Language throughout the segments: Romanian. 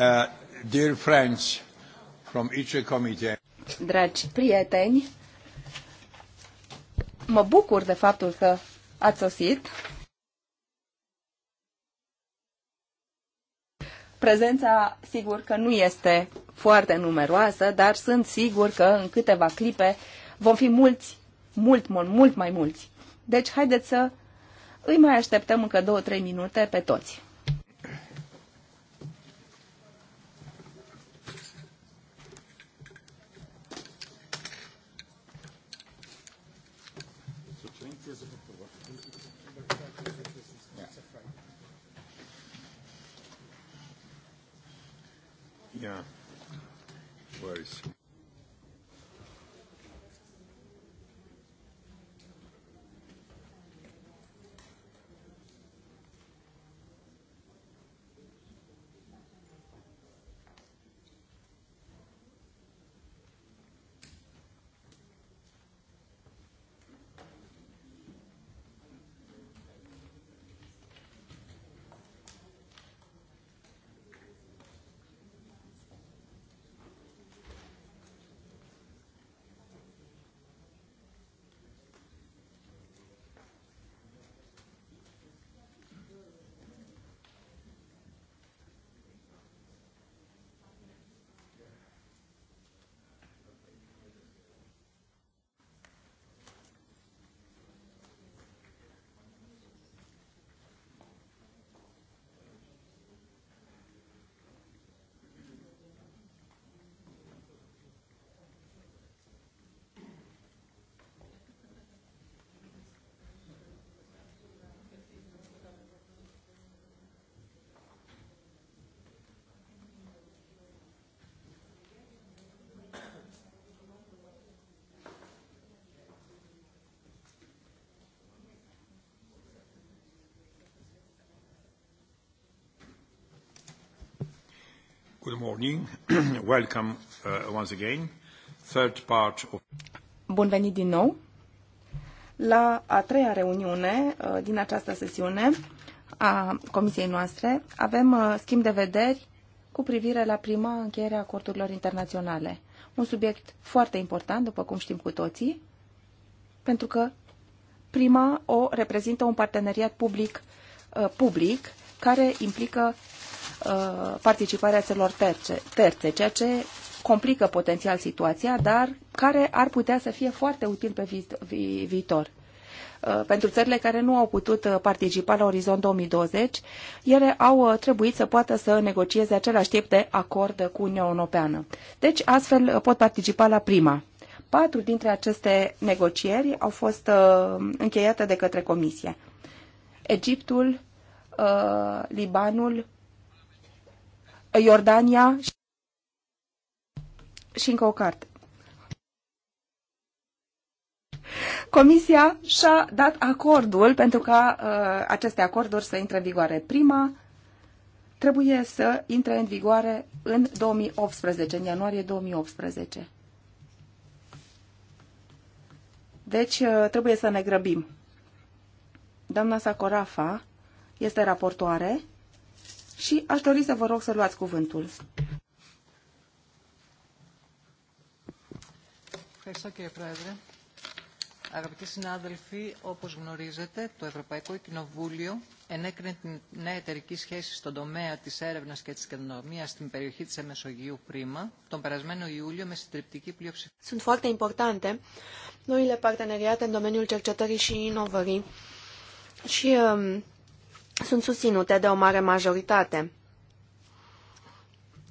Uh, dear friends from each committee. Dragi prieteni, mă bucur de faptul că ați sosit. Prezența, sigur că nu este foarte numeroasă, dar sunt sigur că în câteva clipe vom fi mulți, mult, mult, mult mai mulți. Deci, haideți să îi mai așteptăm încă două-trei minute pe toți. Good morning. Welcome uh, once again. Third part of... Bun venit din nou la a treia reuniune uh, din această sesiune a comisiei noastre. Avem uh, schimb de vederi cu privire la prima încheiere a acordurilor internaționale. Un subiect foarte important, după cum știm cu toții, pentru că prima o reprezintă un parteneriat public uh, public, care implică Uh, participarea țărilor terțe, terțe, ceea ce complică potențial situația, dar care ar putea să fie foarte util pe vi vi viitor. Uh, pentru țările care nu au putut uh, participa la Orizont 2020, ele au trebuit să poată să negocieze același tip de acord cu Uniunea Europeană. Deci, astfel pot participa la prima. Patru dintre aceste negocieri au fost încheiate de către Comisie. Egiptul, Libanul, Iordania și, și încă o carte. Comisia și-a dat acordul pentru ca uh, aceste acorduri să intre în vigoare. Prima trebuie să intre în vigoare în 2018, în ianuarie 2018. Deci uh, trebuie să ne grăbim. Doamna Sacorafa este raportoare și aș dori să vă rog să luați cuvântul. Αγαπητοί συνάδελφοι, όπως γνωρίζετε, το Ευρωπαϊκό Κοινοβούλιο ενέκρινε την νέα εταιρική σχέση στον τομέα της έρευνας και της κοινωνίας στην περιοχή της Εμεσογείου Πρίμα τον περασμένο Ιούλιο με συντριπτική πλειοψηφία. Sunt foarte importante noile parteneriate în domeniul cercetării și inovării și um, sunt susținute de o mare majoritate.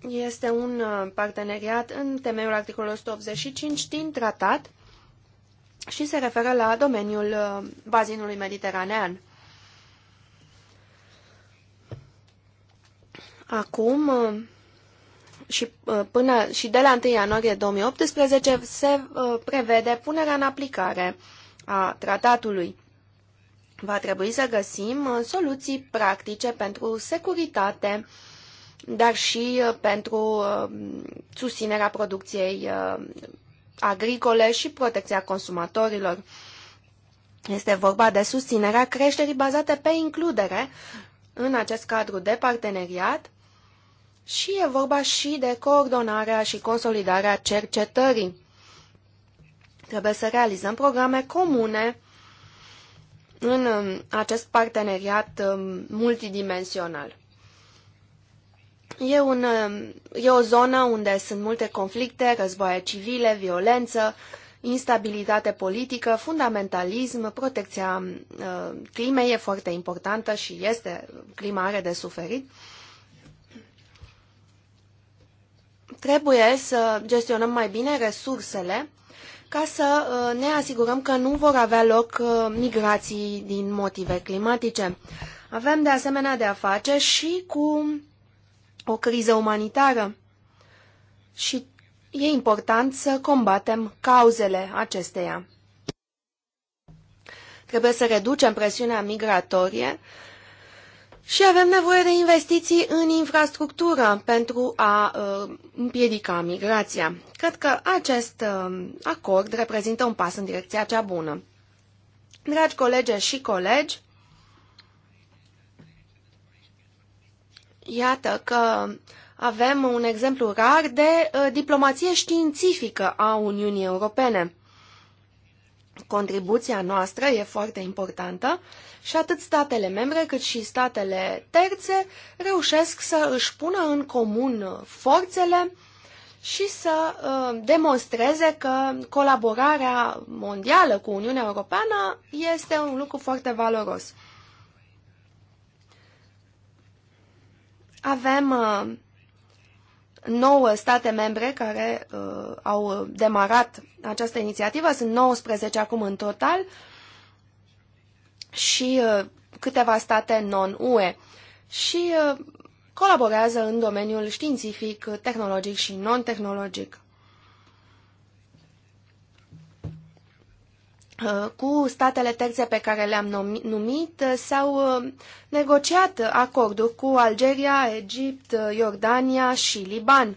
Este un uh, parteneriat în temeiul articolului 185 din tratat și se referă la domeniul uh, bazinului mediteranean. Acum uh, și, până, și de la 1 ianuarie 2018 se prevede punerea în aplicare a tratatului. Va trebui să găsim uh, soluții practice pentru securitate, dar și uh, pentru uh, susținerea producției agricole și protecția consumatorilor. Este vorba de susținerea creșterii bazate pe includere în acest cadru de parteneriat și e vorba și de coordonarea și consolidarea cercetării. Trebuie să realizăm programe comune în um, acest parteneriat um, multidimensional. E, un, um, e o zonă unde sunt multe conflicte, războaie civile, violență, instabilitate politică, fundamentalism, protecția climei e foarte importantă și este, clima are de suferit. Trebuie să gestionăm mai bine resursele ca să uh, ne asigurăm că nu vor avea loc uh, migrații din motive climatice. Avem de asemenea de a face și cu o criză umanitară și e important să combatem cauzele acesteia. Trebuie să reducem presiunea migratorie și avem nevoie de investiții în infrastructură pentru a uh, împiedica migrația. Cred că acest uh, acord reprezintă un pas în direcția cea bună. Dragi colege și colegi, iată că avem un exemplu rar de uh, diplomație științifică a Uniunii Europene. Contribuția noastră e foarte importantă și atât statele membre cât și statele terțe reușesc să își pună în comun forțele și să uh, demonstreze că colaborarea mondială cu Uniunea Europeană este un lucru foarte valoros. Avem uh, nouă state membre care uh, au demarat această inițiativă, sunt 19 acum în total și uh, câteva state non-UE și uh, colaborează în domeniul științific, tehnologic și non-tehnologic. Uh, cu statele terțe pe care le-am numit uh, s-au uh, negociat acorduri cu Algeria, Egipt, Iordania și Liban.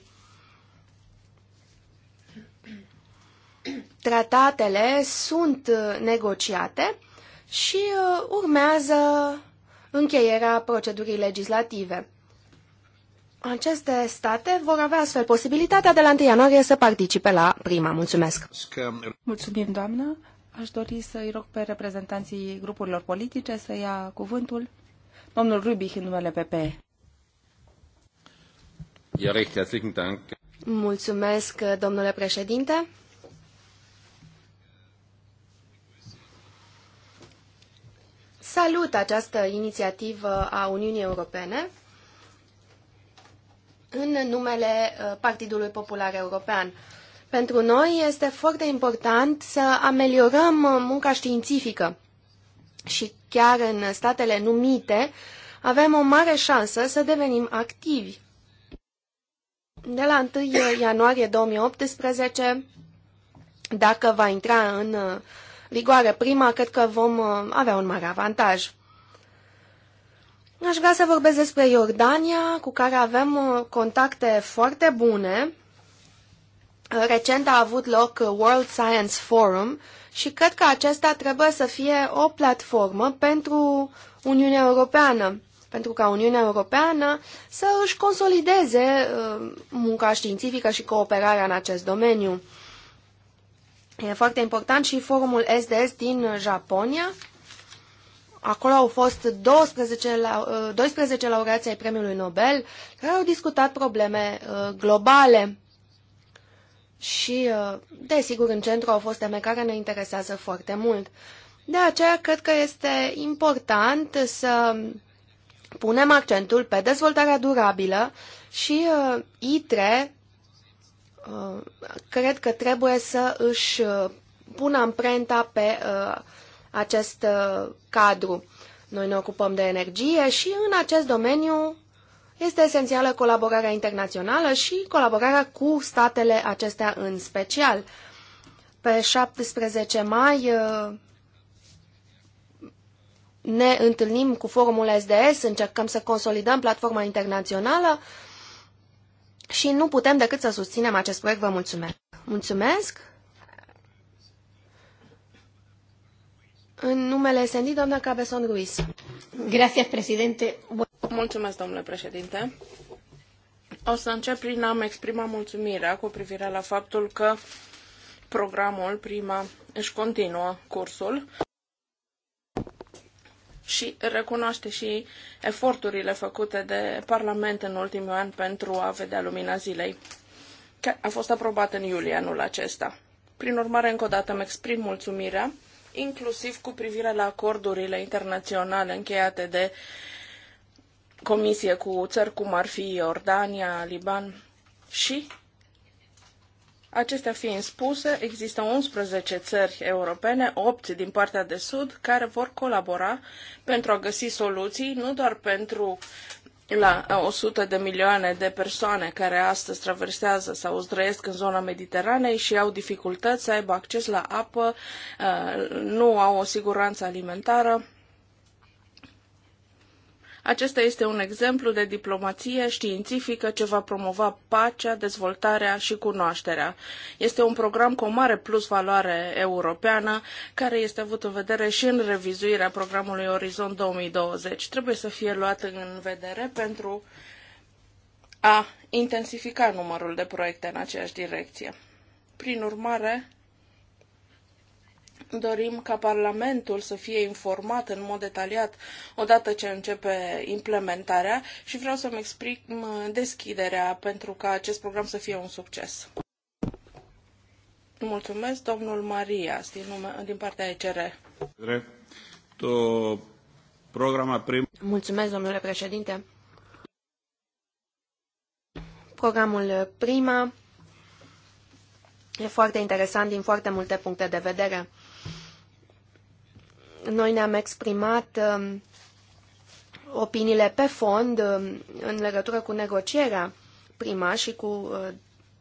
Tratatele sunt negociate și urmează încheierea procedurii legislative. Aceste state vor avea astfel posibilitatea de la 1 ianuarie să participe la prima. Mulțumesc! Mulțumim, doamnă! Aș dori să-i rog pe reprezentanții grupurilor politice să ia cuvântul. Domnul Rubich, în numele PP. Mulțumesc, domnule președinte. Salut această inițiativă a Uniunii Europene în numele uh, Partidului Popular European. Pentru noi este foarte important să ameliorăm munca științifică și chiar în statele numite avem o mare șansă să devenim activi. De la 1 ianuarie 2018, dacă va intra în uh, vigoare prima, cred că vom uh, avea un mare avantaj. Aș vrea să vorbesc despre Iordania, cu care avem uh, contacte foarte bune Recent a avut loc World Science Forum și cred că acesta trebuie să fie o platformă pentru Uniunea Europeană, pentru ca Uniunea Europeană să își consolideze uh, munca științifică și cooperarea în acest domeniu. E foarte important și forumul SDS din Japonia. Acolo au fost 12, la, 12 uh, laureați ai Premiului Nobel care au discutat probleme uh, globale și, uh, desigur, în centru au fost teme care ne interesează foarte mult. De aceea, cred că este important să punem accentul pe dezvoltarea durabilă și uh, ITRE uh, cred că trebuie să își uh, pună amprenta pe uh, acest uh, cadru. Noi ne ocupăm de energie și în acest domeniu este esențială colaborarea internațională și colaborarea cu statele acestea în special. Pe 17 mai uh, ne întâlnim cu forumul SDS, încercăm să consolidăm platforma internațională și nu putem decât să susținem acest proiect. Vă mulțumesc! Mulțumesc! În numele SND, doamna Cabezon Ruiz. Gracias, președinte. Mulțumesc, domnule președinte. O să încep prin a-mi exprima mulțumirea cu privire la faptul că programul Prima își continuă cursul și recunoaște și eforturile făcute de Parlament în ultimul an pentru a vedea lumina zilei. care A fost aprobat în iulie anul acesta. Prin urmare, încă o dată îmi exprim mulțumirea, inclusiv cu privire la acordurile internaționale încheiate de comisie cu țări cum ar fi Iordania, Liban și Acestea fiind spuse, există 11 țări europene, 8 din partea de sud, care vor colabora pentru a găsi soluții, nu doar pentru la 100 de milioane de persoane care astăzi traversează sau trăiesc în zona Mediteranei și au dificultăți să aibă acces la apă, uh, nu au o siguranță alimentară, acesta este un exemplu de diplomație științifică ce va promova pacea, dezvoltarea și cunoașterea. Este un program cu o mare plus valoare europeană, care este avut în vedere și în revizuirea programului Orizont 2020. Trebuie să fie luat în vedere pentru a intensifica numărul de proiecte în aceeași direcție. Prin urmare, Dorim ca Parlamentul să fie informat în mod detaliat odată ce începe implementarea și vreau să-mi exprim uh, deschiderea pentru ca acest program să fie un succes. Mulțumesc, domnul Maria din, din partea ECR. To programa prim... Mulțumesc, domnule președinte. Programul Prima e foarte interesant din foarte multe puncte de vedere. Noi ne-am exprimat um, opiniile pe fond um, în legătură cu negocierea prima și cu uh,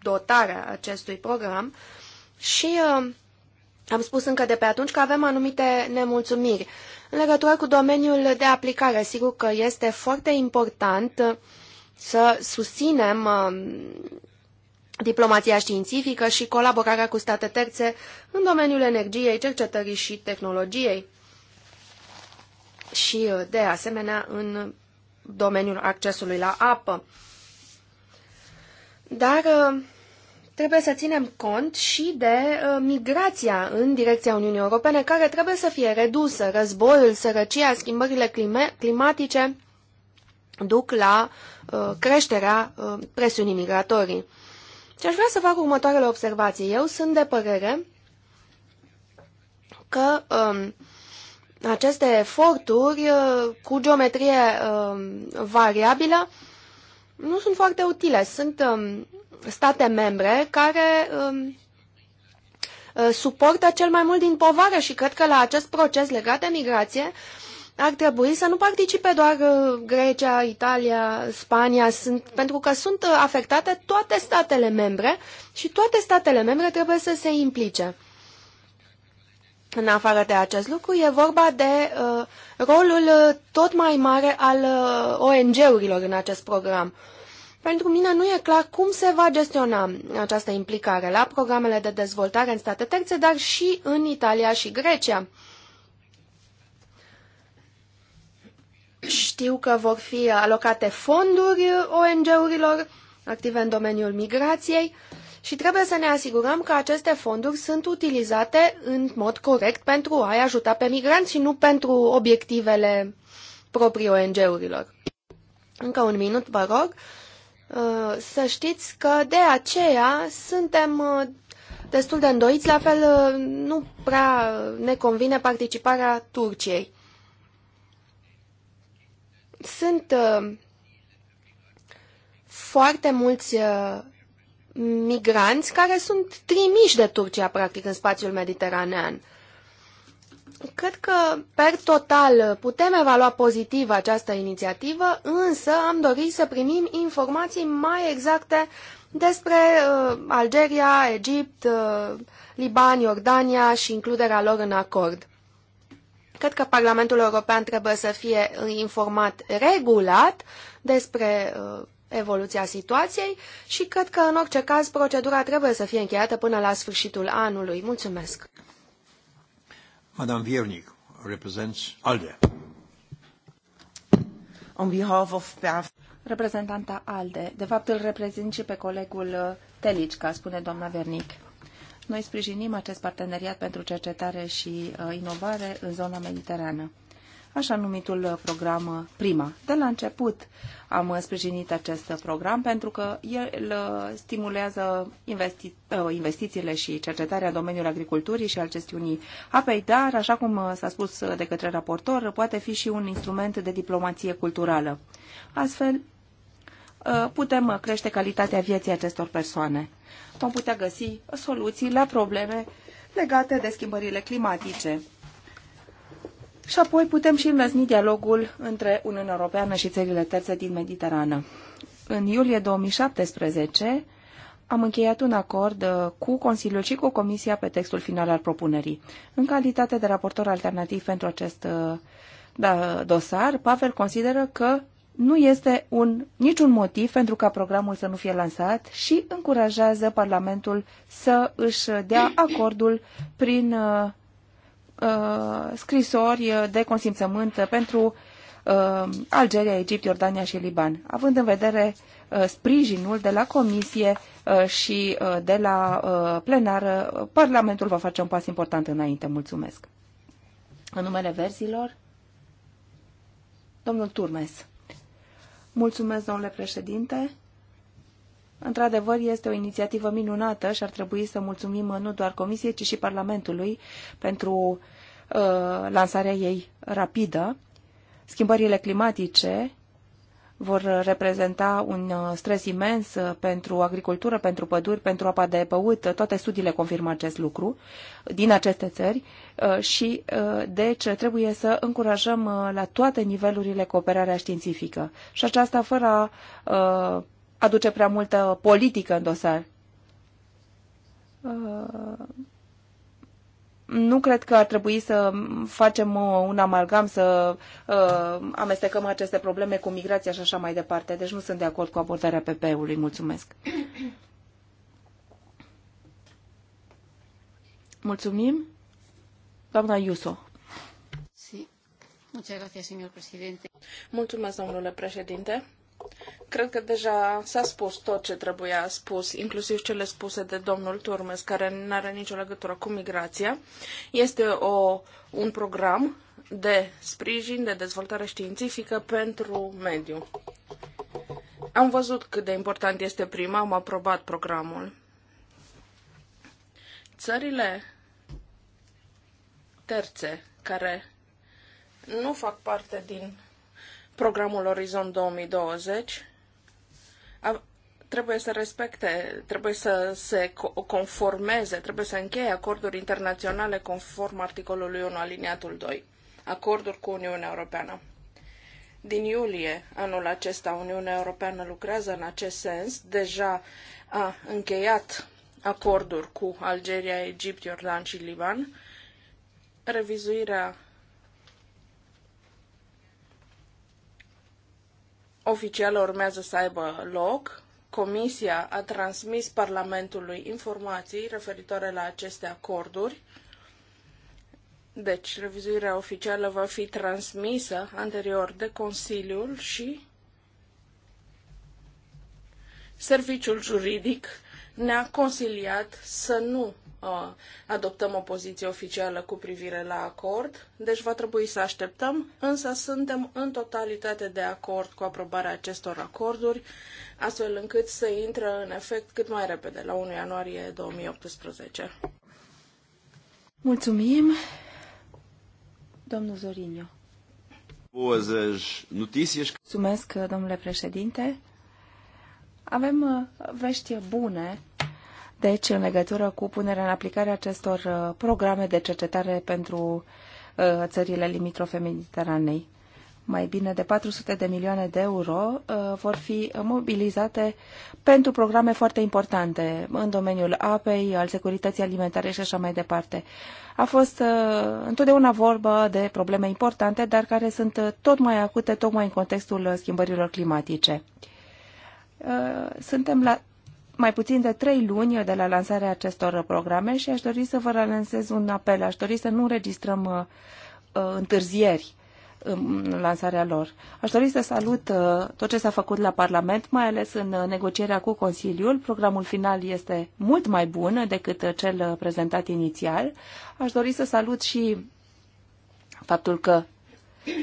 dotarea acestui program și um, am spus încă de pe atunci că avem anumite nemulțumiri. În legătură cu domeniul de aplicare, sigur că este foarte important uh, să susținem diplomația științifică și colaborarea cu state terțe în domeniul energiei, cercetării și tehnologiei și, uh, de asemenea, în domeniul accesului la apă. Dar uh, trebuie să ținem cont și de uh, migrația în direcția Uniunii Europene, care trebuie să fie redusă. Războiul, sărăcia, schimbările climatice duc la creșterea presiunii migratorii. Și aș vrea să fac următoarele observații. Eu sunt de părere că um, aceste eforturi uh, cu geometrie um, variabilă nu sunt foarte utile. Sunt um, state membre care um, uh, suportă cel mai mult din povară și cred că la acest proces legat de migrație ar trebui să nu participe doar uh, Grecia, Italia, Spania, sunt, pentru că sunt afectate toate statele membre și toate statele membre trebuie să se implice. În afară de acest lucru, e vorba de uh, rolul uh, tot mai mare al uh, ONG-urilor în acest program. Pentru mine nu e clar cum se va gestiona această implicare la programele de dezvoltare în state terțe, dar și în Italia și Grecia. Știu că vor fi alocate fonduri uh, ONG-urilor active în domeniul migrației. Uh, și trebuie să ne asigurăm că aceste fonduri sunt utilizate în mod corect pentru a-i ajuta pe migranți și nu pentru obiectivele proprii ONG-urilor. Încă un minut, vă rog. Uh, să știți că de aceea suntem uh, destul de îndoiți, la fel uh, nu prea ne convine participarea Turciei. Sunt foarte mulți migranți care sunt trimiși de Turcia, practic, în spațiul mediteranean. Cred că, per total, putem evalua pozitiv această inițiativă, însă am dorit să primim informații mai exacte despre uh, Algeria, Egipt, uh, Liban, Iordania și includerea lor în acord. Cred că Parlamentul European trebuie să fie uh, informat regulat despre uh, evoluția situației și cred că, în orice caz, procedura trebuie să fie încheiată până la sfârșitul anului. Mulțumesc! Madame Viernic represents ALDE. On behalf of Reprezentanta ALDE. De fapt, îl reprezint și pe colegul Telicca, spune doamna Vernic. Noi sprijinim acest parteneriat pentru cercetare și uh, inovare în zona mediterană așa numitul uh, program uh, Prima. De la început am uh, sprijinit acest program pentru că el stimulează investi- investițiile și cercetarea în domeniul agriculturii și al gestiunii apei, dar, așa cum s-a spus de către raportor, poate fi și un instrument de diplomație culturală. Astfel, putem crește calitatea vieții acestor persoane. Vom putea găsi soluții la probleme legate de schimbările climatice și apoi putem și înlăzni dialogul între Uniunea Europeană și țările terțe din Mediterană. În iulie 2017 am încheiat un acord uh, cu Consiliul și cu Comisia pe textul final al propunerii. În calitate de raportor alternativ pentru acest uh, da, dosar, Pavel consideră că nu este un, niciun motiv pentru ca programul să nu fie lansat și încurajează Parlamentul să își dea acordul prin uh, Uh, scrisori uh, de consimțământ pentru uh, Algeria, Egipt, Iordania și Liban, având în vedere sprijinul de la Comisie și de la plenară, Parlamentul va face un pas important înainte. Mulțumesc. În numele verzilor, domnul Turmes. Mulțumesc, domnule președinte. Într-adevăr, este o inițiativă minunată și ar trebui să mulțumim nu doar Comisiei, ci și Parlamentului pentru uh, lansarea ei rapidă. Schimbările climatice vor reprezenta un uh, stres imens uh, pentru agricultură, pentru păduri, pentru apa de băut. Toate studiile confirmă acest lucru din aceste țări uh, și deci trebuie să încurajăm la toate nivelurile cooperarea științifică. Și aceasta fără a aduce prea multă politică în dosar. Uh, nu cred că ar trebui să facem uh, un amalgam, să uh, amestecăm aceste probleme cu migrația și așa mai departe. Deci nu sunt de acord cu abordarea PP-ului. Mulțumesc. Mulțumim. Doamna Iuso. Mulțumesc, domnule președinte. Cred că deja s-a spus tot ce trebuia spus, inclusiv cele spuse de domnul Turmes, care nu are nicio legătură cu migrația. Este o, un program de sprijin, de dezvoltare științifică pentru mediu. Am văzut cât de important este prima, am aprobat programul. Țările terțe care nu fac parte din programul Orizont 2020 trebuie să respecte, trebuie să se conformeze, trebuie să încheie acorduri internaționale conform articolului 1 aliniatul 2, acorduri cu Uniunea Europeană. Din iulie anul acesta, Uniunea Europeană lucrează în acest sens. Deja a încheiat acorduri cu Algeria, Egipt, Iordan și Liban. Revizuirea oficială urmează să aibă loc. Comisia a transmis Parlamentului informații referitoare la aceste acorduri. Deci, revizuirea oficială va fi transmisă anterior de Consiliul și Serviciul Juridic ne-a consiliat să nu adoptăm o poziție oficială cu privire la acord, deci va trebui să așteptăm, însă suntem în totalitate de acord cu aprobarea acestor acorduri, astfel încât să intre în efect cât mai repede, la 1 ianuarie 2018. Mulțumim, domnul Zorinio. Mulțumesc, domnule președinte. Avem uh, vești bune deci în legătură cu punerea în aplicare acestor uh, programe de cercetare pentru uh, țările limitrofe Mediteranei. Mai bine de 400 de milioane de euro uh, vor fi mobilizate pentru programe foarte importante în domeniul apei, al securității alimentare și așa mai departe. A fost întotdeauna vorba de probleme importante, dar care sunt tot mai acute, tocmai în contextul schimbărilor climatice suntem la mai puțin de trei luni de la lansarea acestor programe și aș dori să vă relansez un apel. Aș dori să nu înregistrăm uh, uh întârzieri în lansarea lor. Aș dori să salut uh, tot ce s-a făcut la Parlament, mai ales în uh, negocierea cu Consiliul. Programul final este mult mai bun decât uh, cel prezentat inițial. Aș dori să salut și faptul că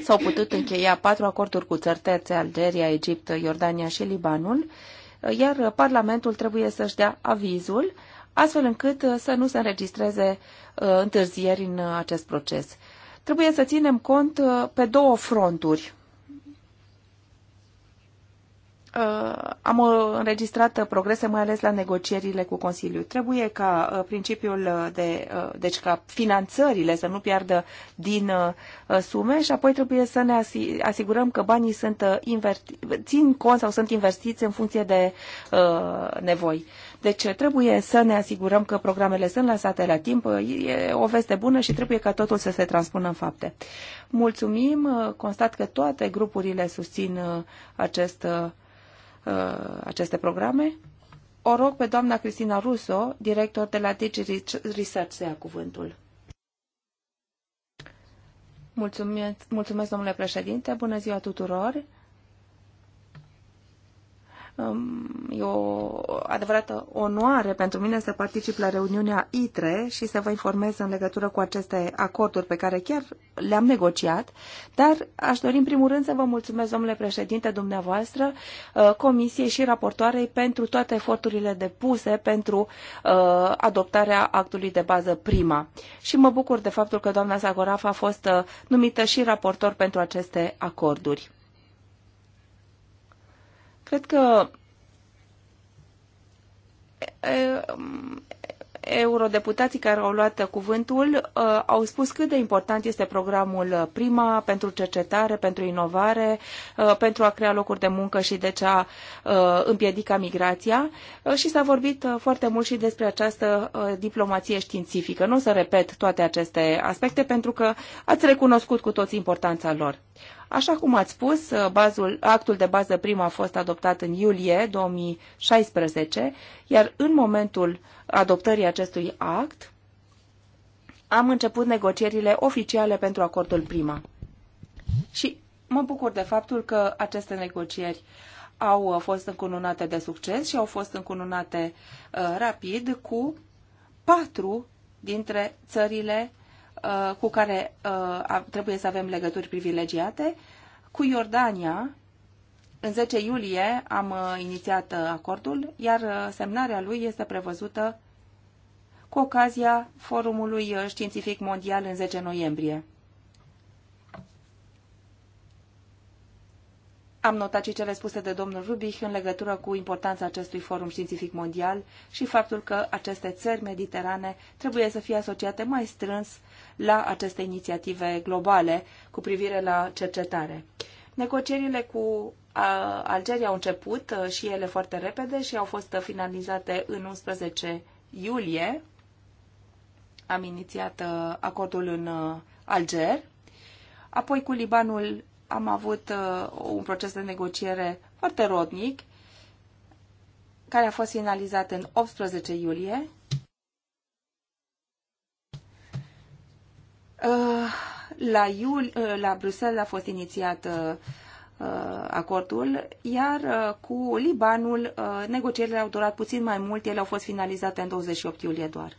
s-au putut încheia patru acorduri cu țări terțe, Algeria, Egipt, Iordania și Libanul iar Parlamentul trebuie să-și dea avizul, astfel încât uh, să nu se înregistreze uh, întârzieri în uh, acest proces. Trebuie să ținem cont pe două fronturi Uh, am înregistrat progrese, mai ales la negocierile cu Consiliul. Trebuie ca uh, principiul uh, de, deci ca finanțările să nu piardă din sume și apoi trebuie să ne asigurăm că banii sunt inverti, țin cont sau sunt investiți în funcție de nevoi. Deci trebuie să ne asigurăm că programele sunt lăsate la timp. E o veste bună și trebuie ca totul să se transpună în fapte. Mulțumim, constat că toate grupurile susțin acest Uh, aceste programe. O rog pe doamna Cristina Russo, director de la Digi Research, să ia cuvântul. Mulțumesc, mulțumesc, domnule președinte. Bună ziua tuturor. Um, e o adevărată onoare pentru mine să particip la reuniunea ITRE și să vă informez în legătură cu aceste acorduri pe care chiar le-am negociat, dar aș dori în primul rând să vă mulțumesc, domnule președinte, dumneavoastră, uh, comisiei și raportoarei pentru toate eforturile depuse pentru uh, adoptarea actului de bază prima. Și mă bucur de faptul că doamna Zagoraf a fost uh, numită și raportor pentru aceste acorduri. Cred că eurodeputații care au luat cuvântul au spus cât de important este programul Prima pentru cercetare, pentru inovare, pentru a crea locuri de muncă și de ce a împiedica migrația și s-a vorbit foarte mult și despre această diplomație științifică. Nu o să repet toate aceste aspecte pentru că ați recunoscut cu toți importanța lor. Așa cum ați spus, uh, bazul, actul de bază prim a fost adoptat în iulie 2016, iar în momentul adoptării acestui act am început negocierile oficiale pentru acordul prima. Și mă bucur de faptul că aceste negocieri au uh, fost încununate de succes și au fost încununate uh, rapid cu patru dintre țările uh, Uh, cu care uh, trebuie să avem legături privilegiate. Cu Iordania, în 10 iulie am uh, inițiat acordul, iar semnarea lui este prevăzută cu ocazia Forumului Științific Mondial în 10 noiembrie. Am notat și cele spuse de domnul Rubich în legătură cu importanța acestui forum științific mondial și faptul că aceste țări mediterane trebuie să fie asociate mai strâns la aceste inițiative globale cu privire la cercetare. Negocierile cu Algeria au început uh, și ele foarte repede și au fost finalizate în 11 iulie. Am inițiat uh, acordul în uh, Alger. Apoi cu Libanul am avut un proces de negociere foarte rodnic, care a fost finalizat în 18 iulie Uh, la, iul, uh, la Bruxelles a fost inițiat uh, acordul, iar cu Libanul negocierile au durat puțin mai mult, ele au fost finalizate în 28 iulie doar.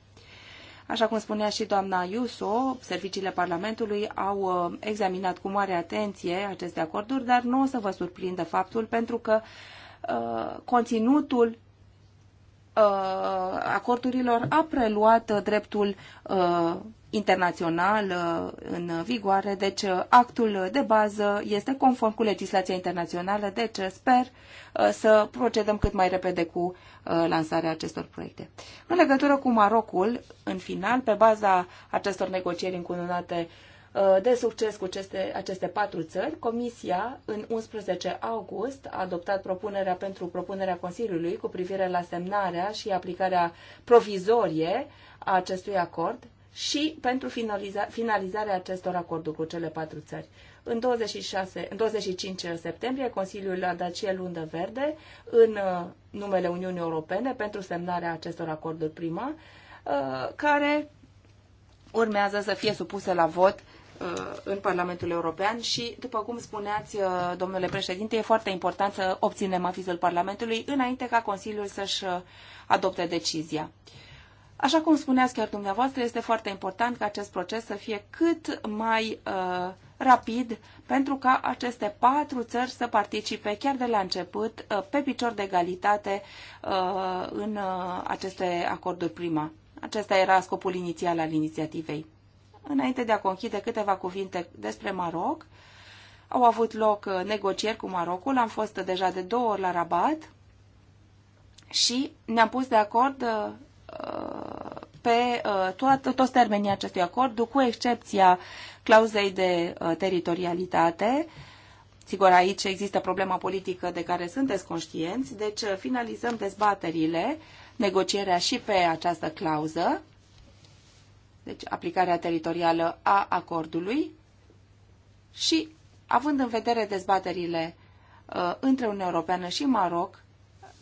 Așa cum spunea și doamna Iuso, serviciile Parlamentului au examinat cu mare atenție aceste acorduri, dar nu o să vă surprindă faptul pentru că uh, conținutul uh, acordurilor a preluat dreptul uh, internațional uh, în vigoare, deci uh, actul de bază este conform cu legislația internațională, deci uh, sper să procedăm cât mai repede cu lansarea acestor proiecte. În legătură cu Marocul, în final, pe baza acestor negocieri încununate de succes cu aceste, aceste patru țări, Comisia, în 11 august, a adoptat propunerea pentru propunerea Consiliului cu privire la semnarea și aplicarea provizorie a acestui acord și pentru finaliza, finalizarea acestor acorduri cu cele patru țări. În, 26, în 25 septembrie, Consiliul a dat și el undă verde în uh, numele Uniunii Europene pentru semnarea acestor acorduri prima, uh, care urmează să fie supuse la vot uh, în Parlamentul European și, după cum spuneați, domnule președinte, e foarte important să obținem avizul Parlamentului înainte ca Consiliul să-și adopte decizia. Așa cum spuneați chiar dumneavoastră, este foarte important ca acest proces să fie cât mai uh, rapid pentru ca aceste patru țări să participe chiar de la început uh, pe picior de egalitate uh, în uh, aceste acorduri prima. Acesta era scopul inițial al inițiativei. Înainte de a conchide câteva cuvinte despre Maroc, au avut loc uh, negocieri cu Marocul, am fost deja de două ori la Rabat și ne-am pus de acord uh, pe uh, toată, toți termenii acestui acord, cu excepția clauzei de uh, teritorialitate. Sigur, aici există problema politică de care sunteți conștienți, deci uh, finalizăm dezbaterile, negocierea și pe această clauză, deci aplicarea teritorială a acordului și, având în vedere dezbaterile între Uniunea Europeană și Maroc,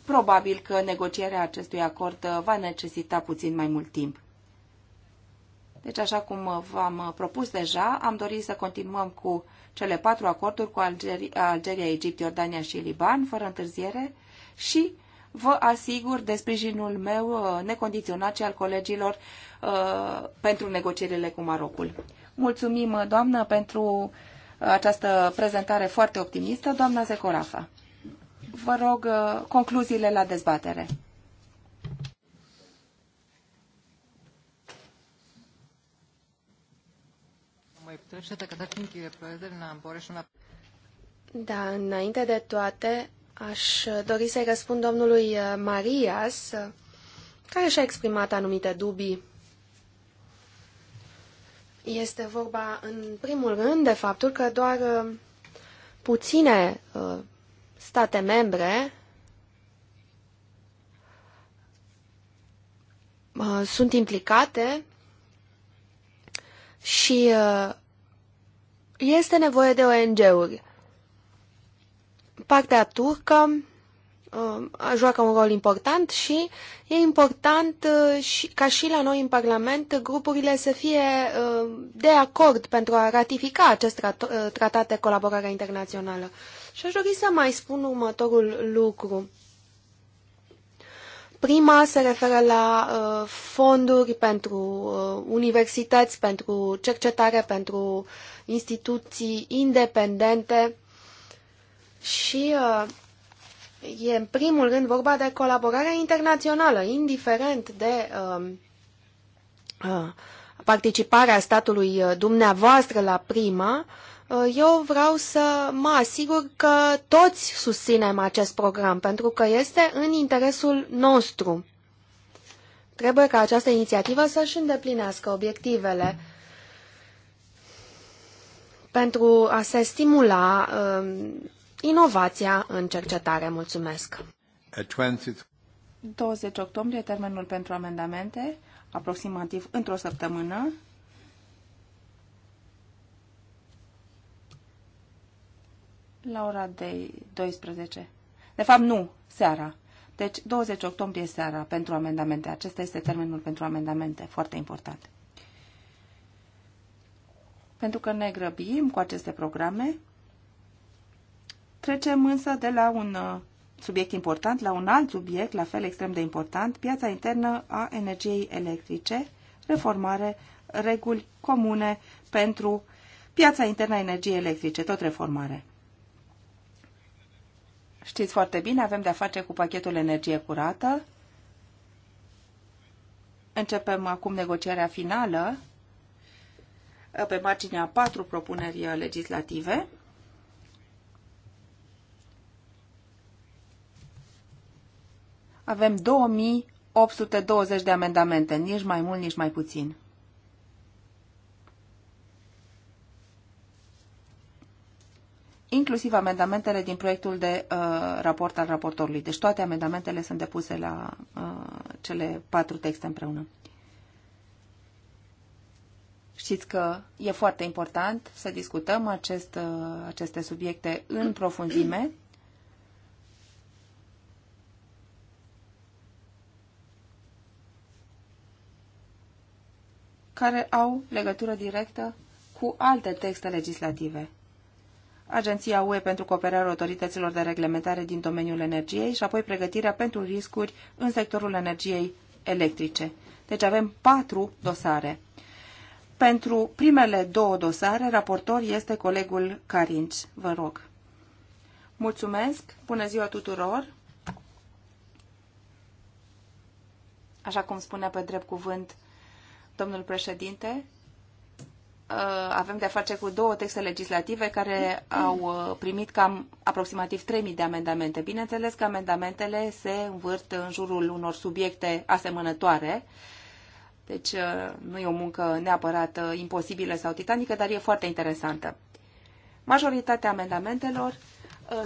probabil că negocierea acestui acord uh, va necesita puțin mai mult timp. Deci, așa cum uh, v-am uh, propus deja, am dorit să continuăm cu cele patru acorduri cu Algeria, Algeria Egipt, Iordania și Liban, fără întârziere, și vă asigur de sprijinul meu necondiționat și al colegilor pentru negocierile cu Marocul. Mulțumim, doamnă, pentru această prezentare foarte optimistă, doamna Zecorafa vă rog uh, concluziile la dezbatere. Da, înainte de toate, aș dori să-i răspund domnului uh, Marias, uh, care și-a exprimat anumite dubii. Este vorba, în primul rând, de faptul că doar puține state membre uh, sunt implicate și uh, este nevoie de ONG-uri. Partea turcă uh, joacă un rol important și e important și, ca și la noi în Parlament grupurile să fie de acord pentru a ratifica acest tratat de colaborare internațională. Și aș dori să mai spun următorul lucru. Prima se referă la uh, fonduri pentru uh, universități, pentru cercetare, pentru instituții independente și uh, e în primul rând vorba de colaborare internațională, indiferent de uh, uh, participarea statului uh, dumneavoastră la prima, uh, Uh, eu vreau să mă asigur că toți susținem acest program, pentru că este în interesul nostru. Trebuie ca această inițiativă să-și îndeplinească obiectivele pentru a se stimula uh, inovația în cercetare. Mulțumesc! 20 octombrie, termenul pentru amendamente, aproximativ într-o săptămână. la ora de 12. De fapt, nu, seara. Deci 20 octombrie seara pentru amendamente. Acesta este termenul pentru amendamente, foarte important. Pentru că ne grăbim cu aceste programe, trecem însă de la un uh, subiect important la un alt subiect, la fel extrem de important, piața internă a energiei electrice, reformare, reguli comune pentru piața internă a energiei electrice, tot reformare. Știți foarte bine, avem de-a face cu pachetul energie curată. Începem acum negocierea finală pe marginea patru propuneri legislative. Avem 2820 de amendamente, nici mai mult, nici mai puțin. inclusiv amendamentele din proiectul de uh, raport al raportorului. Deci toate amendamentele sunt depuse la uh, cele patru texte împreună. Știți că e foarte important să discutăm acest, uh, aceste subiecte în profunzime. care au legătură directă cu alte texte legislative Agenția UE pentru cooperarea autorităților de reglementare din domeniul energiei și apoi pregătirea pentru riscuri în sectorul energiei electrice. Deci avem patru dosare. Pentru primele două dosare, raportor este colegul Carinci. Vă rog. Mulțumesc. Bună ziua tuturor. Așa cum spunea pe drept cuvânt domnul președinte, Uh, avem de-a face cu două texte legislative care au uh, primit cam aproximativ 3.000 de amendamente. Bineînțeles că amendamentele se învârt în jurul unor subiecte asemănătoare, deci uh, nu e o muncă neapărat imposibilă sau titanică, dar e foarte interesantă. Majoritatea amendamentelor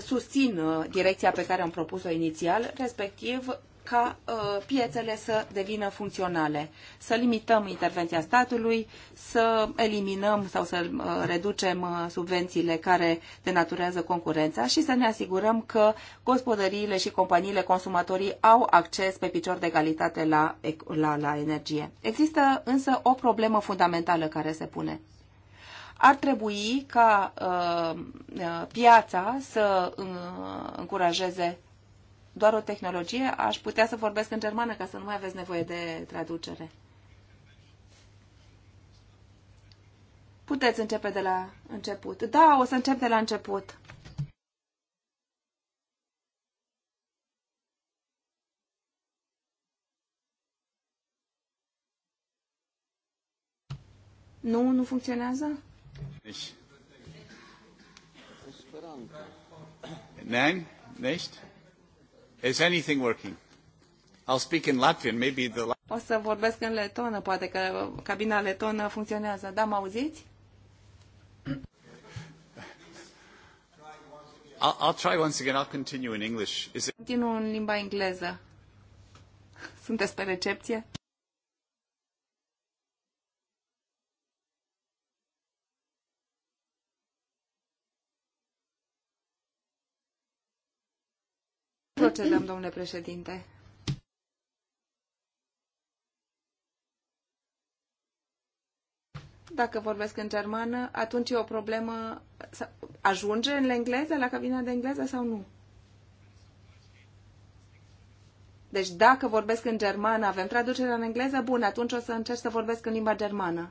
susțin direcția pe care am propus-o inițial, respectiv ca uh, piețele să devină funcționale, să limităm intervenția statului, să eliminăm sau să uh, reducem uh, subvențiile care denaturează concurența și să ne asigurăm că gospodăriile și companiile consumatorii au acces pe picior de egalitate la, la, la energie. Există însă o problemă fundamentală care se pune ar trebui ca uh, uh piața să uh, încurajeze doar o tehnologie. Aș putea să vorbesc în germană ca să nu mai aveți nevoie de traducere. Puteți începe de la început. Da, o să încep de la început. Nu, nu funcționează? Nicht. Nein, nicht? Is anything working? I'll speak in Latvian, maybe the... O să vorbesc în letonă, poate că cabina letonă funcționează. Da, mă auziți? I'll, I'll try once again. I'll continue in English. Is it... Continu în limba engleză. Sunteți pe recepție? Procedăm, domnule președinte. Dacă vorbesc în germană, atunci e o problemă. Ajunge în engleză, la cabina de engleză sau nu? Deci dacă vorbesc în germană, avem traducerea în engleză? Bun, atunci o să încerc să vorbesc în limba germană.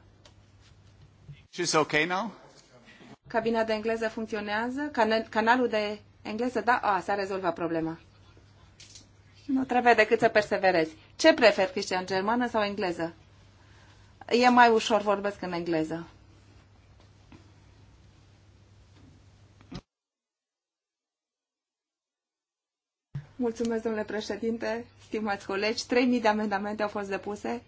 She's okay now? Cabina de engleză funcționează? Can canalul de engleză? Da? A, ah, s-a rezolvat problema. Nu trebuie decât să perseverezi. Ce prefer, Christian, germană sau engleză? E mai ușor, vorbesc în engleză. Mulțumesc, domnule președinte, stimați colegi. 3.000 de amendamente au fost depuse.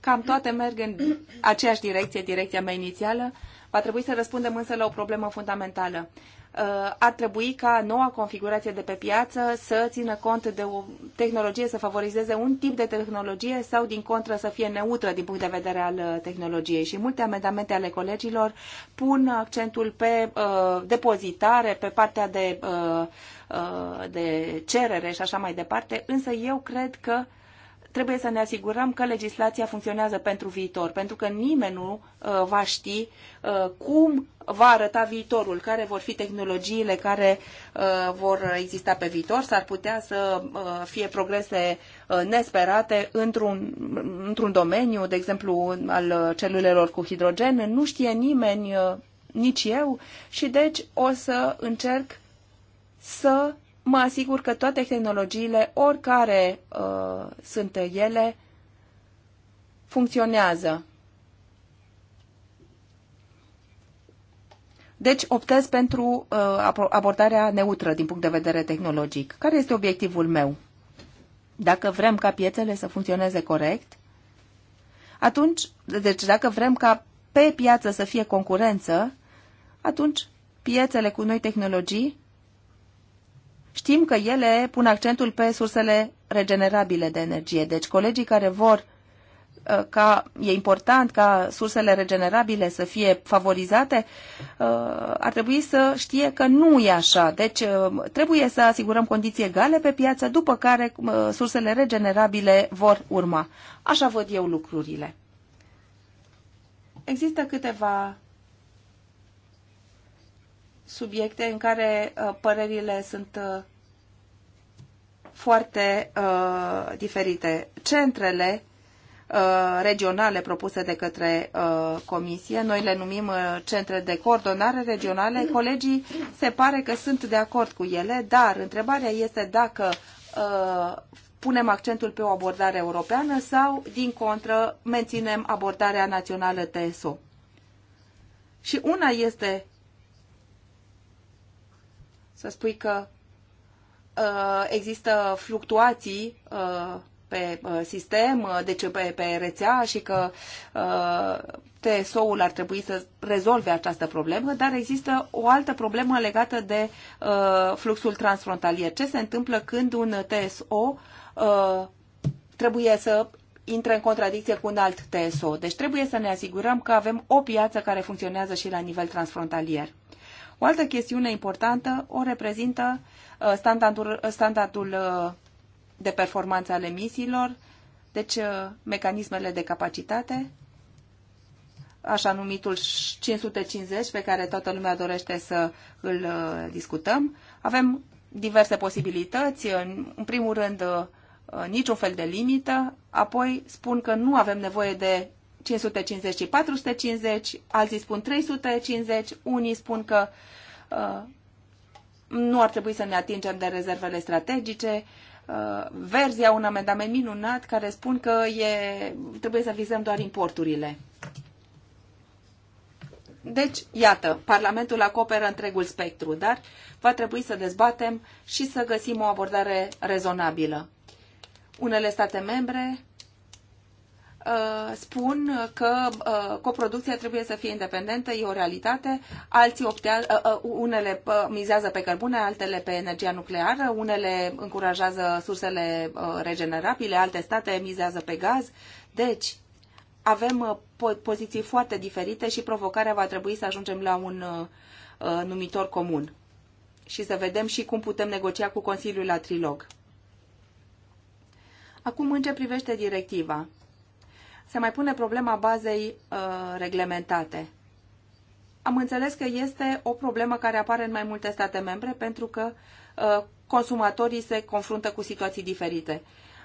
Cam toate merg în aceeași direcție, direcția mea inițială. Va trebui să răspundem însă la o problemă fundamentală. Uh, ar trebui ca noua configurație de pe piață să țină cont de o tehnologie, să favorizeze un tip de tehnologie sau, din contră, să fie neutră din punct de vedere al uh, tehnologiei. Și multe amendamente ale colegilor pun accentul pe uh, depozitare, pe partea de, uh, uh, de cerere și așa mai departe, însă eu cred că uh, trebuie să ne asigurăm că legislația funcționează pentru viitor, pentru că nimeni nu uh, va ști uh, cum va arăta viitorul, care vor fi tehnologiile care uh, vor exista pe viitor, s-ar putea să fie progrese nesperate într-un, într-un domeniu, de exemplu al celulelor cu hidrogen, nu știe nimeni, nici eu, și deci o să încerc să mă asigur că toate tehnologiile, oricare uh, sunt ele, funcționează. Deci optez pentru uh, abordarea neutră din punct de vedere tehnologic. Care este obiectivul meu? Dacă vrem ca piețele să funcționeze corect, atunci, deci dacă vrem ca pe piață să fie concurență, atunci piețele cu noi tehnologii Știm că ele pun accentul pe sursele regenerabile de energie. Deci colegii care vor uh, ca e important ca sursele regenerabile să fie favorizate, uh, ar trebui să știe că nu e așa. Deci uh, trebuie să asigurăm condiții egale pe piață, după care sursele regenerabile vor urma. Așa văd eu lucrurile. Există câteva subiecte în care uh, părerile sunt uh, foarte uh, diferite. Centrele regionale propuse de către comisie, noi le numim centre de coordonare regionale, colegii se pare că sunt de acord cu ele, dar întrebarea este dacă punem accentul pe o abordare europeană sau, din contră, menținem abordarea națională TSO. Și una este să spui că uh, există fluctuații uh, pe uh, sistem, uh, deci pe, pe rețea și că uh, TSO-ul ar trebui să rezolve această problemă, dar există o altă problemă legată de uh, fluxul transfrontalier. Ce se întâmplă când un TSO uh, trebuie să intre în contradicție cu un alt TSO? Deci trebuie să ne asigurăm că avem o piață care funcționează și la nivel transfrontalier. O altă chestiune importantă o reprezintă uh, standardul, uh, standardul uh, de performanță al emisiilor, deci mecanismele de capacitate, așa numitul 550 pe care toată lumea dorește să îl discutăm. Avem diverse posibilități, în primul rând niciun fel de limită, apoi spun că nu avem nevoie de 550 și 450, alții spun 350, unii spun că uh, nu ar trebui să ne atingem de rezervele strategice. Uh, Verzi au un amendament minunat care spun că e, trebuie să vizăm doar importurile. Deci, iată, Parlamentul acoperă întregul spectru, dar va trebui să dezbatem și să găsim o abordare rezonabilă. Unele state membre Uh, spun că uh, coproducția trebuie să fie independentă, e o realitate. Alții optează, uh, unele mizează pe cărbune, altele pe energia nucleară, unele încurajează sursele regenerabile, alte state mizează pe gaz. Deci, avem poziții foarte diferite și provocarea va trebui să ajungem la un numitor comun și să vedem și cum putem negocia cu Consiliul la trilog. Acum, în ce privește directiva, se mai pune problema bazei uh, reglementate. Am înțeles că este o problemă care apare în mai multe state membre pentru că uh, consumatorii se confruntă cu situații diferite.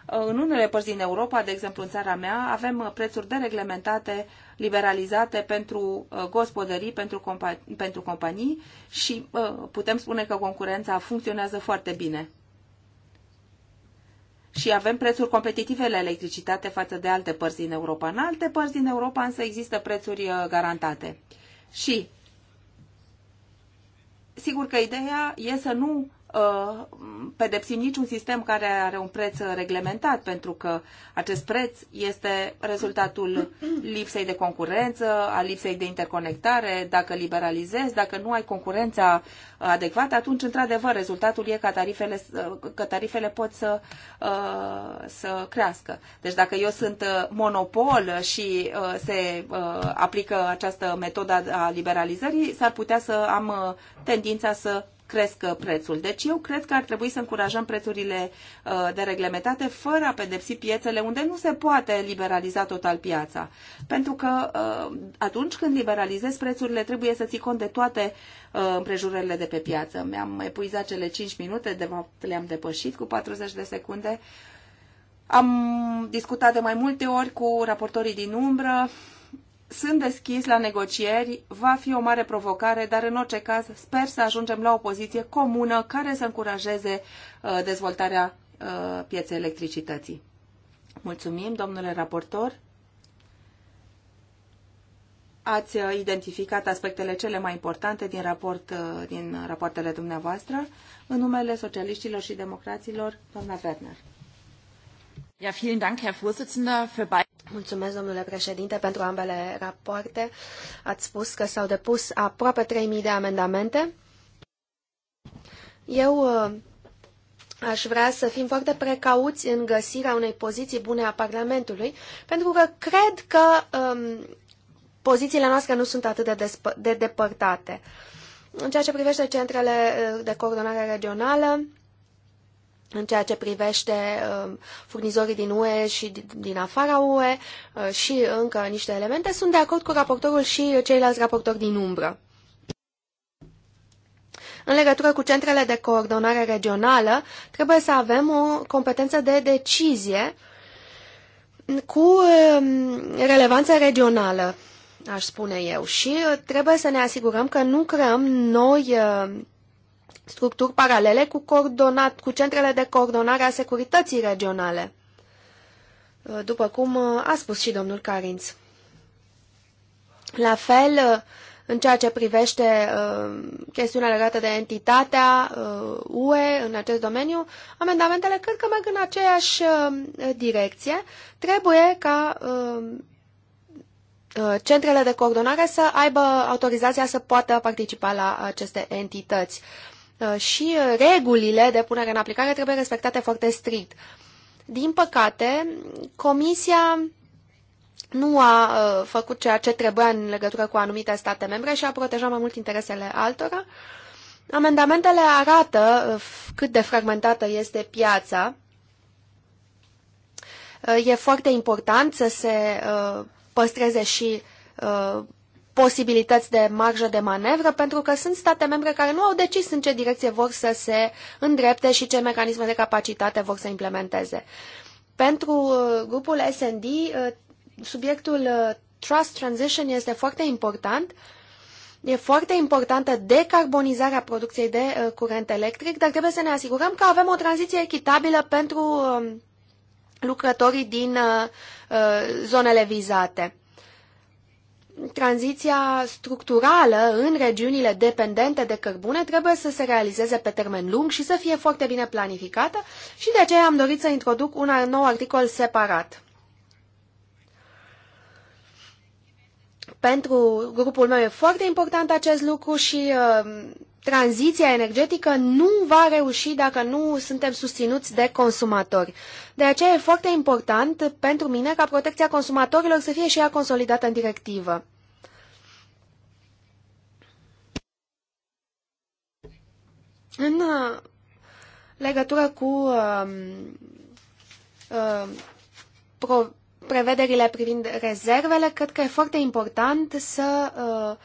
Uh, în unele părți din Europa, de exemplu în țara mea, avem uh, prețuri dereglementate, liberalizate pentru uh, gospodării, pentru, compa- pentru companii și uh, putem spune că concurența funcționează foarte bine și avem prețuri competitive la electricitate față de alte părți din Europa. În alte părți din Europa însă există prețuri uh, garantate. Și sigur că ideea e să nu uh, pedepsim niciun sistem care are un preț reglementat, pentru că acest preț este rezultatul lipsei de concurență, a lipsei de interconectare. Dacă liberalizezi, dacă nu ai concurența adecvată, atunci, într-adevăr, rezultatul e ca tarifele, că tarifele pot să, uh, să crească. Deci dacă eu sunt uh, monopol și uh, se aplică această metodă a liberalizării, s-ar putea să am tendința să cresc uh, prețul. Deci eu cred că ar trebui să încurajăm prețurile uh, de reglementate fără a pedepsi piețele unde nu se poate liberaliza total piața. Pentru că uh, atunci când liberalizezi prețurile trebuie să ții cont de toate împrejurările de pe piață. Mi-am epuizat cele 5 minute, de fapt le-am depășit cu 40 de secunde. Am discutat de mai multe ori cu raportorii din umbră, sunt deschis la negocieri, va fi o mare provocare, dar în orice caz sper să ajungem la o poziție comună care să încurajeze uh, dezvoltarea uh, pieței electricității. Mulțumim, domnule raportor. Ați uh, identificat aspectele cele mai importante din, raport, din rapoartele dumneavoastră. În numele socialiștilor și democraților, doamna Werner. Ja, vielen Dank, Herr Vorsitzender, für beide. Mulțumesc, domnule președinte, pentru ambele rapoarte. Ați spus că s-au depus aproape 3.000 de amendamente. Eu uh, aș vrea să fim foarte precauți în găsirea unei poziții bune a Parlamentului, pentru că cred că um, pozițiile noastre nu sunt atât de, de depărtate. În ceea ce privește centrele uh, de coordonare regională, în ceea ce privește um, furnizorii din UE și din afara UE uh, și încă niște elemente. Sunt de acord cu raportorul și ceilalți raportori din umbră. În legătură cu centrele de coordonare regională, trebuie să avem o competență de decizie cu um, relevanță regională, aș spune eu, și trebuie să ne asigurăm că nu creăm noi uh, structuri paralele cu, coordonat, cu centrele de coordonare a securității regionale, uh, după cum uh, a spus și domnul Carinț. La fel, uh, în ceea ce privește uh, chestiunea legată de entitatea uh, UE în acest domeniu, amendamentele cred că merg în aceeași uh, direcție. Trebuie ca centrele de coordonare să aibă autorizația să poată participa la aceste entități. Uh, și regulile de punere în aplicare trebuie respectate foarte strict. Din păcate, Comisia nu a uh, făcut ceea ce trebuia în legătură cu anumite state membre și a protejat mai mult interesele altora. Amendamentele arată uh, cât de fragmentată este piața. E foarte important să se păstreze și posibilități de marjă de manevră, pentru că sunt state membre care nu au decis în ce direcție vor să se îndrepte și ce mecanisme de capacitate vor să implementeze. Pentru uh, grupul S&D, uh, subiectul uh, Trust Transition este foarte important. E foarte importantă decarbonizarea producției de curent electric, dar trebuie să ne asigurăm că avem o tranziție echitabilă pentru um, lucrătorii din zonele vizate tranziția structurală în regiunile dependente de cărbune trebuie să se realizeze pe termen lung și să fie foarte bine planificată și de aceea am dorit să introduc un nou articol separat. Pentru grupul meu e foarte important acest lucru și uh, tranziția energetică nu va reuși dacă nu suntem susținuți de consumatori. De aceea e foarte important pentru mine ca protecția consumatorilor să fie și ea consolidată în directivă. În uh, legătură cu uh, uh, pro, prevederile privind rezervele, cred că e foarte important să uh,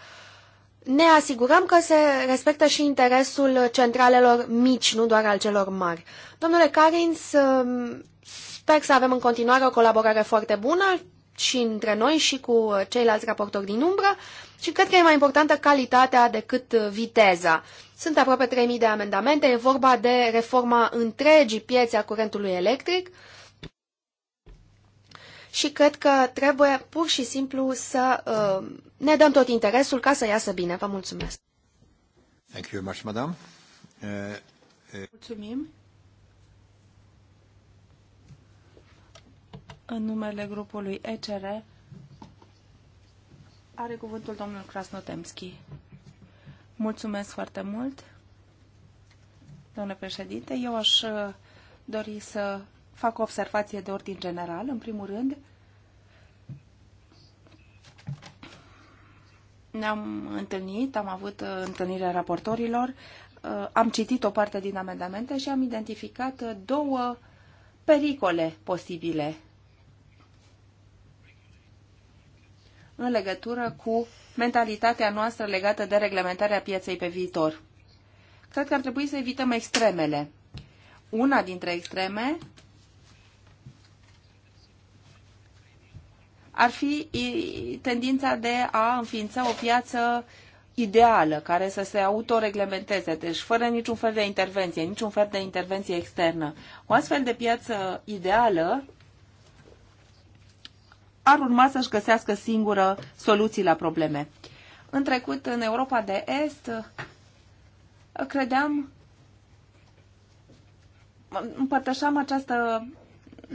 ne asigurăm că se respectă și interesul centralelor mici, nu doar al celor mari. Domnule Carins, um, sper să avem în continuare o colaborare foarte bună și între noi și cu uh, ceilalți raportori din umbră și cred că e mai importantă calitatea decât uh, viteza. Sunt aproape 3.000 de amendamente, e vorba de reforma întregii piețe a curentului electric, și cred că trebuie pur și simplu să uh, ne dăm tot interesul ca să iasă bine. Vă mulțumesc. Thank you very much, madam. Uh, uh... Mulțumim. În numele grupului ECR are cuvântul domnul Krasnotemski. Mulțumesc foarte mult, domnule președinte. Eu aș uh, dori să fac o observație de ordin general. În primul rând, ne-am întâlnit, am avut uh, întâlnirea raportorilor, uh, am citit o parte din amendamente și am identificat uh, două pericole posibile în legătură cu mentalitatea noastră legată de reglementarea pieței pe viitor. Cred că ar trebui să evităm extremele. Una dintre extreme ar fi tendința de a înființa o piață ideală, care să se autoreglementeze, deci fără niciun fel de intervenție, niciun fel de intervenție externă. O astfel de piață ideală ar urma să-și găsească singură soluții la probleme. În trecut, în Europa de Est, credeam, împărtășam această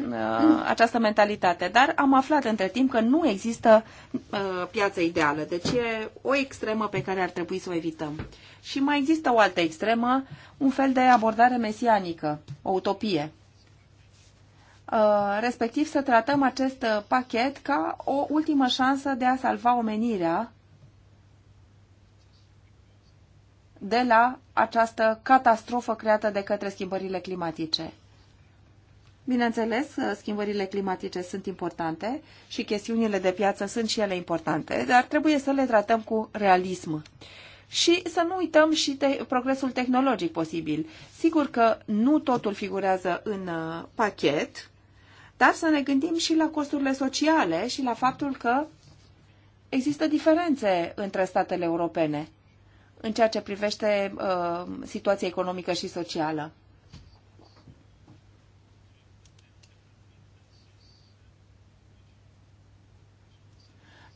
Uh, această mentalitate. Dar am aflat între timp că nu există uh, piață ideală. Deci e o extremă pe care ar trebui să o evităm. Și mai există o altă extremă, un fel de abordare mesianică, o utopie. Uh, respectiv să tratăm acest pachet ca o ultimă șansă de a salva omenirea de la această catastrofă creată de către schimbările climatice. Bineînțeles, uh, schimbările climatice sunt importante și chestiunile de piață sunt și ele importante, dar trebuie să le tratăm cu realism. Și să nu uităm și te- progresul tehnologic posibil. Sigur că nu totul figurează în uh, pachet, dar să ne gândim și la costurile sociale și la faptul că există diferențe între statele europene în ceea ce privește uh, situația economică și socială.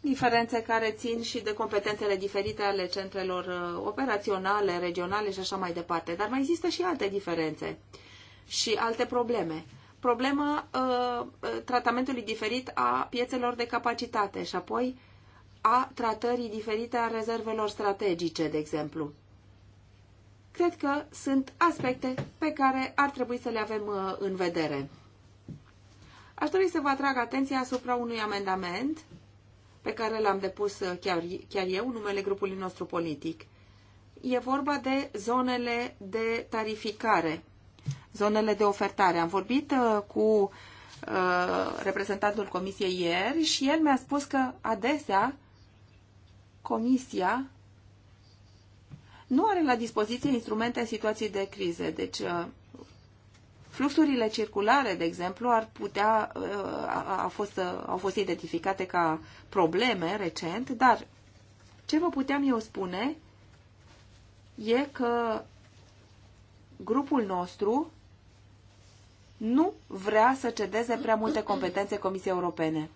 diferențe care țin și de competențele diferite ale centrelor uh, operaționale, regionale și așa mai departe. Dar mai există și alte diferențe și alte probleme. Problema uh, uh, tratamentului diferit a piețelor de capacitate și apoi a tratării diferite a rezervelor strategice, de exemplu. Cred că sunt aspecte pe care ar trebui să le avem uh, în vedere. Aș dori să vă atrag atenția asupra unui amendament pe care l-am depus uh, chiar, chiar eu, numele grupului nostru politic. E vorba de zonele de tarificare, zonele de ofertare. Am vorbit uh, cu uh, reprezentantul comisiei ieri și el mi-a spus că adesea comisia nu are la dispoziție instrumente în situații de crize. Deci Fluxurile circulare, de exemplu, ar putea, uh, a, a fost, au fost identificate ca probleme recent, dar ce vă puteam eu spune e că grupul nostru nu vrea să cedeze prea multe competențe Comisiei Europene.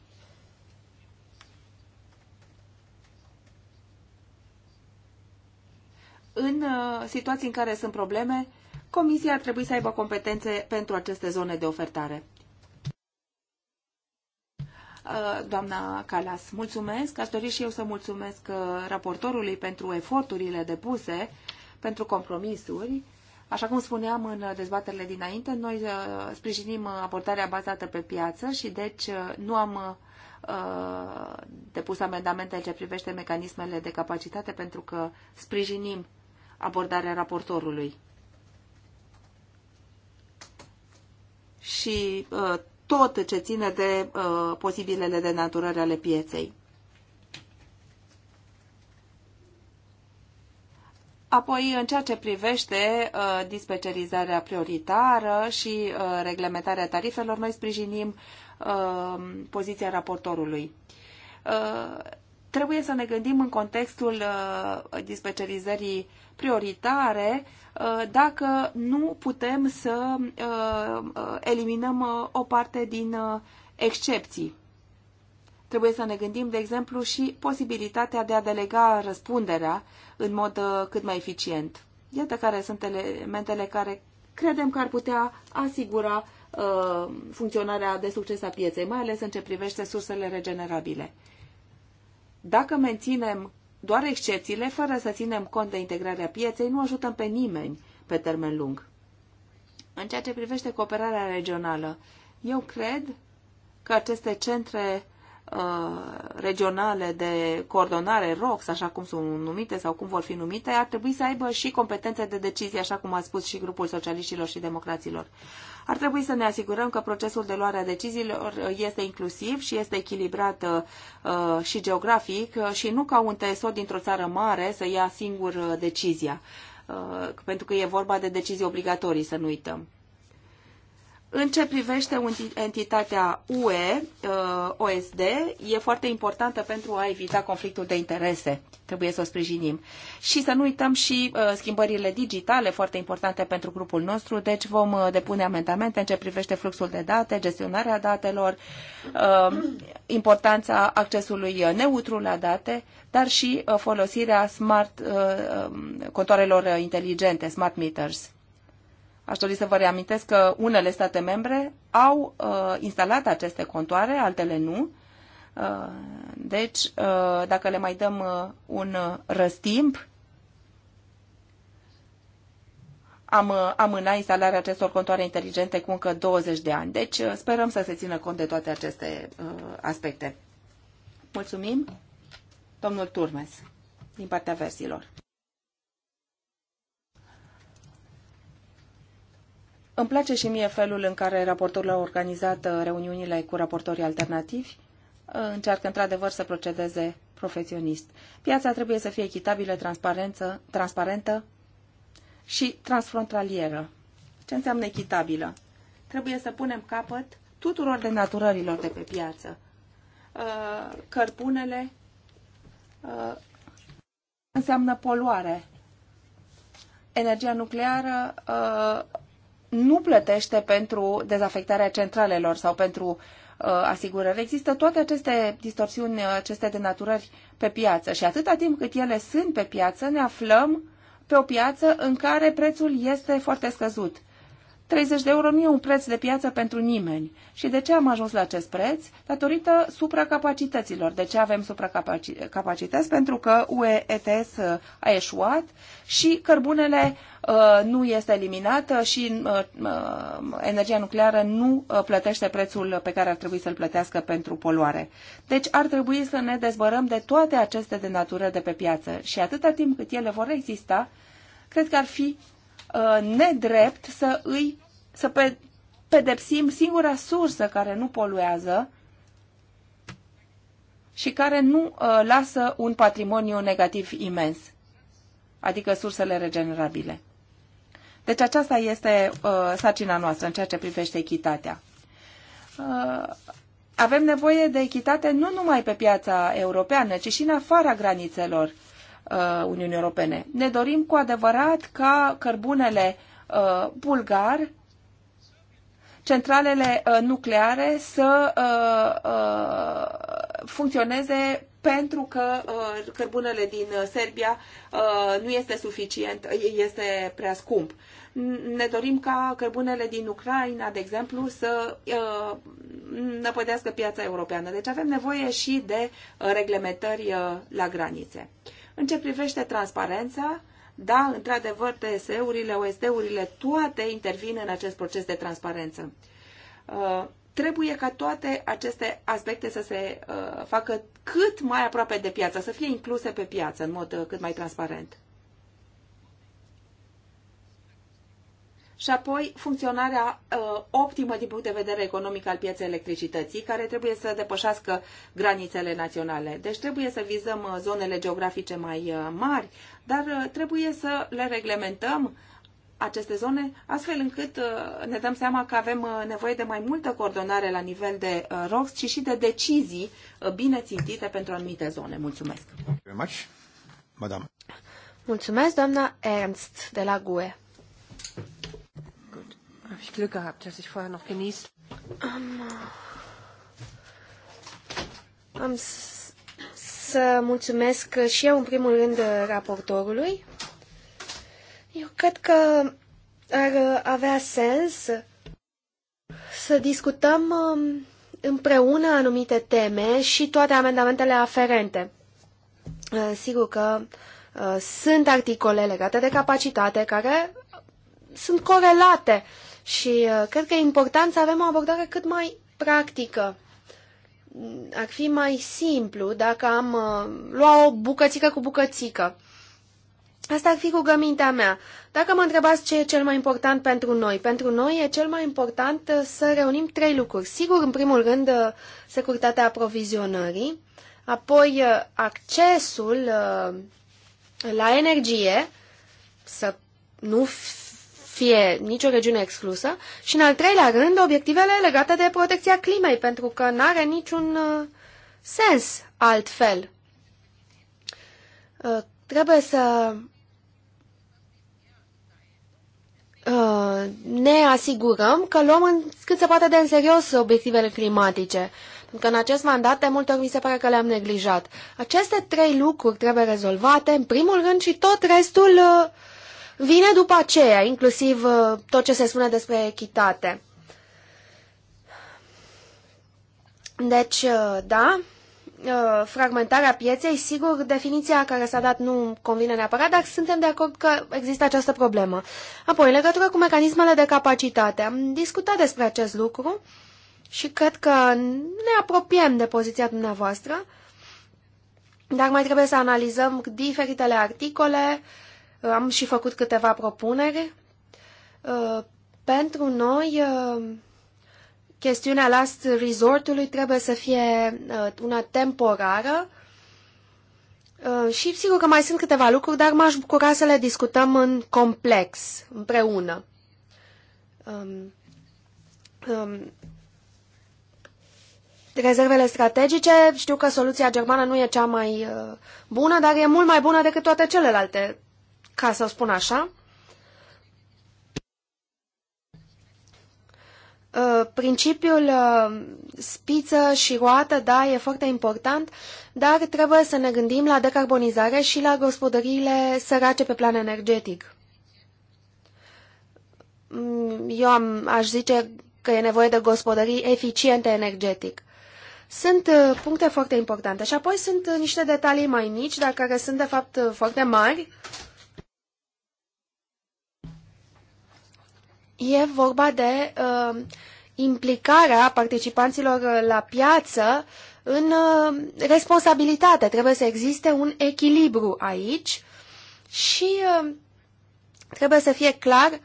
În uh, situații în care sunt probleme, Comisia ar trebui să aibă competențe pentru aceste zone de ofertare. Uh, doamna Calas, mulțumesc. Aș dori și eu să mulțumesc uh, raportorului pentru eforturile depuse, pentru compromisuri. Așa cum spuneam în dezbaterile dinainte, noi uh, sprijinim abordarea bazată pe piață și deci nu am depus amendamente în ce privește mecanismele de capacitate pentru că sprijinim abordarea raportorului. și uh, tot ce ține de uh, posibilele denaturări ale pieței. Apoi, în ceea ce privește uh, dispecerizarea prioritară și uh, reglementarea tarifelor, noi sprijinim uh, poziția raportorului. Uh, trebuie să ne gândim în contextul uh, dispecerizării prioritare uh, dacă nu putem să uh, eliminăm o parte din excepții. Trebuie să ne gândim, de exemplu, și posibilitatea de a delega răspunderea în mod cât mai eficient. Iată care sunt elementele care credem că ar putea asigura funcționarea de succes a pieței, mai ales în ce privește sursele regenerabile. Dacă menținem doar excepțiile, fără să ținem cont de integrarea pieței, nu ajutăm pe nimeni pe termen lung. În ceea ce privește cooperarea regională, eu cred că aceste centre uh, regionale de coordonare, ROX, așa cum sunt numite sau cum vor fi numite, ar trebui să aibă și competențe de decizie, așa cum a spus și grupul socialiștilor și democraților. Ar trebui să ne asigurăm că procesul de luare a deciziilor uh, este inclusiv și este echilibrat uh, uh, și geografic și nu ca un TSO dintr-o țară mare să ia singur decizia, pentru că e vorba de decizii obligatorii, să nu uităm. În ce privește entitatea UE, uh, OSD, e foarte importantă pentru a evita conflictul de interese. Trebuie să o sprijinim. Și să nu uităm și uh, schimbările digitale, foarte importante pentru grupul nostru, deci vom uh, depune amendamente în ce privește fluxul de date, gestionarea datelor, importanța accesului neutru la date, dar și folosirea smart um, contoarelor inteligente, smart meters Aș dori să vă reamintesc că unele state membre au uh, instalat aceste contoare, altele nu. Uh, deci, uh, dacă le mai dăm uh, un uh, răstimp, am uh, amâna instalarea acestor contoare inteligente cu încă 20 de ani. Deci, uh, sperăm să se țină cont de toate aceste uh, aspecte. Mulțumim, domnul Turmes, din partea versilor. Îmi place și mie felul în care raportorul a organizat uh, reuniunile cu raportorii alternativi. Uh, încearcă într-adevăr să procedeze profesionist. Piața trebuie să fie echitabilă, transparență, transparentă și transfrontalieră. Ce înseamnă echitabilă? Trebuie să punem capăt tuturor denaturărilor de pe piață. Uh, cărpunele înseamnă poluare. Energia nucleară nu plătește pentru dezafectarea centralelor sau pentru uh, asigurări. Există toate aceste distorsiuni, uh, aceste denaturări pe piață și atâta timp cât ele sunt pe piață, ne aflăm pe o piață în care prețul este foarte scăzut. 30 de euro nu e un preț de piață pentru nimeni. Și de ce am ajuns la acest preț? Datorită supracapacităților. De ce avem supracapacități? Pentru că UE ETS a eșuat și cărbunele uh, nu este eliminată și uh, uh energia nucleară nu uh, plătește prețul pe care ar trebui să-l plătească pentru poluare. Deci ar trebui să ne dezbărăm de toate aceste denaturări de pe piață și atâta timp cât ele vor exista, cred că ar fi Uh, nedrept să îi să pe, pedepsim singura sursă care nu poluează și care nu uh, lasă un patrimoniu negativ imens, adică sursele regenerabile. Deci aceasta este uh, sarcina noastră în ceea ce privește echitatea. Uh, avem nevoie de echitate nu numai pe piața europeană, ci și în afara granițelor. Uh, Uniunii Europene. Ne dorim cu adevărat ca cărbunele uh, bulgar, centralele uh, nucleare să funcționeze pentru că uh, cărbunele din Serbia uh, nu este suficient, este prea scump. Ne dorim ca cărbunele din Ucraina, de exemplu, să uh, năpădească piața europeană. Deci avem nevoie și de reglementări la granițe. În ce privește transparența, da, într-adevăr, TSE-urile, OSD-urile, toate intervin în acest proces de transparență. Uh, trebuie ca toate aceste aspecte să se uh, facă cât mai aproape de piață, să fie incluse pe piață în mod uh, cât mai transparent. și apoi funcționarea uh, optimă din punct de vedere economic al pieței electricității, care trebuie să depășească granițele naționale. Deci trebuie să vizăm uh, zonele geografice mai uh, mari, dar uh, trebuie să le reglementăm aceste zone, astfel încât uh, ne dăm seama că avem uh, nevoie de mai multă coordonare la nivel de uh, ROX și și de decizii uh, bine țintite pentru anumite zone. Mulțumesc! Mulțumesc, doamna Ernst de la GUE. Habe ich Glück gehabt, dass ich vorher noch genießt. Am, uh, am să mulțumesc și eu, în primul rând, raportorului. Eu cred că ar avea sens să discutăm um, împreună anumite teme și toate amendamentele aferente. Uh, sigur că uh, sunt articole legate de capacitate care sunt corelate și uh, cred că e important să avem o abordare cât mai practică. Ar fi mai simplu dacă am uh, lua o bucățică cu bucățică. Asta ar fi rugămintea mea. Dacă mă întrebați ce e cel mai important pentru noi, pentru noi e cel mai important uh, să reunim trei lucruri. Sigur, în primul rând, securitatea aprovizionării, apoi accesul la energie, să nu fie nicio regiune exclusă și, în al treilea rând, obiectivele legate de protecția climei, pentru că nu are niciun uh, sens altfel. Uh, trebuie să uh, ne asigurăm că luăm în, cât se poate de în serios obiectivele climatice. Pentru că în acest mandat de multe ori mi se pare că le-am neglijat. Aceste trei lucruri trebuie rezolvate, în primul rând, și tot restul uh, vine după aceea, inclusiv uh, tot ce se spune despre echitate. Deci, uh, da, uh, fragmentarea pieței, sigur, definiția care s-a dat nu convine neapărat, dar suntem de acord că există această problemă. Apoi, în legătură cu mecanismele de capacitate, am discutat despre acest lucru și cred că ne apropiem de poziția dumneavoastră, dar mai trebuie să analizăm diferitele articole, uh, am și făcut câteva propuneri. Uh, pentru noi, uh, chestiunea last resortului trebuie să fie uh, una temporară și sigur că mai sunt câteva lucruri, dar m-aș bucura să le discutăm în complex, împreună. Um, um, rezervele strategice, știu că soluția germană nu e cea mai bună, dar e mult mai bună decât toate celelalte ca să spun așa, uh, principiul uh, spiță și roată, da, e foarte important, dar trebuie să ne gândim la decarbonizare și la gospodăriile sărace pe plan energetic. Mm, eu am, aș zice că e nevoie de gospodării eficiente energetic. Sunt uh, puncte foarte importante și apoi sunt niște detalii mai mici, dar care sunt de fapt foarte mari, E vorba de uh, implicarea participanților uh, la piață în uh, responsabilitate. Trebuie să existe un echilibru aici și uh, trebuie să fie clar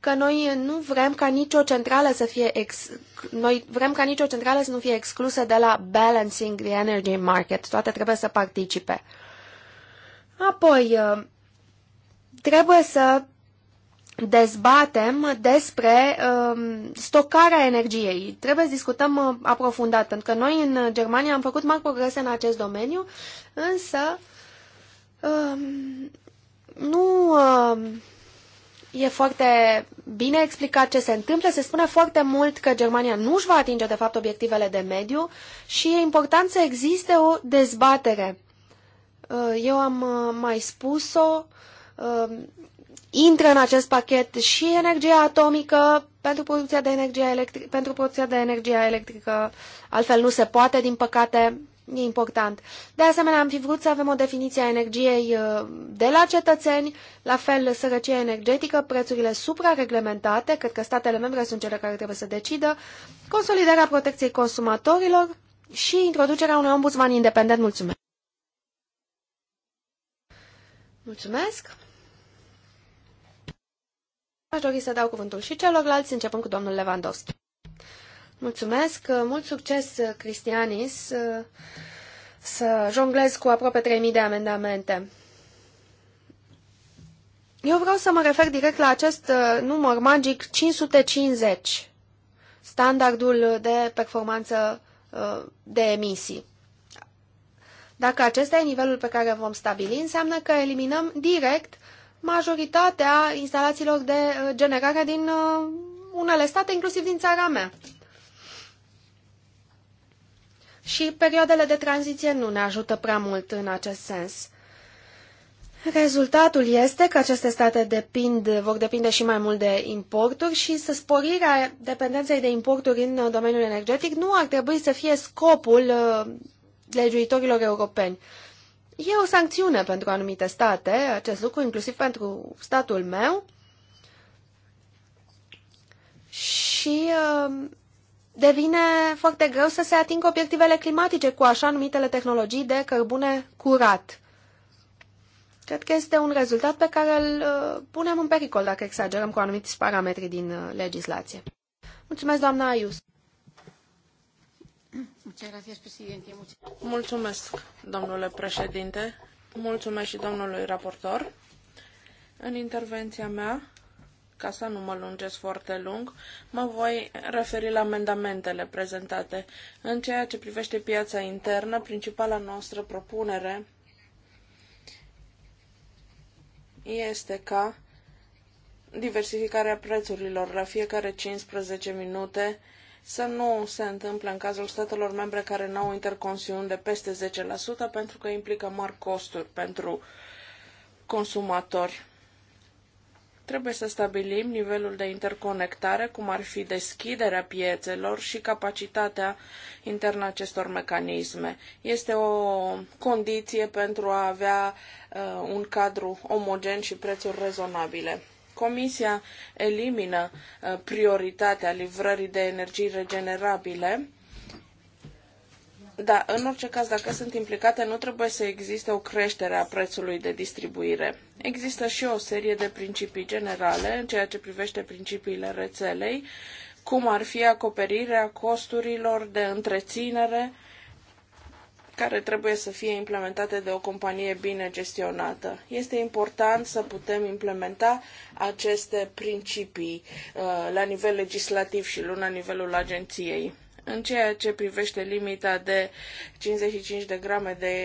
că noi nu vrem ca nicio centrală să fie ex... noi vrem ca nicio centrală să nu fie exclusă de la balancing the energy market. Toate trebuie să participe. Apoi, uh, trebuie să dezbatem despre uh, stocarea energiei. Trebuie să discutăm uh, aprofundat, pentru că noi în Germania am făcut mari progrese în acest domeniu, însă uh, nu uh, e foarte bine explicat ce se întâmplă. Se spune foarte mult că Germania nu își va atinge, de fapt, obiectivele de mediu și e important să existe o dezbatere. Uh, eu am uh, mai spus-o uh, intră în acest pachet și energia atomică pentru producția de energie electrică, pentru producția de energie electrică. Altfel nu se poate, din păcate, e important. De asemenea, am fi vrut să avem o definiție a energiei uh, de la cetățeni, la fel sărăcia energetică, prețurile suprareglementate, cred că statele membre sunt cele care trebuie să decidă, consolidarea protecției consumatorilor și introducerea unui ombudsman independent. Mulțumesc! Mulțumesc! Aș dori să dau cuvântul și celorlalți, începând cu domnul Lewandowski. Mulțumesc, mult succes, Cristianis, să jonglez cu aproape 3.000 de amendamente. Eu vreau să mă refer direct la acest uh, număr magic 550, standardul de performanță uh, de emisii. Dacă acesta e nivelul pe care vom stabili, înseamnă că eliminăm direct majoritatea instalațiilor de uh, generare din uh, unele state, inclusiv din țara mea. Și perioadele de tranziție nu ne ajută prea mult în acest sens. Rezultatul este că aceste state depind, vor depinde și mai mult de importuri și să sporirea dependenței de importuri în uh, domeniul energetic nu ar trebui să fie scopul legiuitorilor europeni. E o sancțiune pentru anumite state, acest lucru, inclusiv pentru statul meu. Și uh, devine foarte greu să se atingă obiectivele climatice cu așa numitele tehnologii de cărbune curat. Cred că este un rezultat pe care îl uh, punem în pericol dacă exagerăm cu anumiți parametri din uh, legislație. Mulțumesc, doamna Ayus. Mulțumesc, domnule președinte. Mulțumesc și domnului raportor. În intervenția mea, ca să nu mă lungesc foarte lung, mă voi referi la amendamentele prezentate. În ceea ce privește piața internă, principala noastră propunere este ca diversificarea prețurilor la fiecare 15 minute să nu se întâmple în cazul statelor membre care nu au interconsiuni de peste 10%, pentru că implică mari costuri pentru consumatori. Trebuie să stabilim nivelul de interconectare, cum ar fi deschiderea piețelor și capacitatea internă acestor mecanisme. Este o condiție pentru a avea uh, un cadru omogen și prețuri rezonabile. Comisia elimină uh, prioritatea livrării de energii regenerabile. Da, în orice caz, dacă sunt implicate, nu trebuie să existe o creștere a prețului de distribuire. Există și o serie de principii generale în ceea ce privește principiile rețelei, cum ar fi acoperirea costurilor de întreținere, care trebuie să fie implementate de o companie bine gestionată. Este important să putem implementa aceste principii uh, la nivel legislativ și la nivelul agenției. În ceea ce privește limita de 55 de grame de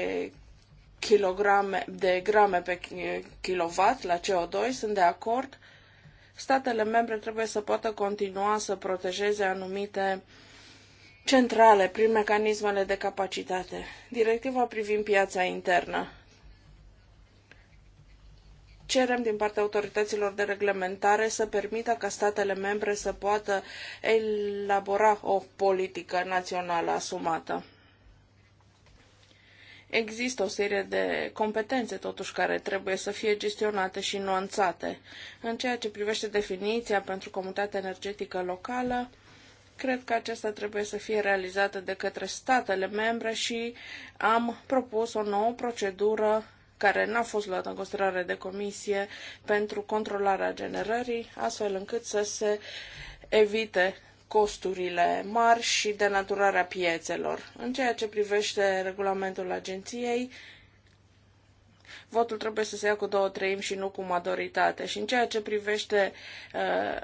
kilograme, de grame pe kW la CO2, sunt de acord. Statele membre trebuie să poată continua să protejeze anumite uh, centrale prin mecanismele de capacitate. Directiva privind piața internă. Cerem din partea autorităților de reglementare să permită ca statele membre să poată elabora o politică națională asumată. Există o serie de competențe, totuși, care trebuie să fie gestionate și nuanțate. În ceea ce privește definiția pentru comunitatea energetică locală, Cred că acesta trebuie să fie realizată de către statele membre și am propus o nouă procedură care n-a fost luată în considerare de comisie pentru controlarea generării, astfel încât să se evite costurile mari și denaturarea piețelor. În ceea ce privește regulamentul agenției, votul trebuie să se ia cu două treimi și nu cu majoritate. Și în ceea ce privește uh,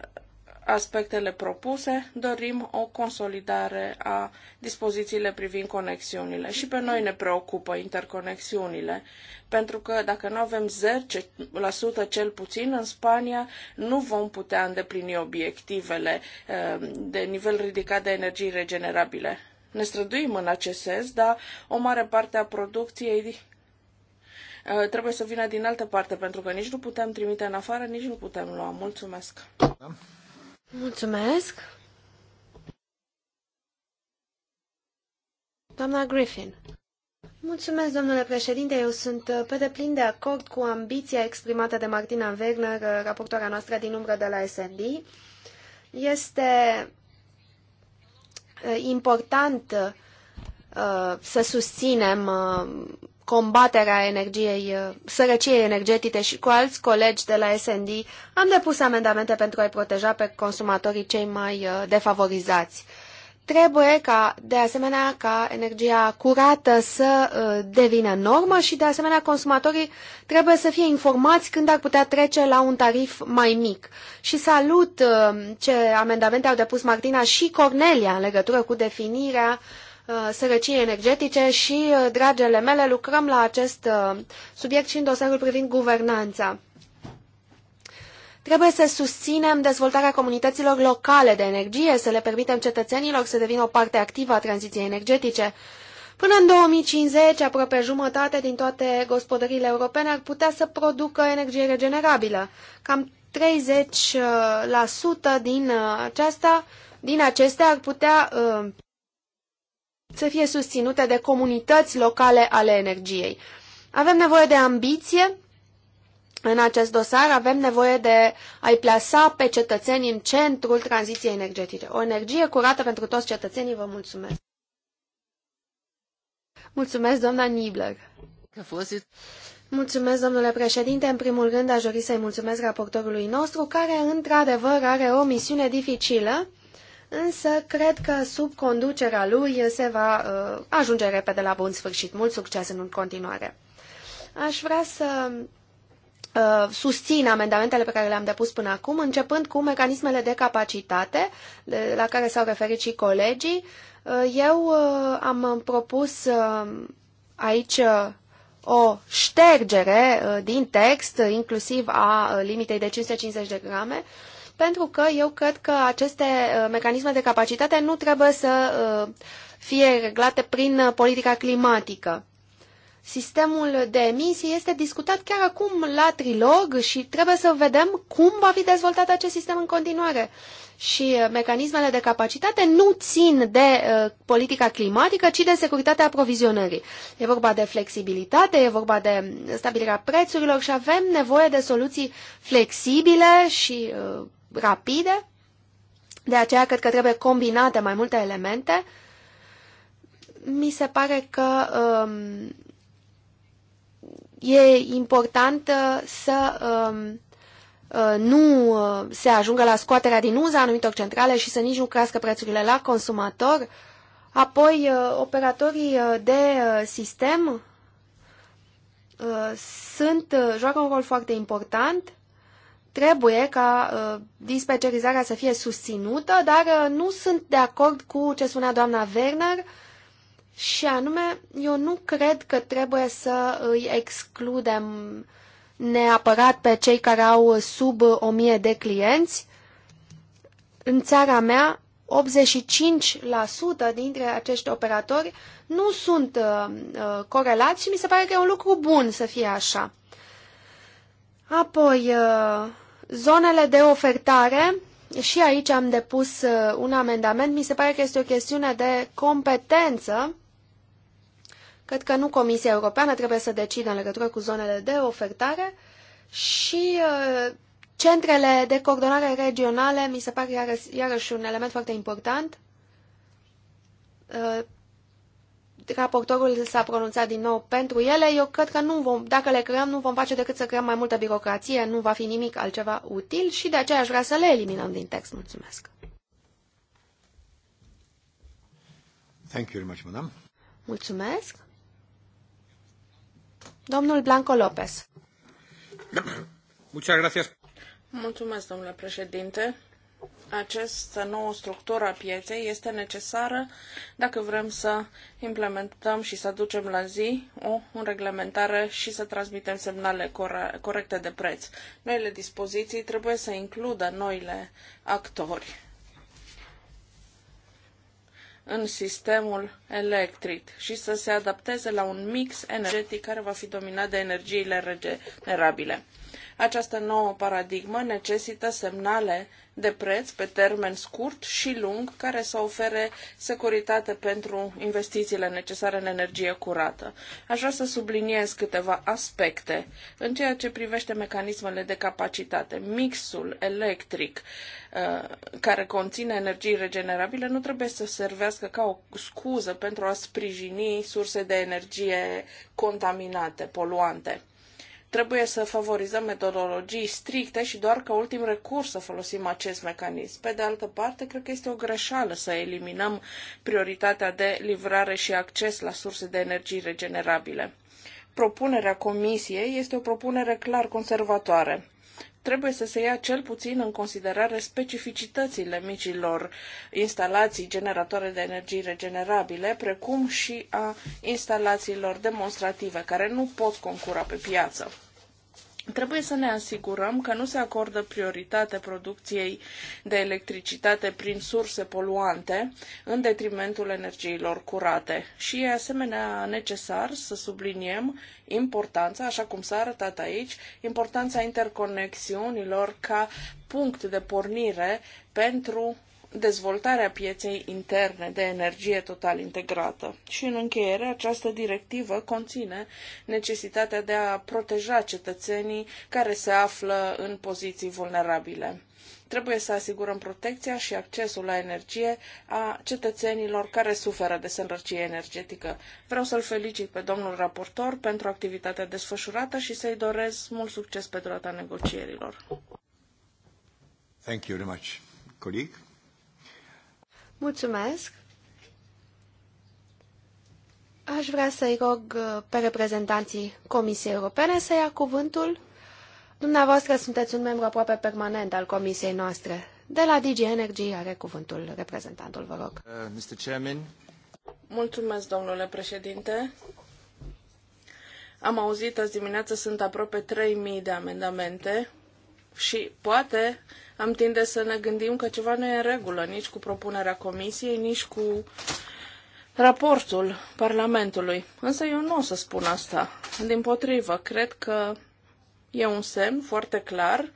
aspectele propuse, dorim o consolidare a dispozițiile privind conexiunile. Și pe noi ne preocupă interconexiunile, pentru că dacă nu avem 10% cel puțin în Spania, nu vom putea îndeplini obiectivele eh, de nivel ridicat de energii regenerabile. Ne străduim în acest sens, dar o mare parte a producției eh, trebuie să vină din altă parte, pentru că nici nu putem trimite în afară, nici nu putem lua. Mulțumesc! Da. Mulțumesc. Doamna Griffin. Mulțumesc, domnule președinte. Eu sunt uh, pe deplin de acord cu ambiția exprimată de Martina Werner, uh, raportoarea noastră din umbră de la SND. Este uh, important să susținem combaterea energiei, uh, sărăciei energetice și cu alți colegi de la SND am depus amendamente pentru a-i proteja pe consumatorii cei mai uh, defavorizați. Trebuie ca, de asemenea, ca energia curată să uh, devină normă și, de asemenea, consumatorii trebuie să fie informați când ar putea trece la un tarif mai mic. Și salut ce amendamente au depus Martina și Cornelia în legătură cu definirea uh, Uh, sărăciei energetice și, uh, dragele mele, lucrăm la acest uh, subiect și în dosarul privind guvernanța. Trebuie să susținem dezvoltarea comunităților locale de energie, să le permitem cetățenilor să devină o parte activă a tranziției energetice. Până în 2050, aproape jumătate din toate gospodăriile europene ar putea să producă energie regenerabilă. Cam 30% din aceasta, din acestea ar putea să fie susținute de comunități locale ale energiei. Avem nevoie de ambiție în acest dosar, avem nevoie de a-i plasa pe cetățeni în centrul tranziției energetice. O energie curată pentru toți cetățenii, vă mulțumesc. Mulțumesc, doamna Nibler. Mulțumesc, domnule președinte. În primul rând, aș dori să-i mulțumesc raportorului nostru, care, într-adevăr, are o misiune dificilă însă cred că sub conducerea lui se va uh, ajunge repede la bun sfârșit. Mult succes în continuare! Aș vrea să uh, susțin amendamentele pe care le-am depus până acum, începând cu mecanismele de capacitate, la care s-au referit și colegii. Uh, eu am propus aici o ștergere din text, inclusiv a limitei de 550 de grame, pentru că eu cred că aceste uh, mecanisme de capacitate nu trebuie să uh, fie reglate prin uh, politica climatică. Sistemul de emisii este discutat chiar acum la trilog și trebuie să vedem cum va fi dezvoltat acest sistem în continuare. Și mecanismele de capacitate nu țin de uh, politica climatică, ci de securitatea aprovizionării. E vorba de flexibilitate, e vorba de stabilirea prețurilor și avem nevoie de soluții flexibile și uh, rapide, de aceea cred că trebuie combinate mai multe elemente. Mi se pare că um, e important uh, să um, uh, nu uh, se ajungă la scoaterea din uza anumitor centrale și să nici nu crească prețurile la consumator. Apoi, operatorii de sistem sunt, joacă un rol foarte important Trebuie ca uh, dispecerizarea să fie susținută, dar uh, nu sunt de acord cu ce spunea doamna Werner și anume, eu nu cred că trebuie să îi excludem neapărat pe cei care au sub 1000 de clienți. În țara mea, 85% dintre acești operatori nu sunt uh, uh, corelați și mi se pare că e un lucru bun să fie așa. Apoi, uh, zonele de ofertare, și aici am depus uh, un amendament, mi se pare că este o chestiune de competență. Cred că nu Comisia Europeană trebuie să decidă în legătură cu zonele de ofertare și uh, centrele de coordonare regionale mi se pare iarăși un element foarte important raportorul s-a pronunțat din nou pentru ele, eu cred că nu vom, dacă le creăm, nu vom face decât să creăm mai multă birocrație, nu va fi nimic altceva util și de aceea aș vrea să le eliminăm din text. Mulțumesc. Thank you very much, madam. Mulțumesc. Domnul Blanco Lopez. Muchas gracias. Mulțumesc, domnule președinte. Această nouă structură a pieței este necesară dacă vrem să implementăm și să ducem la zi o, o reglementare și să transmitem semnale corecte de preț. Noile dispoziții trebuie să includă noile actori în sistemul electric și să se adapteze la un mix energetic care va fi dominat de energiile regenerabile. Această nouă paradigmă necesită semnale de preț pe termen scurt și lung care să ofere securitate pentru investițiile necesare în energie curată. Aș vrea să subliniez câteva aspecte în ceea ce privește mecanismele de capacitate. Mixul electric uh, care conține energii regenerabile nu trebuie să servească ca o scuză pentru a sprijini surse de energie contaminate, poluante. Trebuie să favorizăm metodologii stricte și doar ca ultim recurs să folosim acest mecanism. Pe de altă parte, cred că este o greșeală să eliminăm prioritatea de livrare și acces la surse de energii regenerabile. Propunerea Comisiei este o propunere clar conservatoare trebuie să se ia cel puțin în considerare specificitățile micilor instalații generatoare de energii regenerabile, precum și a instalațiilor demonstrative care nu pot concura pe piață. Trebuie să ne asigurăm că nu se acordă prioritate producției de electricitate prin surse poluante în detrimentul energiilor curate. Și e asemenea necesar să subliniem importanța, așa cum s-a arătat aici, importanța interconexiunilor ca punct de pornire pentru dezvoltarea pieței interne de energie total integrată. Și în încheiere, această directivă conține necesitatea de a proteja cetățenii care se află în poziții vulnerabile. Trebuie să asigurăm protecția și accesul la energie a cetățenilor care suferă de sărăcie energetică. Vreau să-l felicit pe domnul raportor pentru activitatea desfășurată și să-i doresc mult succes pe durata negocierilor. Thank you very much, colleague. Mulțumesc. Aș vrea să-i rog uh, pe reprezentanții Comisiei Europene să ia cuvântul. Dumneavoastră sunteți un membru aproape permanent al Comisiei noastre. De la DG Energy are cuvântul reprezentantul, vă rog. Uh, Mr. Chairman. Mulțumesc, domnule președinte. Am auzit azi dimineață, sunt aproape 3.000 de amendamente și poate am tinde să ne gândim că ceva nu e în regulă nici cu propunerea comisiei, nici cu raportul Parlamentului. Însă eu nu o să spun asta. Din potrivă, cred că e un semn foarte clar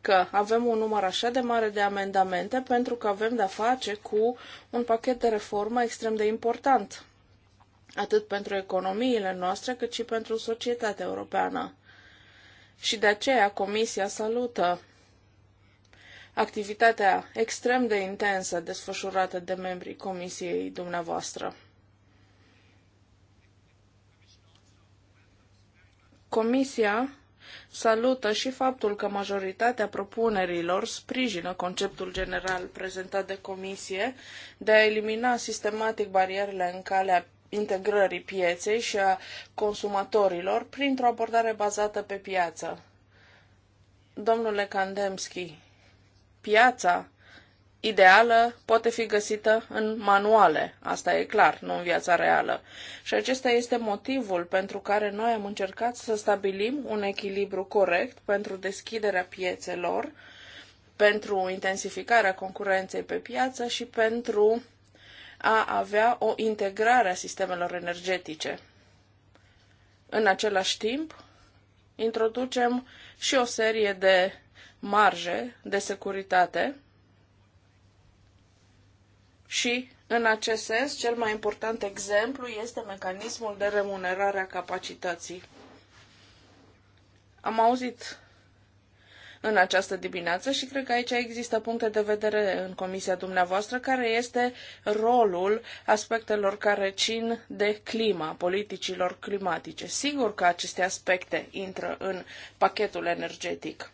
că avem un număr așa de mare de amendamente pentru că avem de-a face cu un pachet de reformă extrem de important, atât pentru economiile noastre, cât și pentru societatea europeană și de aceea Comisia salută activitatea extrem de intensă desfășurată de membrii Comisiei dumneavoastră. Comisia salută și faptul că majoritatea propunerilor sprijină conceptul general prezentat de Comisie de a elimina sistematic barierele în calea integrării pieței și a consumatorilor printr-o abordare bazată pe piață. Domnule Kandemski, piața ideală poate fi găsită în manuale, asta e clar, nu în viața reală. Și acesta este motivul pentru care noi am încercat să stabilim un echilibru corect pentru deschiderea piețelor, pentru intensificarea concurenței pe piață și pentru a avea o integrare a sistemelor energetice. În același timp, introducem și o serie de marje de securitate și, în acest sens, cel mai important exemplu este mecanismul de remunerare a capacității. Am auzit în această dimineață și cred că aici există puncte de vedere în comisia dumneavoastră care este rolul aspectelor care țin de clima, politicilor climatice. Sigur că aceste aspecte intră în pachetul energetic.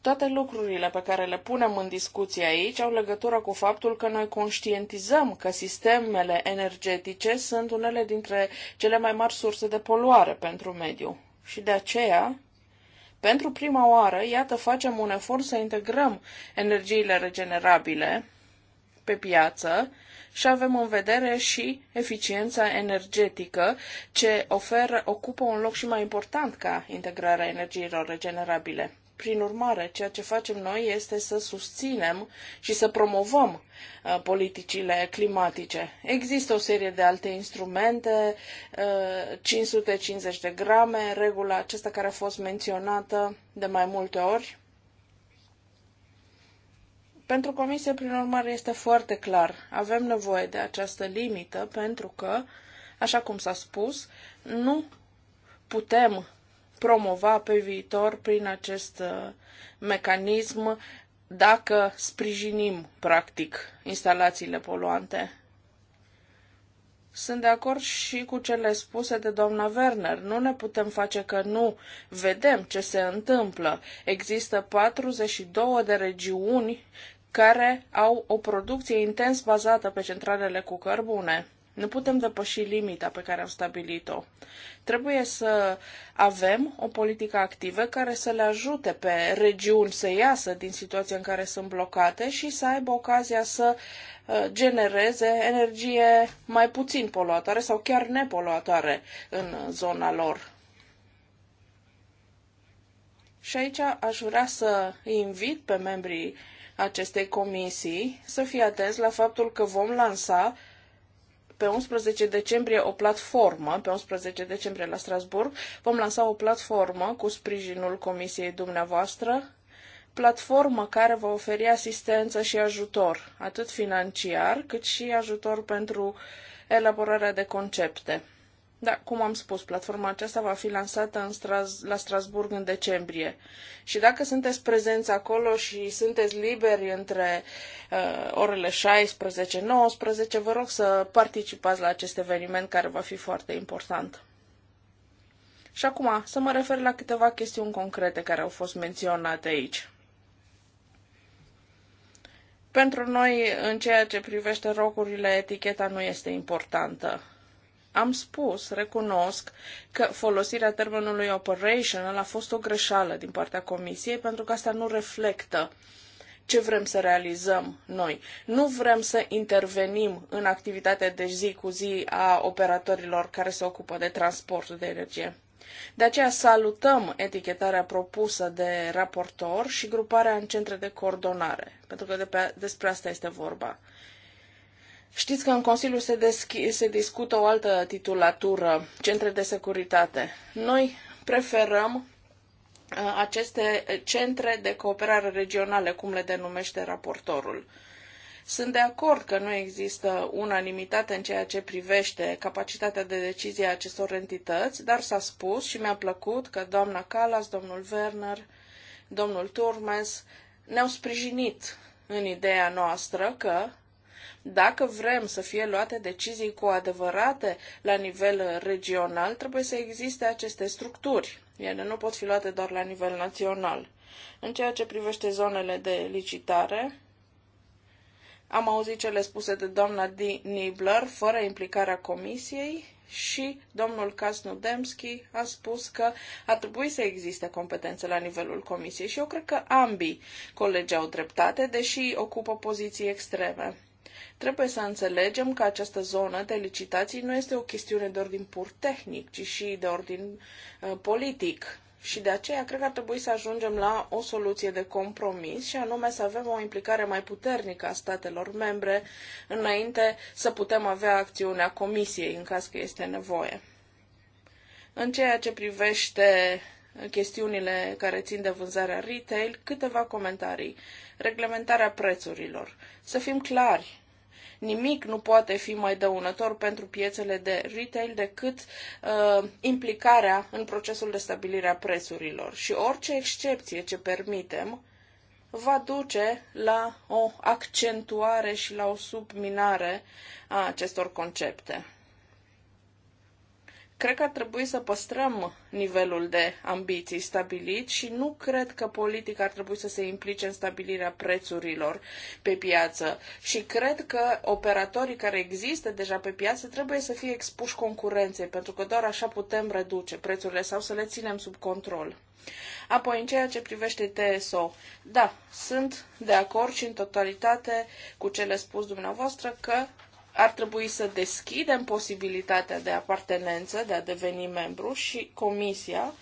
Toate lucrurile pe care le punem în discuție aici au legătură cu faptul că noi conștientizăm că sistemele energetice sunt unele dintre cele mai mari surse de poluare pentru mediu. Și de aceea pentru prima oară, iată, facem un efort să integrăm energiile regenerabile pe piață și avem în vedere și eficiența energetică, ce oferă, ocupă un loc și mai important ca integrarea energiilor regenerabile. Prin urmare, ceea ce facem noi este să susținem și să promovăm uh, politicile climatice. Există o serie de alte instrumente, 550 uh, de grame, regula aceasta care a fost menționată de mai multe ori. Pentru comisie, prin urmare, este foarte clar. Avem nevoie de această limită pentru că, așa cum s-a spus, nu putem promova pe viitor prin acest uh, mecanism dacă sprijinim, practic, instalațiile poluante. Sunt de acord și cu cele spuse de doamna Werner. Nu ne putem face că nu vedem ce se întâmplă. Există 42 de regiuni care au o producție intens bazată pe centralele cu cărbune. Nu putem depăși limita pe care am stabilit-o. Trebuie să avem o politică activă care să le ajute pe regiuni să iasă din situația în care sunt blocate și să aibă ocazia să uh, genereze energie mai puțin poluatoare sau chiar nepoluatoare în zona lor. Și aici aș vrea să invit pe membrii acestei comisii să fie atenți la faptul că vom lansa pe 11 decembrie o platformă, pe 11 decembrie la Strasburg, vom lansa o platformă cu sprijinul comisiei dumneavoastră, platformă care va oferi asistență și ajutor, atât financiar, cât și ajutor pentru elaborarea de concepte. Da, cum am spus, platforma aceasta va fi lansată în Stras- la Strasburg în decembrie. Și dacă sunteți prezenți acolo și sunteți liberi între uh, orele 16-19, vă rog să participați la acest eveniment care va fi foarte important. Și acum să mă refer la câteva chestiuni concrete care au fost menționate aici. Pentru noi, în ceea ce privește rocurile, eticheta nu este importantă. Am spus, recunosc, că folosirea termenului operational a fost o greșeală din partea Comisiei, pentru că asta nu reflectă ce vrem să realizăm noi. Nu vrem să intervenim în activitatea de zi cu zi a operatorilor care se ocupă de transportul de energie. De aceea salutăm etichetarea propusă de raportor și gruparea în centre de coordonare, pentru că de pe, despre asta este vorba. Știți că în Consiliu se, deschi- se discută o altă titulatură, centre de securitate. Noi preferăm uh, aceste centre de cooperare regionale, cum le denumește raportorul. Sunt de acord că nu există unanimitate în ceea ce privește capacitatea de decizie a acestor entități, dar s-a spus și mi-a plăcut că doamna Calas, domnul Werner, domnul Turmes ne-au sprijinit în ideea noastră că dacă vrem să fie luate decizii cu adevărate la nivel regional, trebuie să existe aceste structuri. Ele nu pot fi luate doar la nivel național. În ceea ce privește zonele de licitare, am auzit cele spuse de doamna D. Nibler, fără implicarea comisiei, și domnul Kasnudemski a spus că ar trebui să existe competențe la nivelul comisiei și eu cred că ambii colegi au dreptate, deși ocupă poziții extreme. Trebuie să înțelegem că această zonă de licitații nu este o chestiune de ordin pur tehnic, ci și de ordin uh, politic. Și de aceea cred că ar trebui să ajungem la o soluție de compromis și anume să avem o implicare mai puternică a statelor membre înainte să putem avea acțiunea Comisiei în caz că este nevoie. În ceea ce privește chestiunile care țin de vânzarea retail, câteva comentarii reglementarea prețurilor. Să fim clari, nimic nu poate fi mai dăunător pentru piețele de retail decât uh, implicarea în procesul de stabilire a prețurilor. Și orice excepție ce permitem va duce la o accentuare și la o subminare a acestor concepte. Cred că ar trebui să păstrăm nivelul de ambiții stabilit și nu cred că politica ar trebui să se implice în stabilirea prețurilor pe piață. Și cred că operatorii care există deja pe piață trebuie să fie expuși concurenței, pentru că doar așa putem reduce prețurile sau să le ținem sub control. Apoi, în ceea ce privește TSO, da, sunt de acord și în totalitate cu cele spus dumneavoastră că ar trebui să deschidem posibilitatea de apartenență, de a deveni membru și Comisia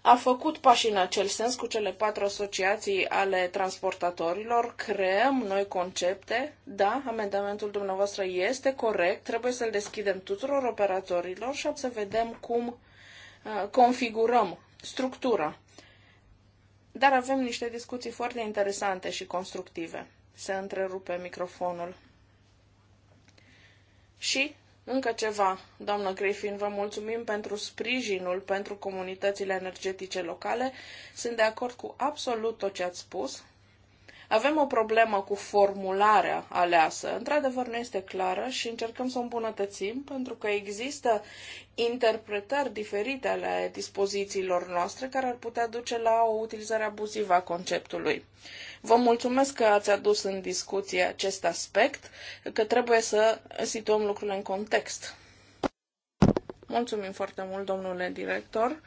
a făcut pași în acel sens cu cele patru asociații ale transportatorilor. Creăm noi concepte. Da, amendamentul dumneavoastră este corect. Trebuie să-l deschidem tuturor operatorilor și să vedem cum uh, configurăm structura. Dar avem niște discuții foarte interesante și constructive. Se întrerupe microfonul. Și încă ceva, doamnă Griffin, vă mulțumim pentru sprijinul pentru comunitățile energetice locale. Sunt de acord cu absolut tot ce ați spus. Avem o problemă cu formularea aleasă. Într-adevăr, nu este clară și încercăm să o îmbunătățim pentru că există interpretări diferite ale dispozițiilor noastre care ar putea duce la o utilizare abuzivă a conceptului. Vă mulțumesc că ați adus în discuție acest aspect, că trebuie să situăm lucrurile în context. Mulțumim foarte mult, domnule director.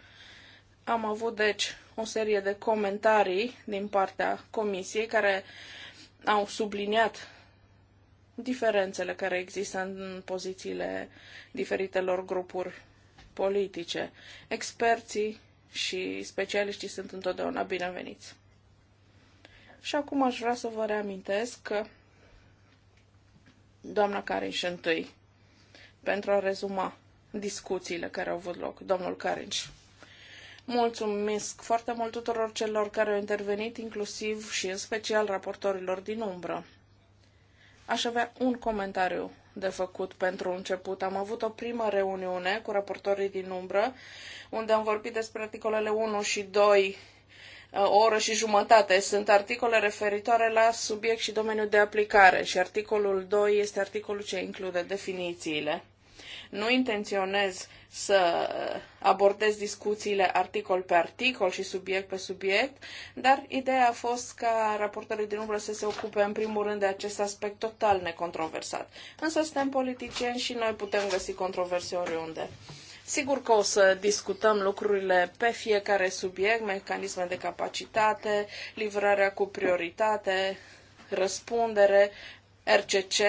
Am avut, deci, o serie de comentarii din partea comisiei care au subliniat diferențele care există în pozițiile diferitelor grupuri politice. Experții și specialiștii sunt întotdeauna bineveniți. Și acum aș vrea să vă reamintesc că doamna Carinș întâi, pentru a rezuma discuțiile care au avut loc, domnul Carinș. Mulțumesc foarte mult tuturor celor care au intervenit, inclusiv și în special raportorilor din umbră. Aș avea un comentariu de făcut pentru început. Am avut o primă reuniune cu raportorii din umbră, unde am vorbit despre articolele 1 și 2 o oră și jumătate. Sunt articole referitoare la subiect și domeniul de aplicare și articolul 2 este articolul ce include definițiile. Nu intenționez să abordez discuțiile articol pe articol și subiect pe subiect, dar ideea a fost ca raportorii din umbră să se ocupe în primul rând de acest aspect total necontroversat. Însă suntem politicieni și noi putem găsi controverse oriunde. Sigur că o să discutăm lucrurile pe fiecare subiect, mecanisme de capacitate, livrarea cu prioritate, răspundere, RCC,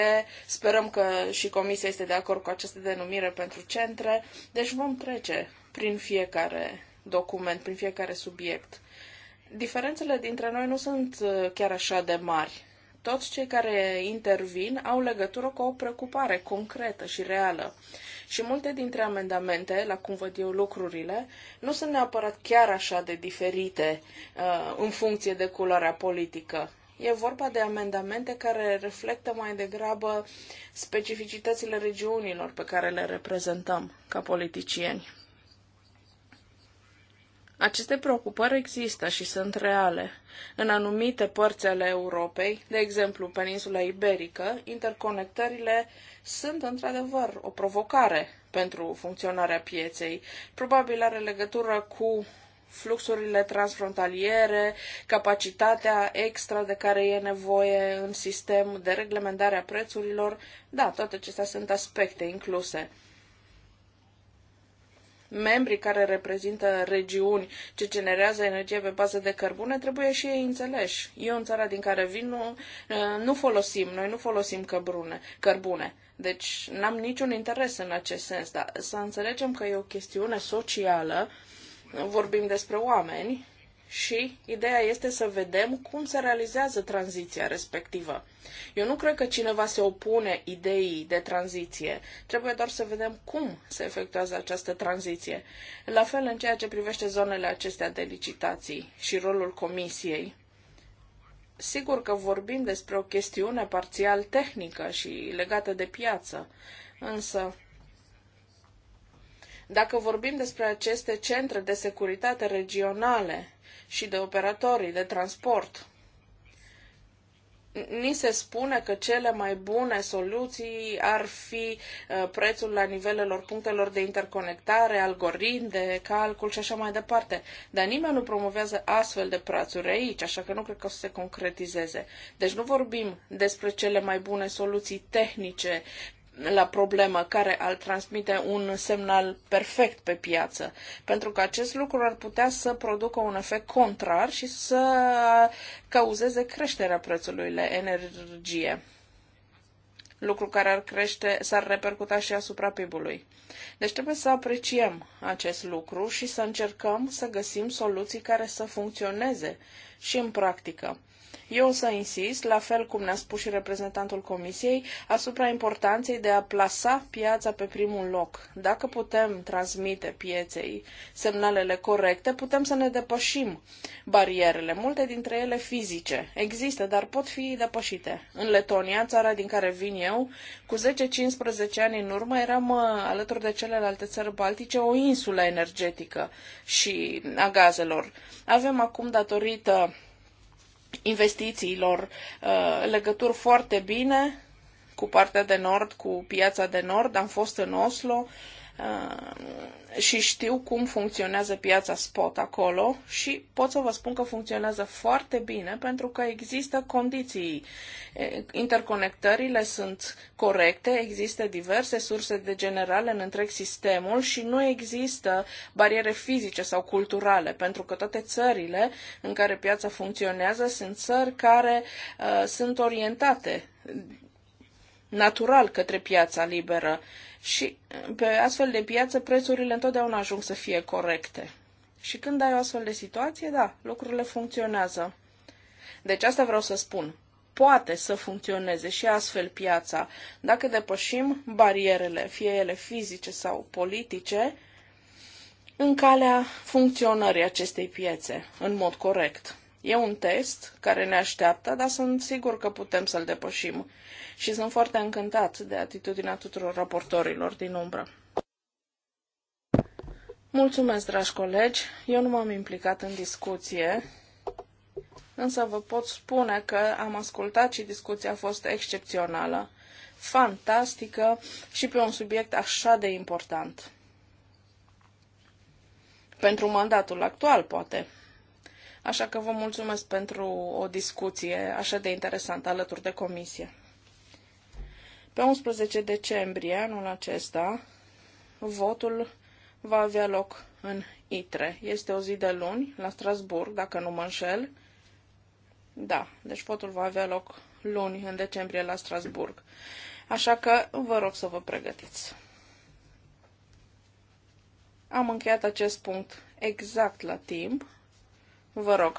sperăm că și Comisia este de acord cu această denumire pentru centre, deci vom trece prin fiecare document, prin fiecare subiect. Diferențele dintre noi nu sunt uh, chiar așa de mari. Toți cei care intervin au legătură cu o preocupare concretă și reală. Și multe dintre amendamente, la cum văd eu lucrurile, nu sunt neapărat chiar așa de diferite uh, în funcție de culoarea politică. E vorba de amendamente care reflectă mai degrabă specificitățile regiunilor pe care le reprezentăm ca politicieni. Aceste preocupări există și sunt reale. În anumite părți ale Europei, de exemplu peninsula iberică, interconectările sunt într-adevăr o provocare pentru funcționarea pieței. Probabil are legătură cu fluxurile transfrontaliere, capacitatea extra de care e nevoie în sistem de reglementare a prețurilor. Da, toate acestea sunt aspecte incluse membrii care reprezintă regiuni ce generează energie pe bază de cărbune trebuie și ei înțeleși. Eu în țara din care vin nu, eh, nu folosim, noi nu folosim căbrune, cărbune. Deci n-am niciun interes în acest sens, dar să înțelegem că e o chestiune socială vorbim despre oameni și ideea este să vedem cum se realizează tranziția respectivă. Eu nu cred că cineva se opune ideii de tranziție. Trebuie doar să vedem cum se efectuează această tranziție. La fel în ceea ce privește zonele acestea de licitații și rolul comisiei. Sigur că vorbim despre o chestiune parțial tehnică și legată de piață, însă dacă vorbim despre aceste centre de securitate regionale și de operatorii de transport, ni se spune că cele mai bune soluții ar fi uh, prețul la nivelelor punctelor de interconectare, algoritmi de calcul și așa mai departe. Dar nimeni nu promovează astfel de prețuri aici, așa că nu cred că o să se concretizeze. Deci nu vorbim despre cele mai bune soluții tehnice la problemă care ar transmite un semnal perfect pe piață, pentru că acest lucru ar putea să producă un efect contrar și să cauzeze creșterea prețului la energie lucru care ar crește, s-ar repercuta și asupra PIB-ului. Deci trebuie să apreciem acest lucru și să încercăm să găsim soluții care să funcționeze și în practică. Eu o să insist, la fel cum ne-a spus și reprezentantul Comisiei, asupra importanței de a plasa piața pe primul loc. Dacă putem transmite pieței semnalele corecte, putem să ne depășim barierele, multe dintre ele fizice. Există, dar pot fi depășite. În Letonia, țara din care vin eu, cu 10-15 ani în urmă eram uh, alături de celelalte țări baltice o insulă energetică și a gazelor. Avem acum, datorită investițiilor uh, legături foarte bine cu partea de nord, cu piața de nord. Am fost în Oslo Uh, și știu cum funcționează piața spot acolo și pot să vă spun că funcționează foarte bine pentru că există condiții. Interconectările sunt corecte, există diverse surse de generale în întreg sistemul și nu există bariere fizice sau culturale, pentru că toate țările în care piața funcționează sunt țări care uh, sunt orientate natural către piața liberă și uh, pe astfel de piață prețurile întotdeauna ajung să fie corecte. Și când ai o astfel de situație, da, lucrurile funcționează. Deci asta vreau să spun. Poate să funcționeze și astfel piața dacă depășim barierele, fie ele fizice sau politice, în calea funcționării acestei piețe, în mod corect. E un test care ne așteaptă, dar sunt sigur că putem să-l depășim. Și sunt foarte încântat de atitudinea tuturor raportorilor din umbră. Mulțumesc, dragi colegi. Eu nu m-am implicat în discuție, însă vă pot spune că am ascultat și discuția a fost excepțională, fantastică și pe un subiect așa de important. Pentru mandatul actual, poate. Așa că vă mulțumesc pentru o discuție așa de interesantă alături de comisie. Pe 11 decembrie anul acesta, votul va avea loc în ITRE. Este o zi de luni, la Strasburg, dacă nu mă înșel. Da, deci votul va avea loc luni, în decembrie, la Strasburg. Așa că vă rog să vă pregătiți. Am încheiat acest punct exact la timp. Vă rog.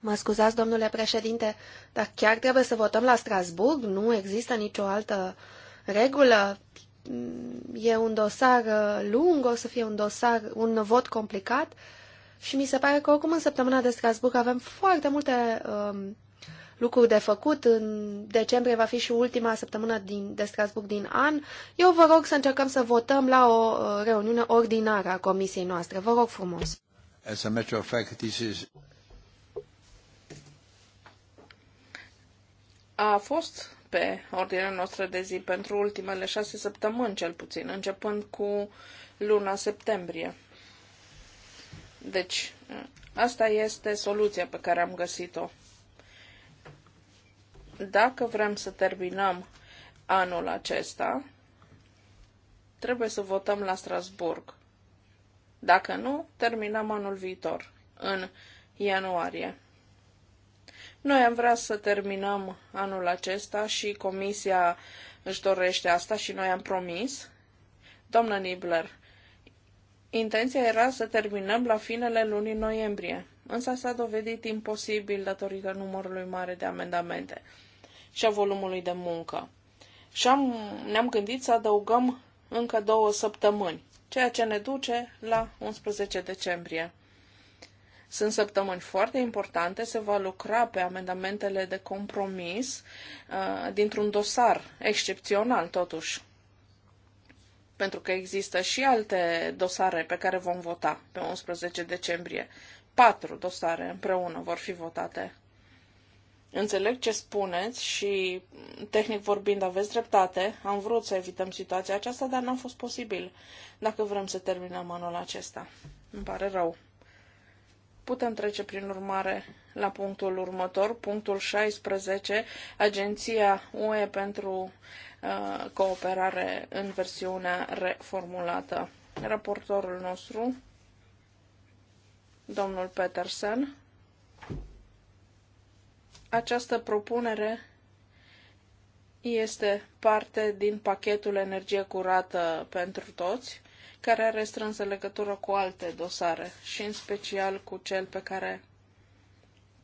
Mă scuzați, domnule președinte, dar chiar trebuie să votăm la Strasburg? Nu există nicio altă regulă? E un dosar uh, lung, o să fie un dosar, un vot complicat și mi se pare că oricum în săptămâna de Strasburg avem foarte multe um, lucruri de făcut. În decembrie va fi și ultima săptămână din, de Strasburg din an. Eu vă rog să încercăm să votăm la o uh, reuniune ordinară a comisiei noastre. Vă rog frumos. As a matter of fact, this is... A fost pe ordinea noastră de zi pentru ultimele șase săptămâni, cel puțin, începând cu luna septembrie. Deci, asta este soluția pe care am găsit-o. Dacă vrem să terminăm anul acesta, trebuie să votăm la Strasburg. Dacă nu, terminăm anul viitor, în ianuarie. Noi am vrea să terminăm anul acesta și comisia își dorește asta și noi am promis. Doamnă Nibler, intenția era să terminăm la finele lunii noiembrie, însă s-a dovedit imposibil datorită numărului mare de amendamente și a volumului de muncă. Și am, ne-am gândit să adăugăm încă două săptămâni ceea ce ne duce la 11 decembrie. Sunt săptămâni foarte importante, se va lucra pe amendamentele de compromis uh, dintr-un dosar excepțional, totuși. Pentru că există și alte dosare pe care vom vota pe 11 decembrie. Patru dosare împreună vor fi votate. Înțeleg ce spuneți și, tehnic vorbind, aveți dreptate. Am vrut să evităm situația aceasta, dar n-a fost posibil dacă vrem să terminăm anul acesta. Îmi pare rău. Putem trece, prin urmare, la punctul următor, punctul 16, Agenția UE pentru uh, cooperare în versiunea reformulată. Raportorul nostru, domnul Petersen, această propunere este parte din pachetul energie curată pentru toți, care are strânsă legătură cu alte dosare și în special cu cel pe care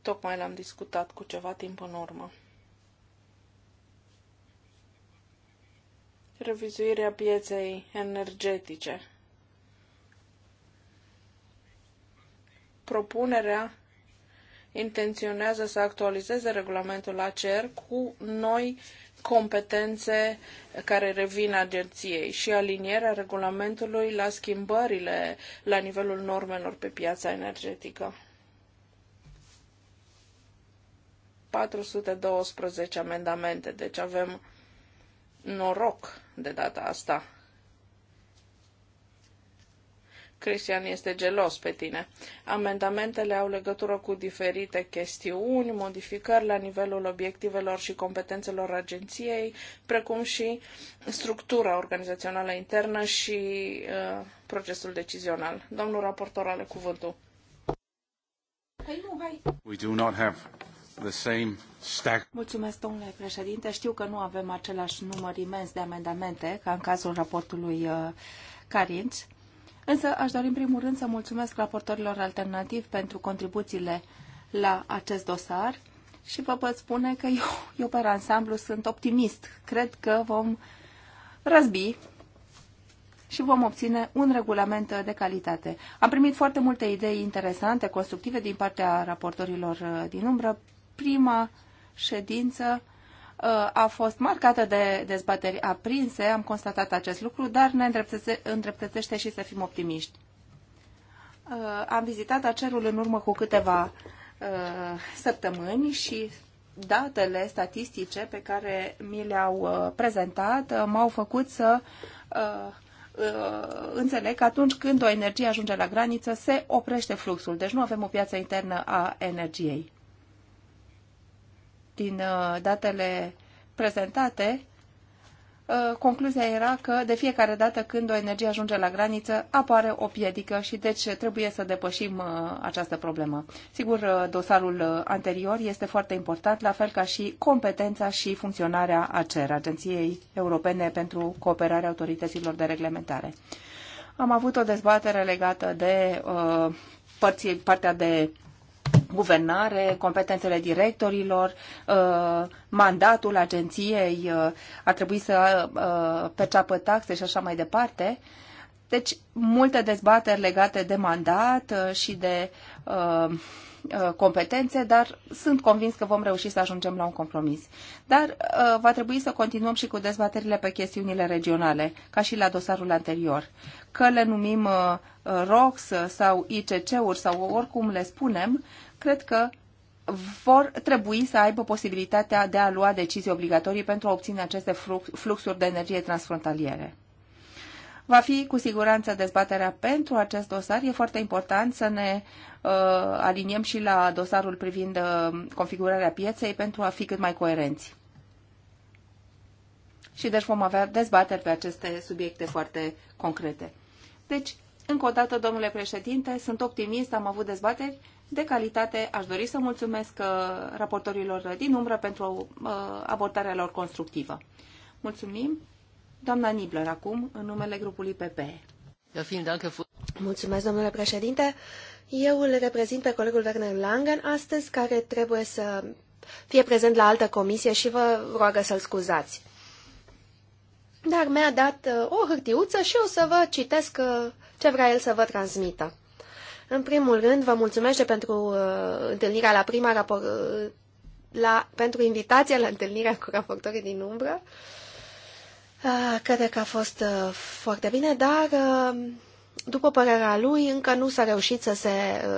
tocmai l-am discutat cu ceva timp în urmă. Revizuirea pieței energetice. Propunerea intenționează să actualizeze regulamentul ACER cu noi competențe care revin agenției și alinierea regulamentului la schimbările la nivelul normelor pe piața energetică. 412 amendamente, deci avem noroc de data asta Cristian este gelos pe tine. Amendamentele au legătură cu diferite chestiuni, modificări la nivelul obiectivelor și competențelor agenției, precum și structura organizațională internă și uh, procesul decizional. Domnul raportor are cuvântul. We do not have the same stack. Mulțumesc, domnule președinte. Știu că nu avem același număr imens de amendamente ca în cazul raportului uh, Carinț. Însă aș dori în primul rând să mulțumesc raportorilor alternativi pentru contribuțiile la acest dosar și vă pot spune că eu, eu pe ansamblu sunt optimist. Cred că vom răzbi și vom obține un regulament de calitate. Am primit foarte multe idei interesante, constructive din partea raportorilor uh, din umbră. Prima ședință Uh, a fost marcată de dezbateri aprinse, am constatat acest lucru, dar ne îndreptățește și să fim optimiști. Uh, am vizitat acerul în urmă cu câteva uh, săptămâni și datele statistice pe care mi le-au prezentat m-au făcut să înțeleg că atunci când o energie ajunge la graniță, se oprește fluxul. Deci nu avem o piață internă a energiei din uh, datele prezentate, uh, concluzia era că de fiecare dată când o energie ajunge la graniță, apare o piedică și deci trebuie să depășim uh, această problemă. Sigur, dosarul anterior este foarte important, la fel ca și competența și funcționarea ACER, Agenției Europene pentru Cooperarea Autorităților de Reglementare. Am avut o dezbatere legată de uh, partea de guvernare, competențele directorilor, uh, mandatul agenției, uh, a trebuit să uh, perceapă taxe și așa mai departe. Deci, multe dezbateri legate de mandat și de competențe, dar sunt convins că vom reuși să ajungem la un compromis. Dar va trebui să continuăm și cu dezbaterile pe chestiunile regionale, ca și la dosarul anterior. Că le numim ROX sau ICC-uri sau oricum le spunem, cred că vor trebui să aibă posibilitatea de a lua decizii obligatorii pentru a obține aceste fluxuri de energie transfrontaliere. Va fi cu siguranță dezbaterea pentru acest dosar. E foarte important să ne uh, aliniem și la dosarul privind uh, configurarea pieței pentru a fi cât mai coerenți. Și deci vom avea dezbateri pe aceste subiecte foarte concrete. Deci, încă o dată, domnule președinte, sunt optimist, am avut dezbateri de calitate. Aș dori să mulțumesc uh, raportorilor din umbră pentru uh, abordarea lor constructivă. Mulțumim. Doamna Nibler, acum, în numele grupului PPE. Mulțumesc, domnule președinte. Eu îl reprezint pe colegul Werner Langen astăzi, care trebuie să fie prezent la altă comisie și vă roagă să-l scuzați. Dar mi-a dat uh, o hârtiuță și o să vă citesc ce vrea el să vă transmită. În primul rând, vă mulțumesc pentru uh, întâlnirea la prima raport, uh, la, pentru invitația la întâlnirea cu raportorii din umbră. Uh, cred că a fost uh, foarte bine, dar uh, după părerea lui, încă nu s-a reușit să se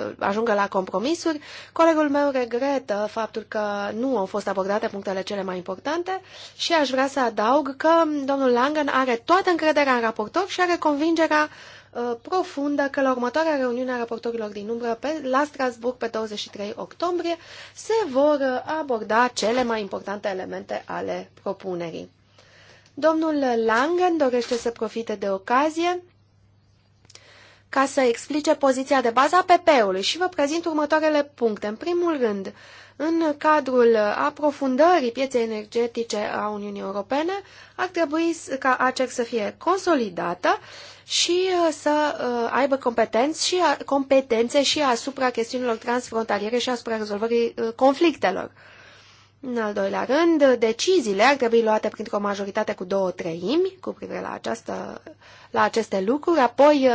uh, ajungă la compromisuri. Colegul meu regretă faptul că nu au fost abordate punctele cele mai importante și aș vrea să adaug că domnul Langen are toată încrederea în raportor și are convingerea uh, Uh, profundă că la următoarea reuniune a raportorilor din umbră pe, la Strasburg pe 23 octombrie se vor uh, aborda cele mai importante elemente ale propunerii. Domnul Langen dorește să profite de ocazie ca să explice poziția de bază a PP-ului și vă prezint următoarele puncte. În primul rând, în cadrul aprofundării pieței energetice a Uniunii Europene, ar trebui ca ACER să fie consolidată și uh, să uh, aibă competenți și competențe și asupra chestiunilor transfrontaliere și asupra rezolvării uh, conflictelor. În al doilea rând, deciziile ar trebui luate printr-o majoritate cu două treimi cu privire la, această, la aceste lucruri, apoi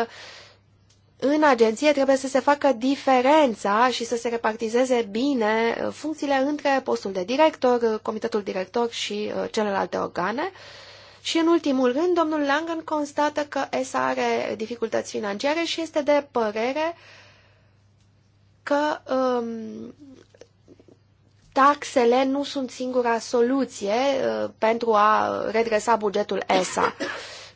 în agenție trebuie să se facă diferența și să se repartizeze bine funcțiile între postul de director, comitetul director și celelalte organe. Uh, și în ultimul rând, domnul Langen constată că ESA are dificultăți financiare și este de părere că um, taxele nu sunt singura soluție uh, pentru a redresa bugetul ESA.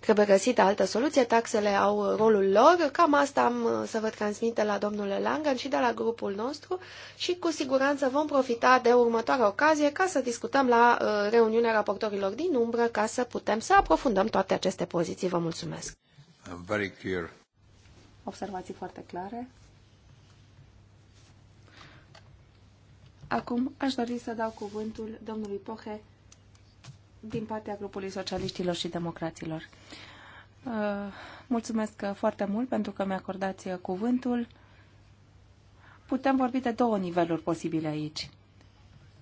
Trebuie găsită altă soluție, taxele au rolul lor, cam asta am uh, să vă transmit de la domnul Langan și de la grupul nostru și cu siguranță vom profita de următoarea ocazie ca să discutăm la uh, reuniunea raportorilor din umbră ca să putem să aprofundăm toate aceste poziții. Vă mulțumesc! Uh, very clear. Observații foarte clare. Acum aș dori să dau cuvântul domnului Pohe, din partea grupului socialiștilor și democraților. Uh, mulțumesc foarte mult pentru că mi-a acordați cuvântul. Putem vorbi de două niveluri posibile aici.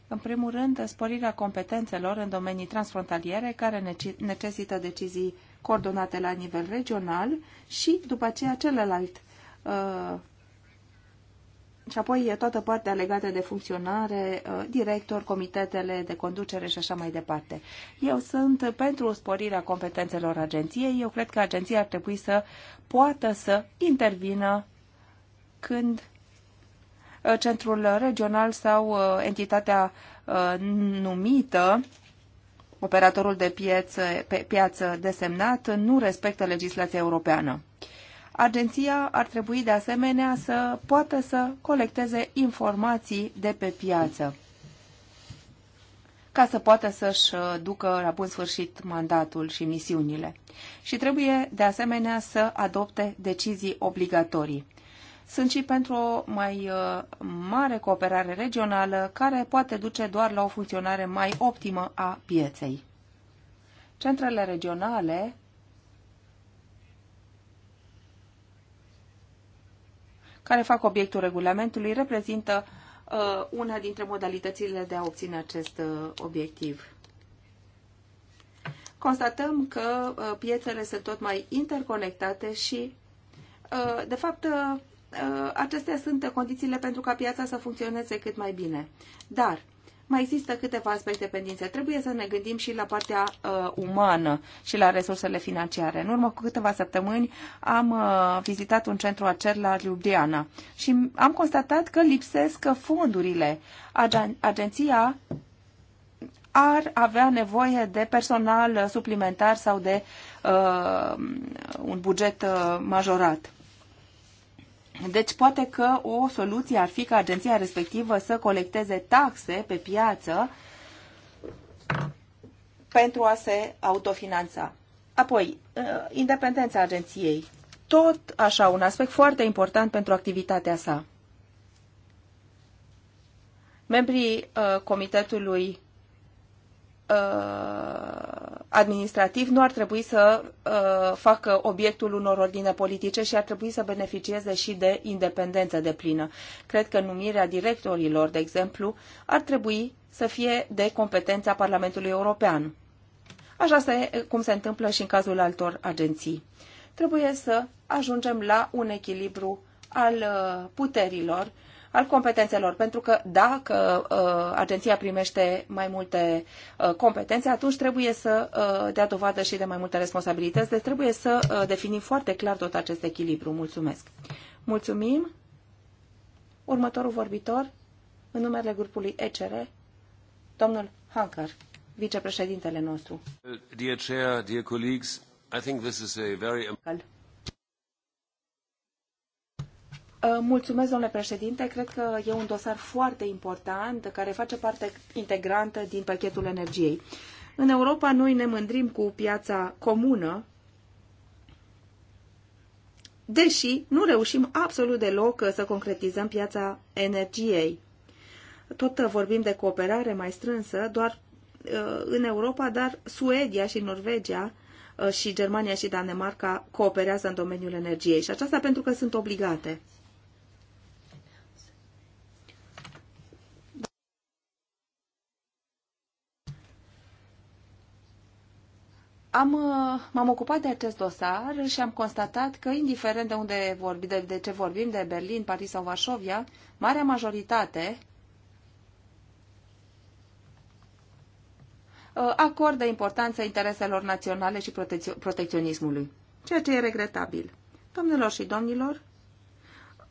În primul rând, sporirea competențelor în domenii transfrontaliere care necesită decizii coordonate la nivel regional și, după aceea, celălalt uh, și apoi toată partea legată de funcționare, uh, director, comitetele de conducere și așa mai departe. Eu sunt pentru sporirea competențelor agenției. Eu cred că agenția ar trebui să poată să intervină când uh, centrul regional sau uh, entitatea numită operatorul de piață, pe piață desemnat nu respectă legislația europeană. Agenția ar trebui de asemenea să poată să colecteze informații de pe piață ca să poată să-și uh, ducă la bun sfârșit mandatul și misiunile. Și trebuie, de asemenea, să adopte decizii obligatorii. Sunt și pentru o mai uh, mare cooperare regională, care poate duce doar la o funcționare mai optimă a pieței. Centrele regionale care fac obiectul regulamentului reprezintă uh, una dintre modalitățile de a obține acest uh, obiectiv. Constatăm că uh, piețele sunt tot mai interconectate și, de fapt, acestea sunt condițiile pentru ca piața să funcționeze cât mai bine. Dar mai există câteva aspecte pendințe. Trebuie să ne gândim și la partea uh, umană și la resursele financiare. În urmă cu câteva săptămâni am uh, vizitat un centru acer la Ljubljana și am constatat că lipsesc fondurile. Agen- agenția ar avea nevoie de personal suplimentar sau de uh, un buget uh, majorat. Deci poate că o soluție ar fi ca agenția respectivă să colecteze taxe pe piață pentru a se autofinanța. Apoi, uh, independența agenției. Tot așa, un aspect foarte important pentru activitatea sa. Membrii uh, comitetului Uh, administrativ nu ar trebui să uh, facă obiectul unor ordine politice și ar trebui să beneficieze și de independență de plină. Cred că numirea directorilor, de exemplu, ar trebui să fie de competența Parlamentului European. Așa cum se întâmplă și în cazul altor agenții. Trebuie să ajungem la un echilibru al uh, puterilor al competențelor, pentru că dacă uh, agenția primește mai multe uh, competențe, atunci trebuie să uh, dea dovadă și de mai multe responsabilități, deci trebuie să uh, definim foarte clar tot acest echilibru. Mulțumesc! Mulțumim! Următorul vorbitor, în numele grupului ECR, domnul Hancar, vicepreședintele nostru. Dear chair, dear colleagues, I think this is a very... Uh, mulțumesc, domnule președinte. Cred că e un dosar foarte important care face parte integrantă din pachetul energiei. În Europa noi ne mândrim cu piața comună, deși nu reușim absolut deloc să concretizăm piața energiei. Tot vorbim de cooperare mai strânsă, doar uh, în Europa, dar Suedia și Norvegia uh, și Germania și Danemarca cooperează în domeniul energiei și aceasta pentru că sunt obligate. am, uh, m-am ocupat de acest dosar și am constatat că, indiferent de unde vorbim, de, de ce vorbim, de Berlin, Paris sau Varsovia, marea majoritate uh, acordă importanță intereselor naționale și protecționismului, ceea ce e regretabil. Domnilor și domnilor,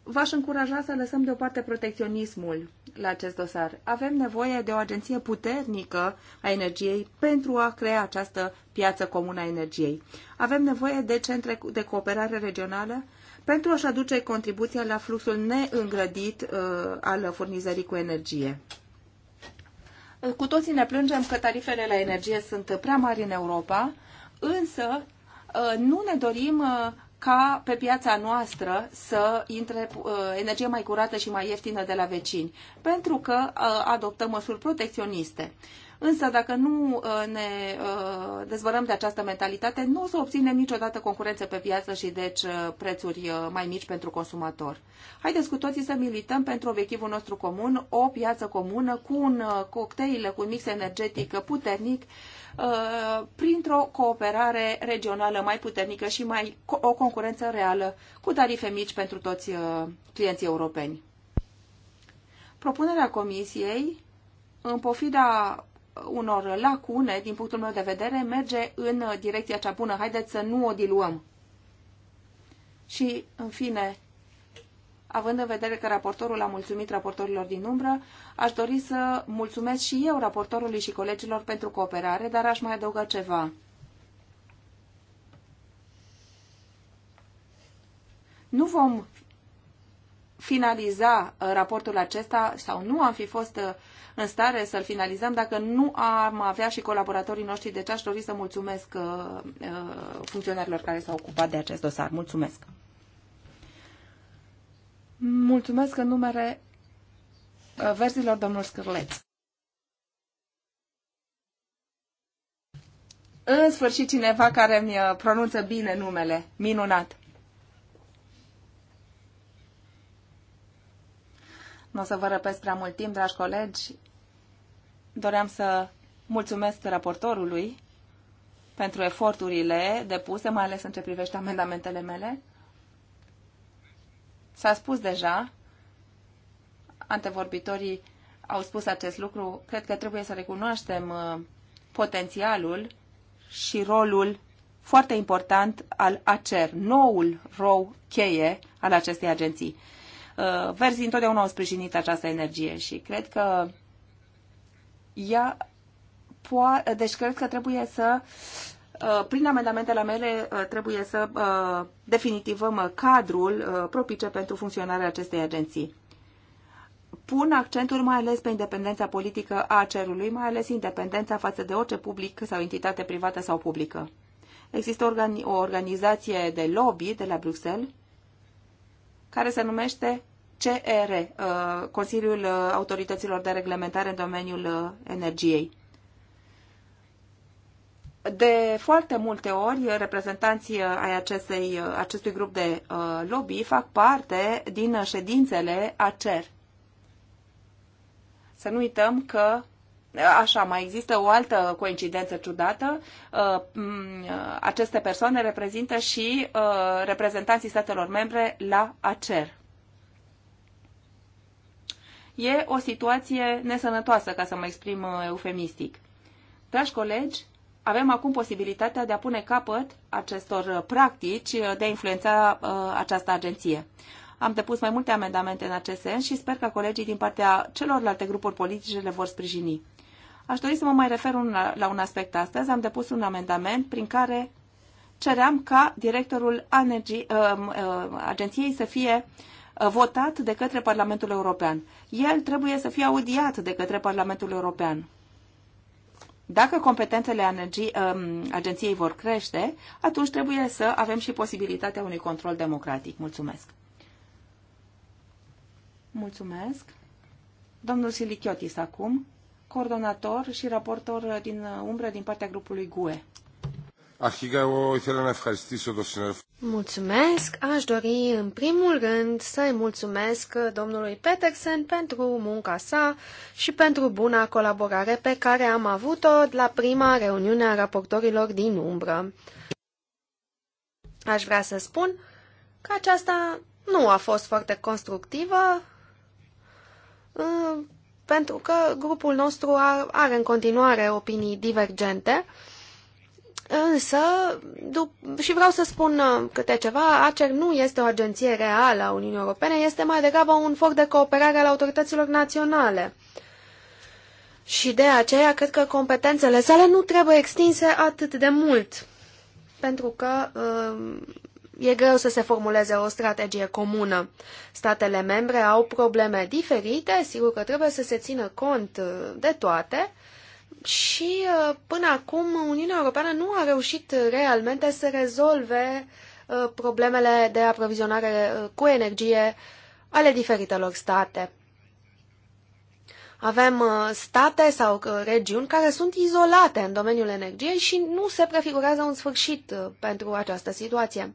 v-aș încuraja să lăsăm deoparte protecționismul la acest dosar. Avem nevoie de o agenție puternică a energiei pentru a crea această piață comună a energiei. Avem nevoie de centre de cooperare regională pentru a-și aduce contribuția la fluxul neîngrădit uh, al furnizării cu energie. Cu toții ne plângem că tarifele la energie sunt prea mari în Europa, însă uh, nu ne dorim uh, ca pe piața noastră să intre uh, energie mai curată și mai ieftină de la vecini, pentru că uh, adoptăm măsuri protecționiste. Însă, dacă nu uh, ne uh, dezvărăm de această mentalitate, nu o să obținem niciodată concurență pe piață și, deci, uh, prețuri mai mici pentru consumator. Haideți cu toții să milităm pentru obiectivul nostru comun, o piață comună cu un cocktail, cu un mix energetic puternic, printr-o cooperare regională mai puternică și mai o concurență reală cu tarife mici pentru toți clienții europeni. Propunerea Comisiei, în pofida unor lacune, din punctul meu de vedere, merge în direcția cea bună. Haideți să nu o diluăm. Și, în fine, având în vedere că raportorul a mulțumit raportorilor din umbră, aș dori să mulțumesc și eu raportorului și colegilor pentru cooperare, dar aș mai adăuga ceva. Nu vom finaliza uh, raportul acesta sau nu am fi fost uh, în stare să-l finalizăm dacă nu am avea și colaboratorii noștri. Deci aș dori să mulțumesc uh, funcționarilor care s-au ocupat de acest dosar. Mulțumesc! Mulțumesc în numere verzilor domnul Scârleț. În sfârșit cineva care mi pronunță bine numele. Minunat! Nu o să vă răpesc prea mult timp, dragi colegi. Doream să mulțumesc raportorului pentru eforturile depuse, mai ales în ce privește amendamentele mele. S-a spus deja, antevorbitorii au spus acest lucru, cred că trebuie să recunoaștem uh, potențialul și rolul foarte important al ACER, noul rol cheie al acestei agenții. Uh, verzii întotdeauna au sprijinit această energie și cred că ea poate, deci cred că trebuie să uh, prin amendamentele mele uh, trebuie să definitivăm cadrul propice pentru funcționarea acestei agenții pun accentul mai ales pe independența politică a cerului, mai ales independența față de orice public sau entitate privată sau publică. Există organi o organizație de lobby de la Bruxelles care se numește CER, uh, Consiliul uh, Autorităților de Reglementare în domeniul uh, energiei. De foarte multe ori, reprezentanții ai acestei, acestui grup de lobby fac parte din ședințele ACER. Să nu uităm că, așa, mai există o altă coincidență ciudată. aceste persoane reprezintă și uh, reprezentanții statelor membre la ACER. E o situație nesănătoasă, ca să mă exprim uh, eufemistic. Dragi colegi, avem acum posibilitatea de a pune capăt acestor uh, practici uh, de a influența această agenție. Am depus mai multe amendamente în acest sens și sper că colegii din partea celorlalte grupuri politice le vor sprijini. Aș dori să mă mai refer un, la un aspect astăzi. Am depus un amendament prin care ceream ca directorul energy, uh, uh, agenției să fie Uh, votat de către Parlamentul European. El trebuie să fie audiat de către Parlamentul European. Dacă competențele energii, um, agenției vor crește, atunci trebuie să avem și posibilitatea unui control democratic. Mulțumesc! Mulțumesc! Domnul Silichiotis acum, coordonator și raportor din uh, umbră din partea grupului GUE. Αρχικά Mulțumesc! Aș dori în primul rând să-i mulțumesc domnului Petersen pentru munca sa și pentru buna colaborare pe care am avut-o la prima reuniune a raportorilor din umbră. Aș vrea să spun că aceasta nu a fost foarte constructivă ă, pentru că grupul nostru are în continuare opinii divergente Însă, și vreau să spun uh, câte ceva, ACER nu este o agenție reală a Uniunii Europene, este mai degrabă un foc de cooperare al autorităților naționale. Și de aceea cred că competențele sale nu trebuie extinse atât de mult, pentru că uh, e greu să se formuleze o strategie comună. Statele membre au probleme diferite, sigur că trebuie să se țină cont uh, de toate, și uh, până acum Uniunea Europeană nu a reușit realmente să rezolve uh, problemele de aprovizionare uh, cu energie ale diferitelor state. Avem state sau regiuni care sunt izolate în domeniul energiei și nu se prefigurează un sfârșit pentru această situație.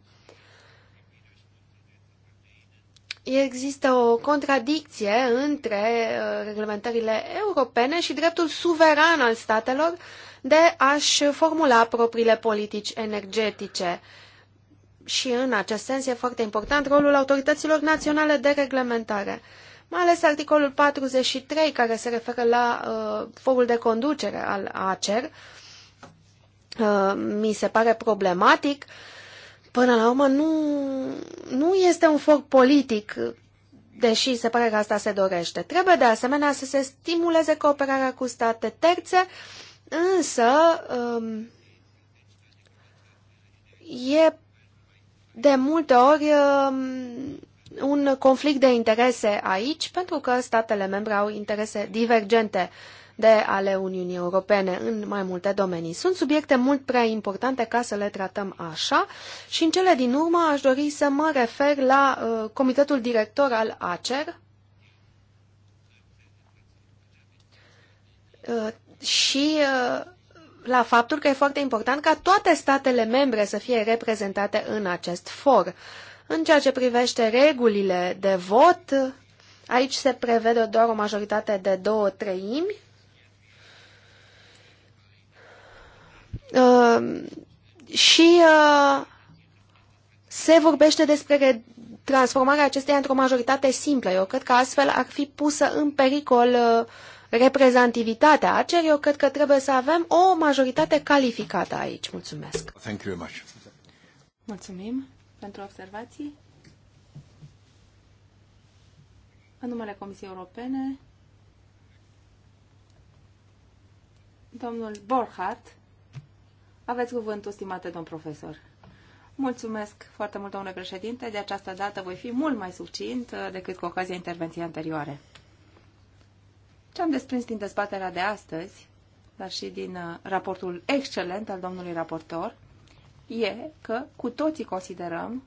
există o contradicție între uh, reglementările europene și dreptul suveran al statelor de a-și formula propriile politici energetice. Și în acest sens e foarte important rolul autorităților naționale de reglementare, mai ales articolul 43 care se referă la uh, forul de conducere al ACER. Uh, mi se pare problematic uh, Până la urmă, nu, nu este un foc politic, deși se pare că asta se dorește. Trebuie de asemenea să se stimuleze cooperarea cu state terțe, însă um, e de multe ori um, un conflict de interese aici, pentru că statele membre au interese divergente de ale Uniunii Europene în mai multe domenii. Sunt subiecte mult prea importante ca să le tratăm așa și în cele din urmă aș dori să mă refer la uh, Comitetul Director al ACER uh, și uh, la faptul că e foarte important ca toate statele membre să fie reprezentate în acest for. În ceea ce privește regulile de vot, aici se prevede doar o majoritate de două treimi Uh, și uh, se vorbește despre transformarea acesteia într-o majoritate simplă. Eu cred că astfel ar fi pusă în pericol uh, reprezentativitatea ACER. Eu cred că trebuie să avem o majoritate calificată aici. Mulțumesc. Thank you very much. Mulțumim pentru observații. În numele Comisiei Europene, domnul Borchardt, aveți cuvântul, stimate domn profesor. Mulțumesc foarte mult, domnule președinte. De această dată voi fi mult mai succint uh, decât cu ocazia intervenției anterioare. Ce am desprins din dezbaterea de astăzi, dar și din uh, raportul excelent al domnului raportor, e că cu toții considerăm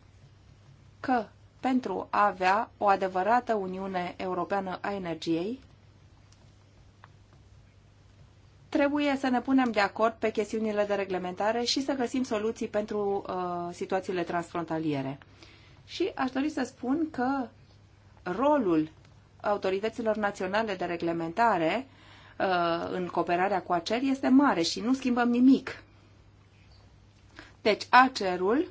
că pentru a avea o adevărată Uniune Europeană a Energiei, trebuie să ne punem de acord pe chestiunile de reglementare și să găsim soluții pentru uh, situațiile transfrontaliere. Și aș dori să spun că rolul autorităților naționale de reglementare uh, în cooperarea cu ACER este mare și nu schimbăm nimic. Deci ACER-ul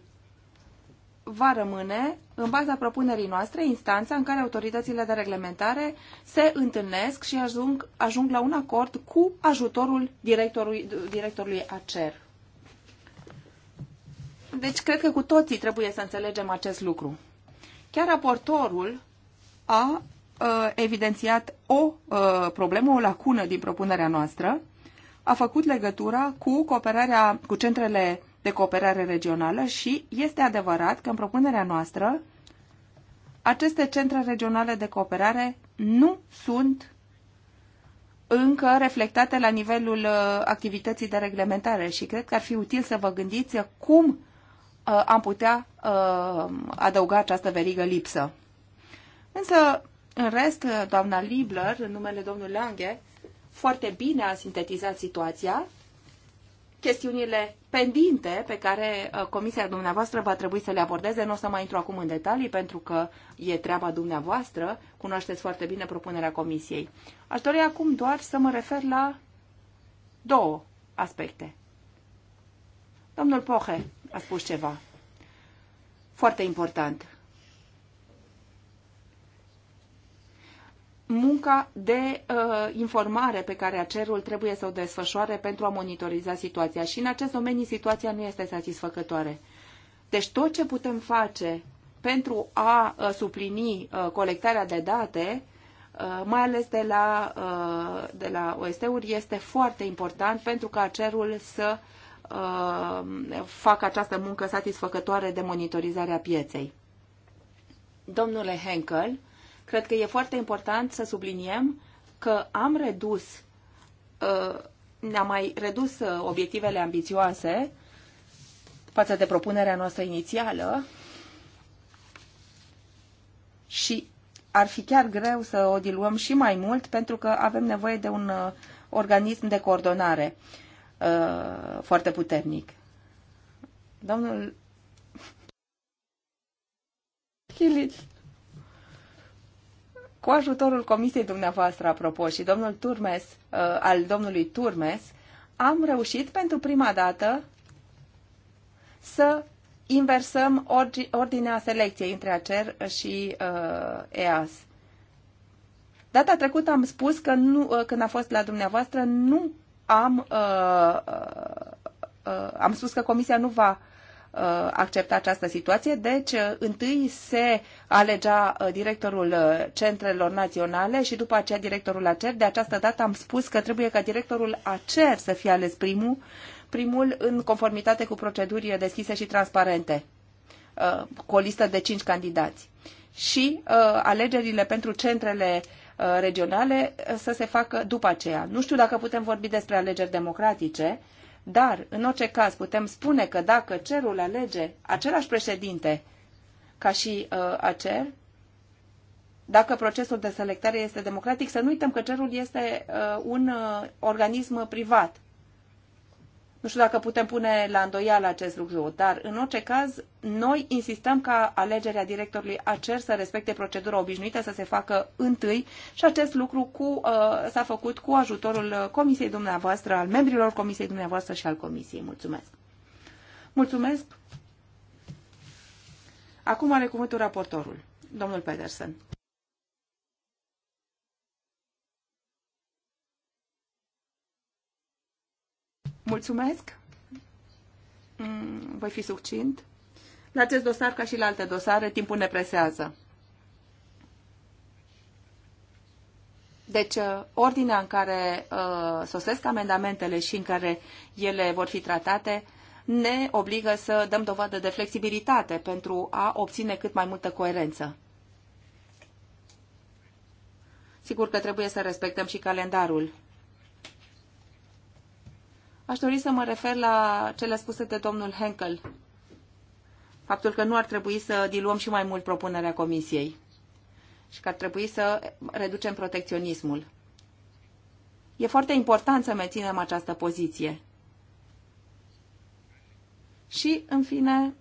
va rămâne, în baza propunerii noastre, instanța în care autoritățile de reglementare se întâlnesc și ajung, ajung la un acord cu ajutorul directorului, directorului ACER. Deci cred că cu toții trebuie să înțelegem acest lucru. Chiar raportorul a uh, evidențiat o uh, problemă, o lacună din propunerea noastră, a făcut legătura cu cooperarea cu centrele de cooperare regională și este adevărat că în propunerea noastră aceste centre regionale de cooperare nu sunt încă reflectate la nivelul uh, activității de reglementare și cred că ar fi util să vă gândiți cum uh, am putea uh, adăuga această verigă lipsă. Însă, în rest, doamna Libler, în numele domnului Lange, foarte bine a sintetizat situația chestiunile pendinte pe care uh, comisia dumneavoastră va trebui să le abordeze. Nu o să mai intru acum în detalii pentru că e treaba dumneavoastră. Cunoașteți foarte bine propunerea comisiei. Aș dori acum doar să mă refer la două aspecte. Domnul Poche a spus ceva foarte important munca de uh, informare pe care acerul trebuie să o desfășoare pentru a monitoriza situația. Și în acest domeniu situația nu este satisfăcătoare. Deci tot ce putem face pentru a uh, suplini uh, colectarea de date, uh, mai ales de la, uh, de la OST-uri, este foarte important pentru ca acerul să uh, facă această muncă satisfăcătoare de monitorizare a pieței. Domnule Henkel, Cred că e foarte important să subliniem că am redus, uh, ne-am mai redus uh, obiectivele ambițioase față de propunerea noastră inițială și ar fi chiar greu să o diluăm și mai mult pentru că avem nevoie de un uh, organism de coordonare foarte puternic. Domnul Kilic cu ajutorul comisiei dumneavoastră, apropo, și domnul Turmes, uh, al domnului Turmes, am reușit pentru prima dată să inversăm ordinea selecției între ACER și uh, EAS. Data trecută am spus că nu, uh, când a fost la dumneavoastră nu am, uh, uh, uh, am spus că comisia nu va Uh, accepta această situație. Deci, uh, întâi se alegea uh, directorul centrelor naționale și după aceea directorul ACER. De această dată am spus că trebuie ca directorul ACER să fie ales primul, primul în conformitate cu proceduri deschise și transparente, cu o listă de cinci candidați. Și alegerile pentru centrele regionale să se facă după aceea. Nu știu dacă putem vorbi despre alegeri democratice, dar, în orice caz, putem spune că dacă cerul alege același președinte ca și uh, acer, dacă procesul de selectare este democratic, să nu uităm că cerul este uh, un uh, organism privat. Nu știu dacă putem pune la îndoială acest lucru, dar în orice caz, noi insistăm ca alegerea directorului acer să respecte procedura obișnuită să se facă întâi și acest lucru cu, uh, s-a făcut cu ajutorul comisiei dumneavoastră, al membrilor comisiei dumneavoastră și al comisiei. Mulțumesc! Mulțumesc! Acum are cuvântul raportorul, domnul Pedersen. Mulțumesc! Mm, voi fi succint. La acest dosar, ca și la alte dosare, timpul ne presează. Deci, uh, ordinea în care uh, sosesc amendamentele și în care ele vor fi tratate ne obligă să dăm dovadă de flexibilitate pentru a obține cât mai multă coerență. Sigur că trebuie să respectăm și calendarul Aș dori să mă refer la cele spuse de domnul Henkel. Faptul că nu ar trebui să diluăm și mai mult propunerea Comisiei și că ar trebui să reducem protecționismul. E foarte important să menținem această poziție. Și, în fine,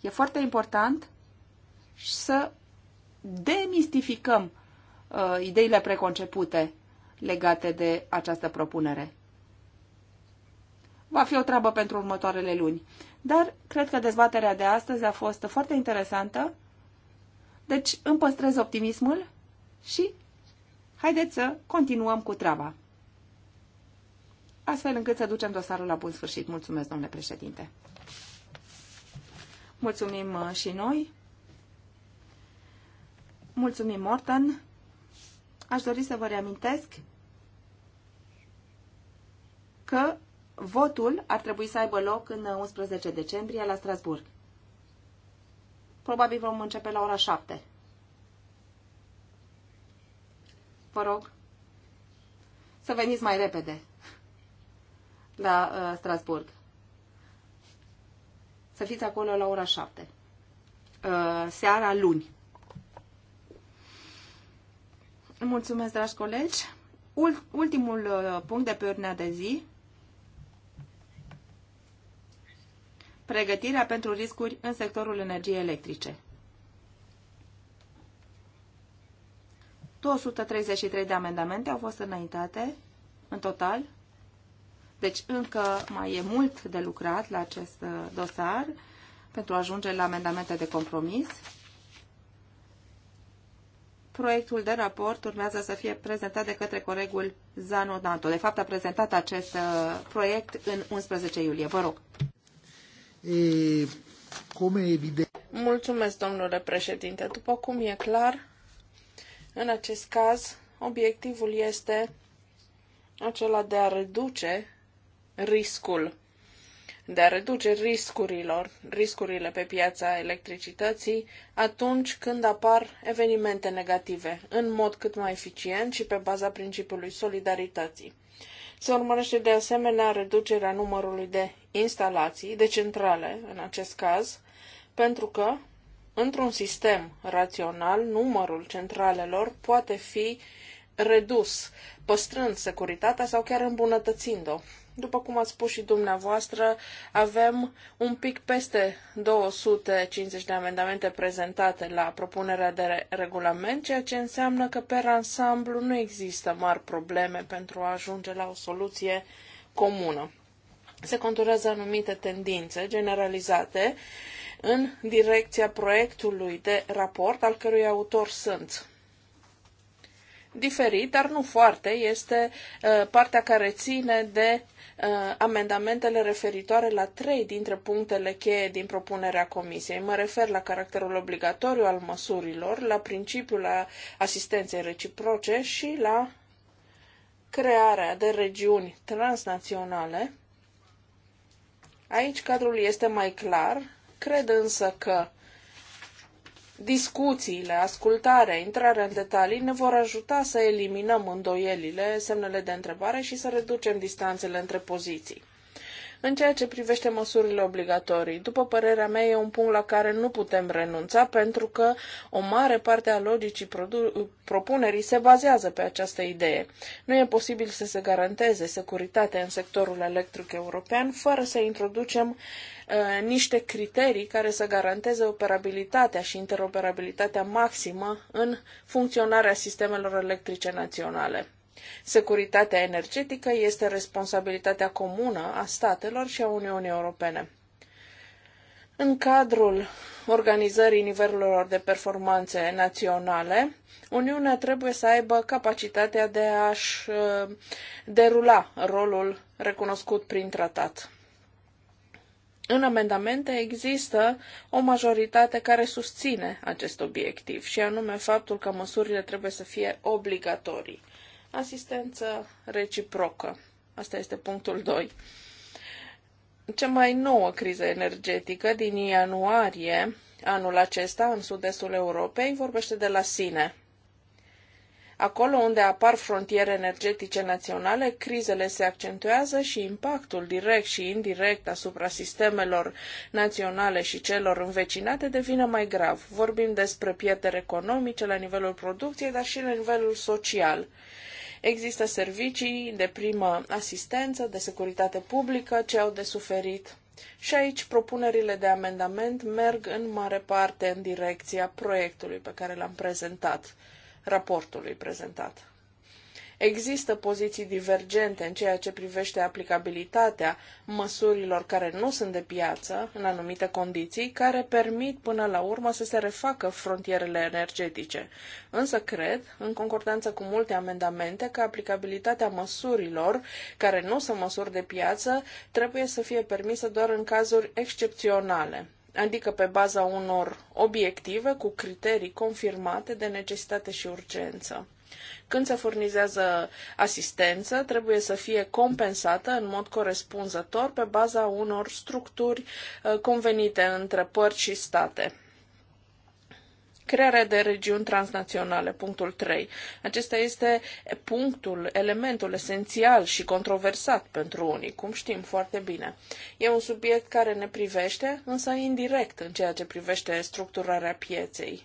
e foarte important să demistificăm uh, ideile preconcepute legate de această propunere va fi o treabă pentru următoarele luni. Dar cred că dezbaterea de astăzi a fost foarte interesantă, deci îmi păstrez optimismul și haideți să continuăm cu treaba. Astfel încât să ducem dosarul la bun sfârșit. Mulțumesc, domnule președinte. Mulțumim uh, și noi. Mulțumim, Morten. Aș dori să vă reamintesc că Votul ar trebui să aibă loc în 11 decembrie la Strasburg. Probabil vom începe la ora 7. Vă rog să veniți mai repede la uh, Strasburg. Să fiți acolo la ora 7. Uh, seara luni. Mulțumesc, dragi colegi. Ultimul uh, punct de pe ordinea de zi pregătirea pentru riscuri în sectorul energiei electrice. 233 de amendamente au fost înaintate în total, deci încă mai e mult de lucrat la acest uh, dosar pentru a ajunge la amendamente de compromis. Proiectul de raport urmează să fie prezentat de către colegul Zanu Danto. De fapt, a prezentat acest uh, proiect în 11 iulie. Vă rog. E, cum e evident... Mulțumesc, domnule președinte. După cum e clar, în acest caz, obiectivul este acela de a reduce riscul de a reduce riscurilor, riscurile pe piața electricității atunci când apar evenimente negative, în mod cât mai eficient și pe baza principiului solidarității. Se urmărește de asemenea reducerea numărului de instalații, de centrale în acest caz, pentru că într-un sistem rațional numărul centralelor poate fi redus, păstrând securitatea sau chiar îmbunătățind-o. După cum ați spus și dumneavoastră, avem un pic peste 250 de amendamente prezentate la propunerea de regulament, ceea ce înseamnă că pe ansamblu nu există mari probleme pentru a ajunge la o soluție comună. Se conturează anumite tendințe generalizate în direcția proiectului de raport al cărui autor sunt diferit, dar nu foarte, este uh, partea care ține de Uh, amendamentele referitoare la trei dintre punctele cheie din propunerea Comisiei. Mă refer la caracterul obligatoriu al măsurilor, la principiul asistenței reciproce și la crearea de regiuni transnaționale. Aici cadrul este mai clar, cred însă că Discuțiile, ascultarea, intrarea în detalii ne vor ajuta să eliminăm îndoielile, semnele de întrebare și să reducem distanțele între poziții. În ceea ce privește măsurile obligatorii, după părerea mea, e un punct la care nu putem renunța pentru că o mare parte a logicii propunerii se bazează pe această idee. Nu e posibil să se garanteze securitatea în sectorul electric european fără să introducem uh, niște criterii care să garanteze operabilitatea și interoperabilitatea maximă în funcționarea sistemelor electrice naționale. Securitatea energetică este responsabilitatea comună a statelor și a Uniunii Europene. În cadrul organizării nivelurilor de performanțe naționale, Uniunea trebuie să aibă capacitatea de a-și uh, derula rolul recunoscut prin tratat. În amendamente există o majoritate care susține acest obiectiv, și anume faptul că măsurile trebuie să fie obligatorii asistență reciprocă. Asta este punctul 2. Cea mai nouă criză energetică din ianuarie anul acesta, în sud-estul Europei, vorbește de la sine. Acolo unde apar frontiere energetice naționale, crizele se accentuează și impactul direct și indirect asupra sistemelor naționale și celor învecinate devine mai grav. Vorbim despre pierderi economice la nivelul producției, dar și la nivelul social. Există servicii de primă asistență, de securitate publică, ce au de suferit. Și aici propunerile de amendament merg în mare parte în direcția proiectului pe care l-am prezentat, raportului prezentat. Există poziții divergente în ceea ce privește aplicabilitatea măsurilor care nu sunt de piață în anumite condiții, care permit până la urmă să se refacă frontierele energetice. Însă cred, în concordanță cu multe amendamente, că aplicabilitatea măsurilor care nu sunt măsuri de piață trebuie să fie permisă doar în cazuri excepționale adică pe baza unor obiective cu criterii confirmate de necesitate și urgență. Când se furnizează asistență, trebuie să fie compensată în mod corespunzător pe baza unor structuri uh, convenite între părți și state. Crearea de regiuni transnaționale, punctul 3. Acesta este punctul, elementul esențial și controversat pentru unii, cum știm foarte bine. E un subiect care ne privește, însă indirect în ceea ce privește structurarea pieței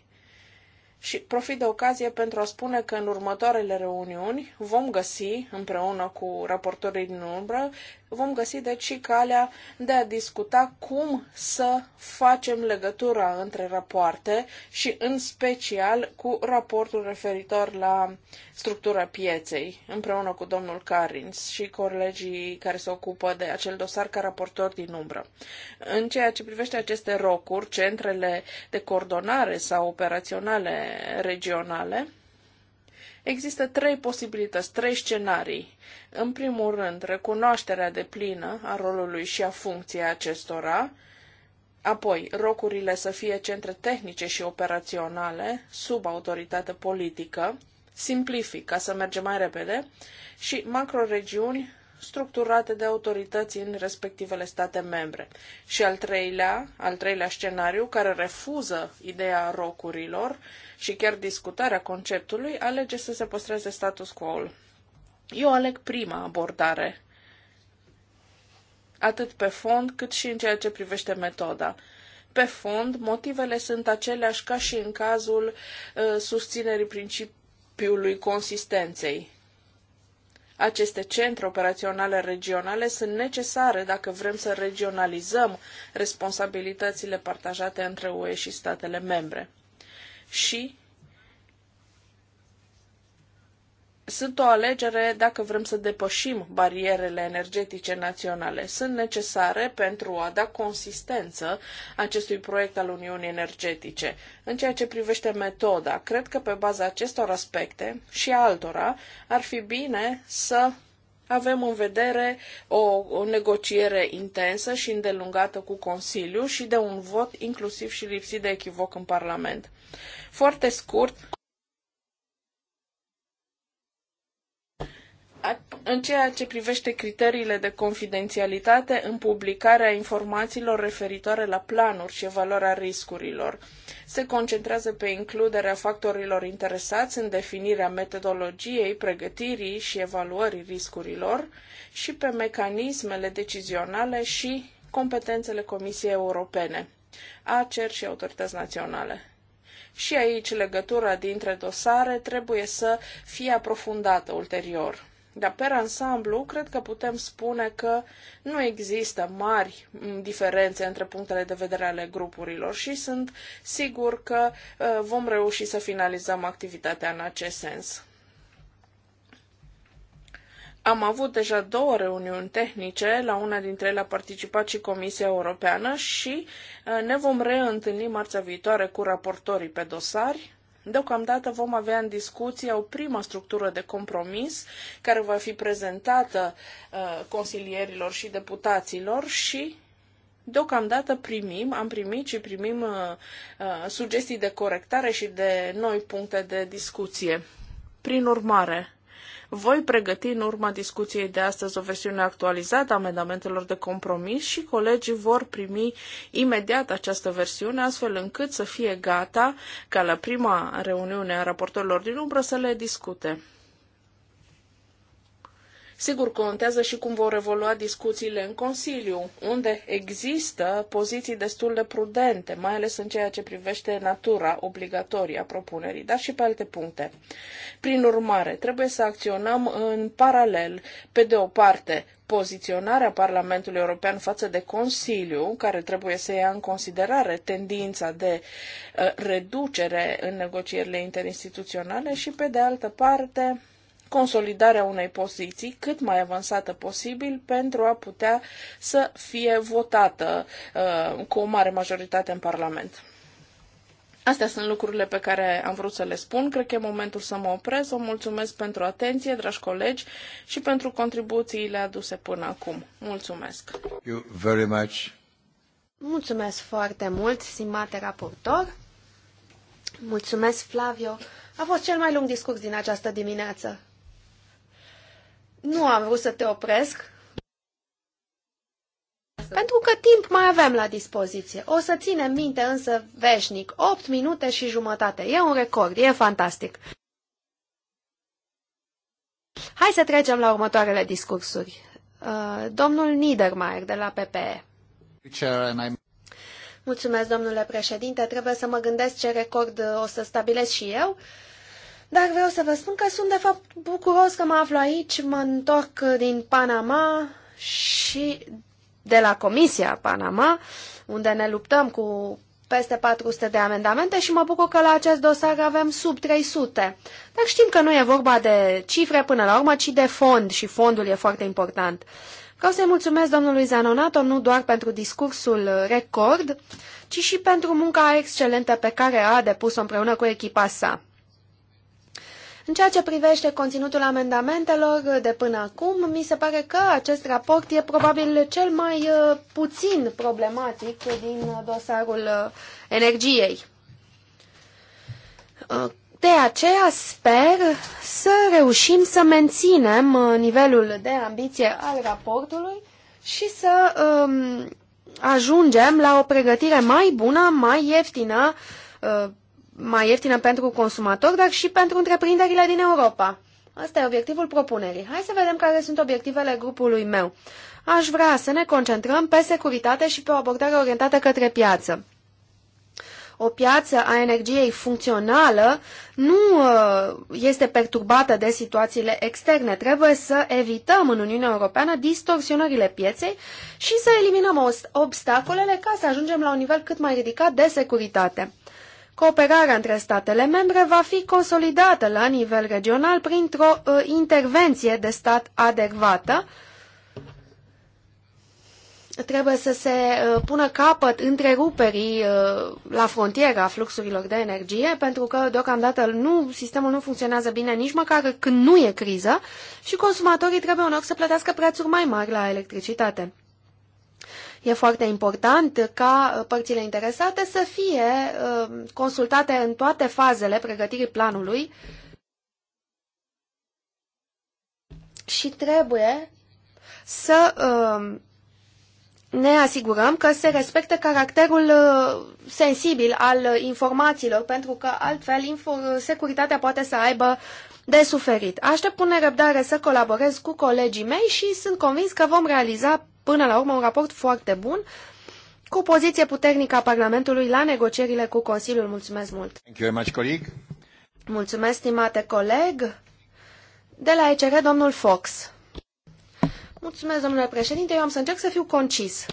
și profit de ocazie pentru a spune că în următoarele reuniuni vom găsi, împreună cu raportorii din umbră, vom găsi deci și calea de a discuta cum să facem legătura între rapoarte și în special cu raportul referitor la structura pieței, împreună cu domnul Carins și colegii care se ocupă de acel dosar ca raportor din umbră. În ceea ce privește aceste rocuri, centrele de coordonare sau operaționale regionale, Există trei posibilități, trei scenarii. În primul rând, recunoașterea de plină a rolului și a funcției acestora, apoi rocurile să fie centre tehnice și operaționale sub autoritate politică, simplific ca să mergem mai repede, și macroregiuni structurate de autorități în respectivele state membre. Și al treilea, al treilea scenariu, care refuză ideea rocurilor și chiar discutarea conceptului, alege să se păstreze status quo-ul. Eu aleg prima abordare, atât pe fond cât și în ceea ce privește metoda pe fond, motivele sunt aceleași ca și în cazul uh, susținerii principiului consistenței. Aceste centre operaționale regionale sunt necesare dacă vrem să regionalizăm responsabilitățile partajate între UE și statele membre. Și sunt o alegere dacă vrem să depășim barierele energetice naționale. Sunt necesare pentru a da consistență acestui proiect al Uniunii Energetice. În ceea ce privește metoda, cred că pe baza acestor aspecte și altora ar fi bine să avem în vedere o, o negociere intensă și îndelungată cu Consiliu și de un vot inclusiv și lipsit de echivoc în Parlament. Foarte scurt, în ceea ce privește criteriile de confidențialitate în publicarea informațiilor referitoare la planuri și evaluarea riscurilor. Se concentrează pe includerea factorilor interesați în definirea metodologiei, pregătirii și evaluării riscurilor și pe mecanismele decizionale și competențele Comisiei Europene, ACER și autorități naționale. Și aici legătura dintre dosare trebuie să fie aprofundată ulterior. Dar, pe ansamblu, cred că putem spune că nu există mari diferențe între punctele de vedere ale grupurilor și sunt sigur că uh, vom reuși să finalizăm activitatea în acest sens. Am avut deja două reuniuni tehnice, la una dintre ele a participat și Comisia Europeană și uh, ne vom reîntâlni marțea viitoare cu raportorii pe dosari Deocamdată vom avea în discuție o primă structură de compromis care va fi prezentată uh, consilierilor și deputaților și Deocamdată primim, am primit și primim uh, uh, sugestii de corectare și de noi puncte de discuție. Prin urmare, voi pregăti în urma discuției de astăzi o versiune actualizată a amendamentelor de compromis și colegii vor primi imediat această versiune, astfel încât să fie gata ca la prima reuniune a raportorilor din umbră să le discute. Sigur, contează și cum vor evolua discuțiile în Consiliu, unde există poziții destul de prudente, mai ales în ceea ce privește natura obligatorie a propunerii, dar și pe alte puncte. Prin urmare, trebuie să acționăm în paralel, pe de o parte, poziționarea Parlamentului European față de Consiliu, care trebuie să ia în considerare tendința de uh, reducere în negocierile interinstituționale și, pe de altă parte, consolidarea unei poziții cât mai avansată posibil pentru a putea să fie votată uh, cu o mare majoritate în Parlament. Astea sunt lucrurile pe care am vrut să le spun. Cred că e momentul să mă opresc. O mulțumesc pentru atenție, dragi colegi, și pentru contribuțiile aduse până acum. Mulțumesc! You very much. Mulțumesc foarte mult, simate raportor. Mulțumesc, Flavio. A fost cel mai lung discurs din această dimineață. Nu am vrut să te opresc. Pentru că timp mai avem la dispoziție. O să ținem minte însă veșnic. 8 minute și jumătate. E un record. E fantastic. Hai să trecem la următoarele discursuri. Uh, domnul Niedermayer de la PPE. Mulțumesc, domnule președinte. Trebuie să mă gândesc ce record o să stabilesc și eu. Uh, dar vreau să vă spun că sunt de fapt bucuros că mă aflu aici, mă întorc din Panama și de la Comisia Panama, unde ne luptăm cu peste 400 de amendamente și mă bucur că la acest dosar avem sub 300. Dar știm că nu e vorba de cifre până la urmă, ci de fond și fondul e foarte important. Vreau să-i mulțumesc domnului Zanonato nu doar pentru discursul record, ci și pentru munca excelentă pe care a depus-o împreună cu echipa sa. În ceea ce privește conținutul amendamentelor de până acum, mi se pare că acest raport e probabil cel mai uh, puțin problematic din dosarul uh, energiei. Uh, de aceea sper să reușim să menținem nivelul de ambiție al raportului și să um, ajungem la o pregătire mai bună, mai ieftină, uh, mai ieftină pentru consumator, dar și pentru întreprinderile din Europa. Asta e obiectivul propunerii. Hai să vedem care sunt obiectivele grupului meu. Aș vrea să ne concentrăm pe securitate și pe o abordare orientată către piață. O piață a energiei funcțională nu uh, este perturbată de situațiile externe. Trebuie să evităm în Uniunea Europeană distorsionările pieței și să eliminăm obstacolele ca să ajungem la un nivel cât mai ridicat de securitate. Cooperarea între statele membre va fi consolidată la nivel regional printr-o uh, intervenție de stat adecvată. Trebuie să se uh, pună capăt întreruperii uh, la frontiera fluxurilor de energie, pentru că deocamdată nu, sistemul nu funcționează bine nici măcar când nu e criză și consumatorii trebuie uneori să plătească prețuri mai mari la electricitate. E foarte important ca uh, părțile interesate să fie uh, consultate în toate fazele pregătirii planului și trebuie să uh, ne asigurăm că se respectă caracterul sensibil al informațiilor, pentru că altfel securitatea poate să aibă de suferit. Aștept cu nerăbdare să colaborez cu colegii mei și sunt convins că vom realiza până la urmă un raport foarte bun cu poziție puternică a Parlamentului la negocierile cu Consiliul. Mulțumesc mult! Thank you very much, colleague. Mulțumesc, stimate coleg! De la ECR, domnul Fox. Mulțumesc, domnule președinte, eu am să încerc să fiu concis.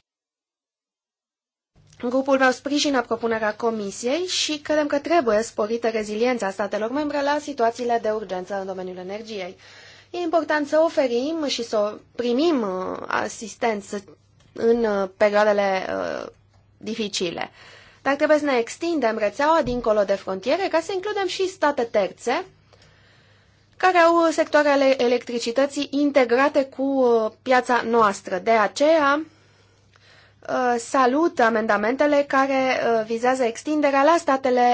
Grupul meu sprijină propunerea Comisiei și credem că trebuie sporită reziliența statelor membre la situațiile de urgență în domeniul energiei. E important să oferim și să primim uh, asistență în uh, perioadele uh, dificile. Dar trebuie să ne extindem rețeaua dincolo de frontiere ca să includem și state terțe care au sectoarele electricității integrate cu piața noastră. De aceea salut amendamentele care vizează extinderea la statele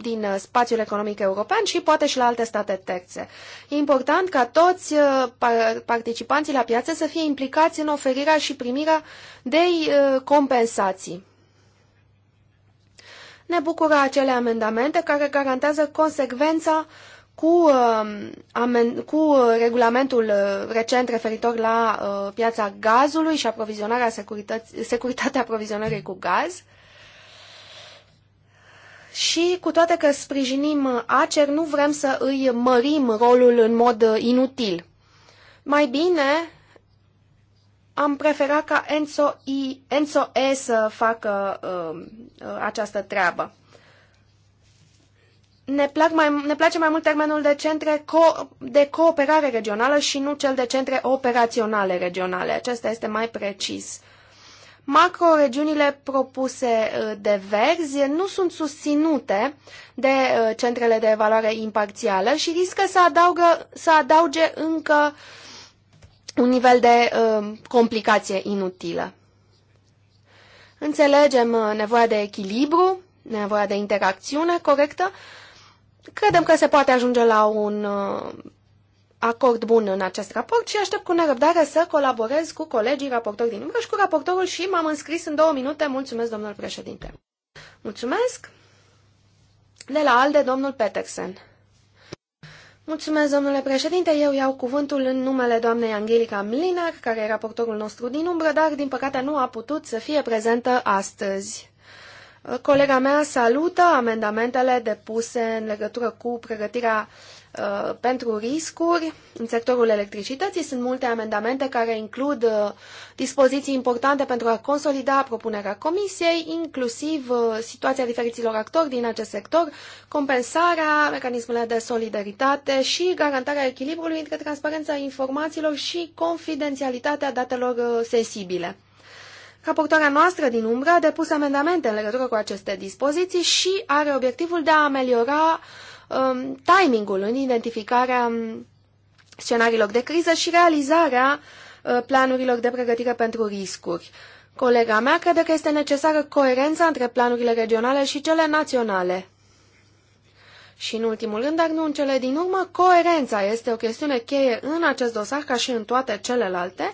din uh, spațiul economic european și poate și la alte state terțe. E important ca toți uh, participanții la piață să fie implicați în oferirea și primirea de uh, compensații. Ne bucură acele amendamente care garantează consecvența cu, cu regulamentul recent referitor la piața gazului și aprovizionarea securitatea aprovizionării cu gaz. Și cu toate că sprijinim ACER, nu vrem să îi mărim rolul în mod inutil. Mai bine am preferat ca Enzo, I, Enzo E să facă uh, uh, această treabă. Ne, plac mai, ne place mai mult termenul de centre co, de cooperare regională și nu cel de centre operaționale regionale. Acesta este mai precis. Macroregiunile propuse uh, de verzi nu sunt susținute de uh, centrele de evaluare imparțială și riscă să, adaugă, să adauge încă un nivel de uh, complicație inutilă. Înțelegem nevoia de echilibru, nevoia de interacțiune corectă. Credem că se poate ajunge la un acord bun în acest raport și aștept cu nerăbdare să colaborez cu colegii raportori din umbră și cu raportorul și m-am înscris în două minute. Mulțumesc, domnul președinte. Mulțumesc. De la ALDE, domnul Petersen. Mulțumesc, domnule președinte. Eu iau cuvântul în numele doamnei Angelica Mlinar, care e raportorul nostru din umbră, dar din păcate nu a putut să fie prezentă astăzi. Colega mea salută amendamentele depuse în legătură cu pregătirea uh, Uh, pentru riscuri, în sectorul electricității sunt multe amendamente care includ uh, dispoziții importante pentru a consolida propunerea comisiei, inclusiv uh, situația diferiților actori din acest sector, compensarea, mecanismele de solidaritate și garantarea echilibrului între transparența informațiilor și confidențialitatea datelor sensibile. Raportoarea noastră din umbră a depus amendamente în legătură cu aceste dispoziții și are obiectivul de a ameliora uh, um, timingul în identificarea scenariilor de criză și realizarea uh, planurilor de pregătire pentru riscuri. Colega mea crede că este necesară coerența între planurile regionale și cele naționale. Și în ultimul rând, dar nu în cele din urmă, coerența este o chestiune cheie în acest dosar ca și în toate celelalte.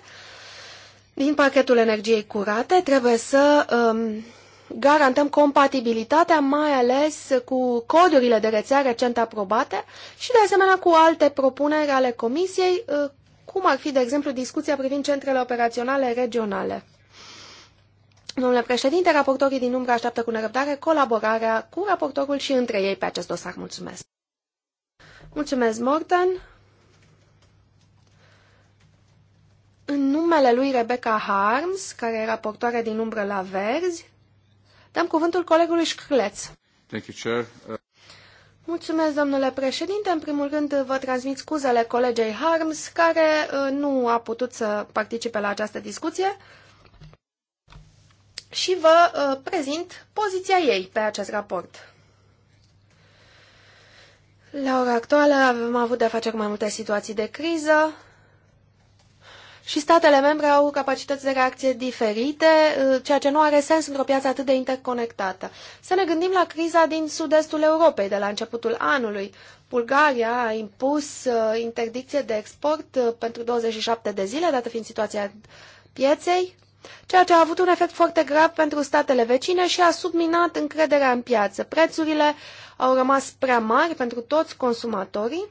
Din pachetul energiei curate trebuie să um, garantăm compatibilitatea, mai ales cu codurile de rețea recent aprobate și, de asemenea, cu alte propuneri ale Comisiei, uh, cum ar fi, de exemplu, discuția privind centrele operaționale regionale. Domnule președinte, raportorii din umbră așteaptă cu nerăbdare colaborarea cu raportorul și între ei pe acest dosar. Mulțumesc! Mulțumesc, Morten! În numele lui Rebecca Harms, care e raportoare din umbră la Verzi, Dăm cuvântul colegului Șcleț. Thank you, Chair. Uh, Mulțumesc, domnule președinte. În primul rând, vă transmit scuzele colegei Harms, care uh, nu a putut să participe la această discuție și vă uh, prezint poziția ei pe acest raport. La ora actuală am avut de-a face cu mai multe situații de criză, și statele membre au capacități de reacție diferite, uh, ceea ce nu are sens într-o piață atât de interconectată. Să ne gândim la criza din sud-estul Europei de la începutul anului. Bulgaria a impus uh, interdicție de export uh, pentru 27 de zile, dată fiind situația pieței, ceea ce a avut un efect foarte grav pentru statele vecine și a subminat încrederea în piață. Prețurile au rămas prea mari pentru toți consumatorii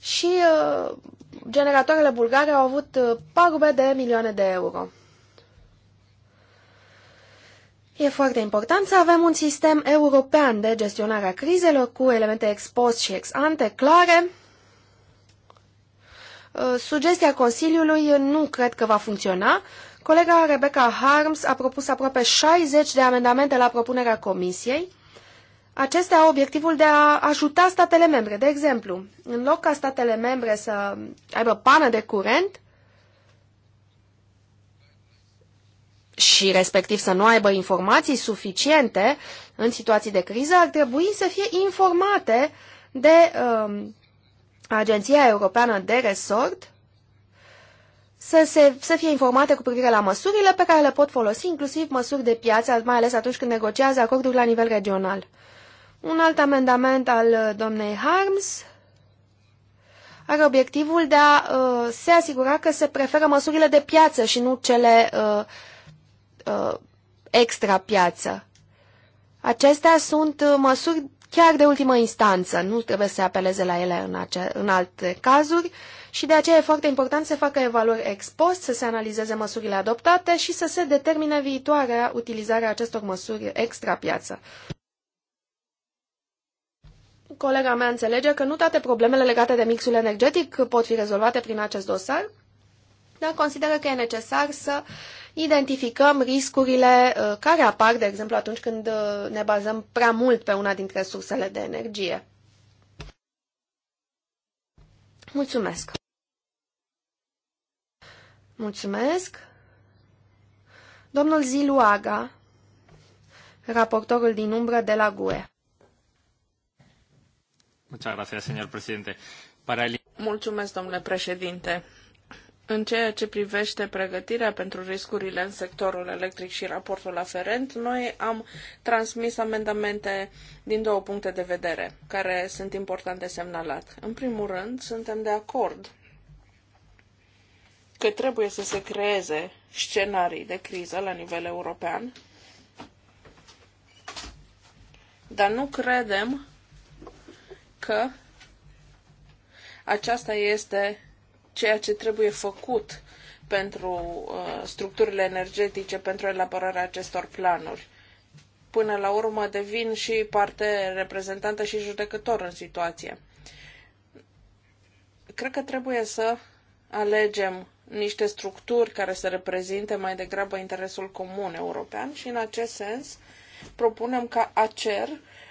și uh, generatoarele bulgare au avut uh, pagube de milioane de euro. E foarte important să avem un sistem european de gestionare a crizelor cu elemente ex post și ex ante clare. Uh, sugestia Consiliului nu cred că va funcționa. Colega Rebecca Harms a propus aproape 60 de amendamente la propunerea Comisiei acestea au obiectivul de a ajuta statele membre. De exemplu, în loc ca statele membre să aibă pană de curent și respectiv să nu aibă informații suficiente în situații de criză, ar trebui să fie informate de um, Agenția Europeană de Resort să, se, să fie informate cu privire la măsurile pe care le pot folosi, inclusiv măsuri de piață, mai ales atunci când negociază acorduri la nivel regional. Un alt amendament al uh, domnei Harms are obiectivul de a uh, se asigura că se preferă măsurile de piață și nu cele uh, uh, extra piață. Acestea sunt uh, măsuri chiar de ultimă instanță, nu trebuie să se apeleze la ele în, ace- în alte cazuri și de aceea e foarte important să facă evaluări ex post, să se analizeze măsurile adoptate și să se determine viitoarea utilizarea acestor măsuri extra piață colega mea înțelege că nu toate problemele legate de mixul energetic pot fi rezolvate prin acest dosar, dar consideră că e necesar să identificăm riscurile uh, care apar, de exemplu, atunci când uh, ne bazăm prea mult pe una dintre sursele de energie. Mulțumesc! Mulțumesc! Domnul Ziluaga, raportorul din umbră de la GUE. Mulțumesc, domnule președinte. În ceea ce privește pregătirea pentru riscurile în sectorul electric și raportul aferent, noi am transmis amendamente din două puncte de vedere, care sunt importante semnalat. În primul rând, suntem de acord că trebuie să se creeze scenarii de criză la nivel european, dar nu credem că aceasta este ceea ce trebuie făcut pentru uh, structurile energetice, pentru elaborarea acestor planuri. Până la urmă devin și parte reprezentantă și judecător în situație. Cred că trebuie să alegem niște structuri care să reprezinte mai degrabă interesul comun european și în acest sens propunem ca ACER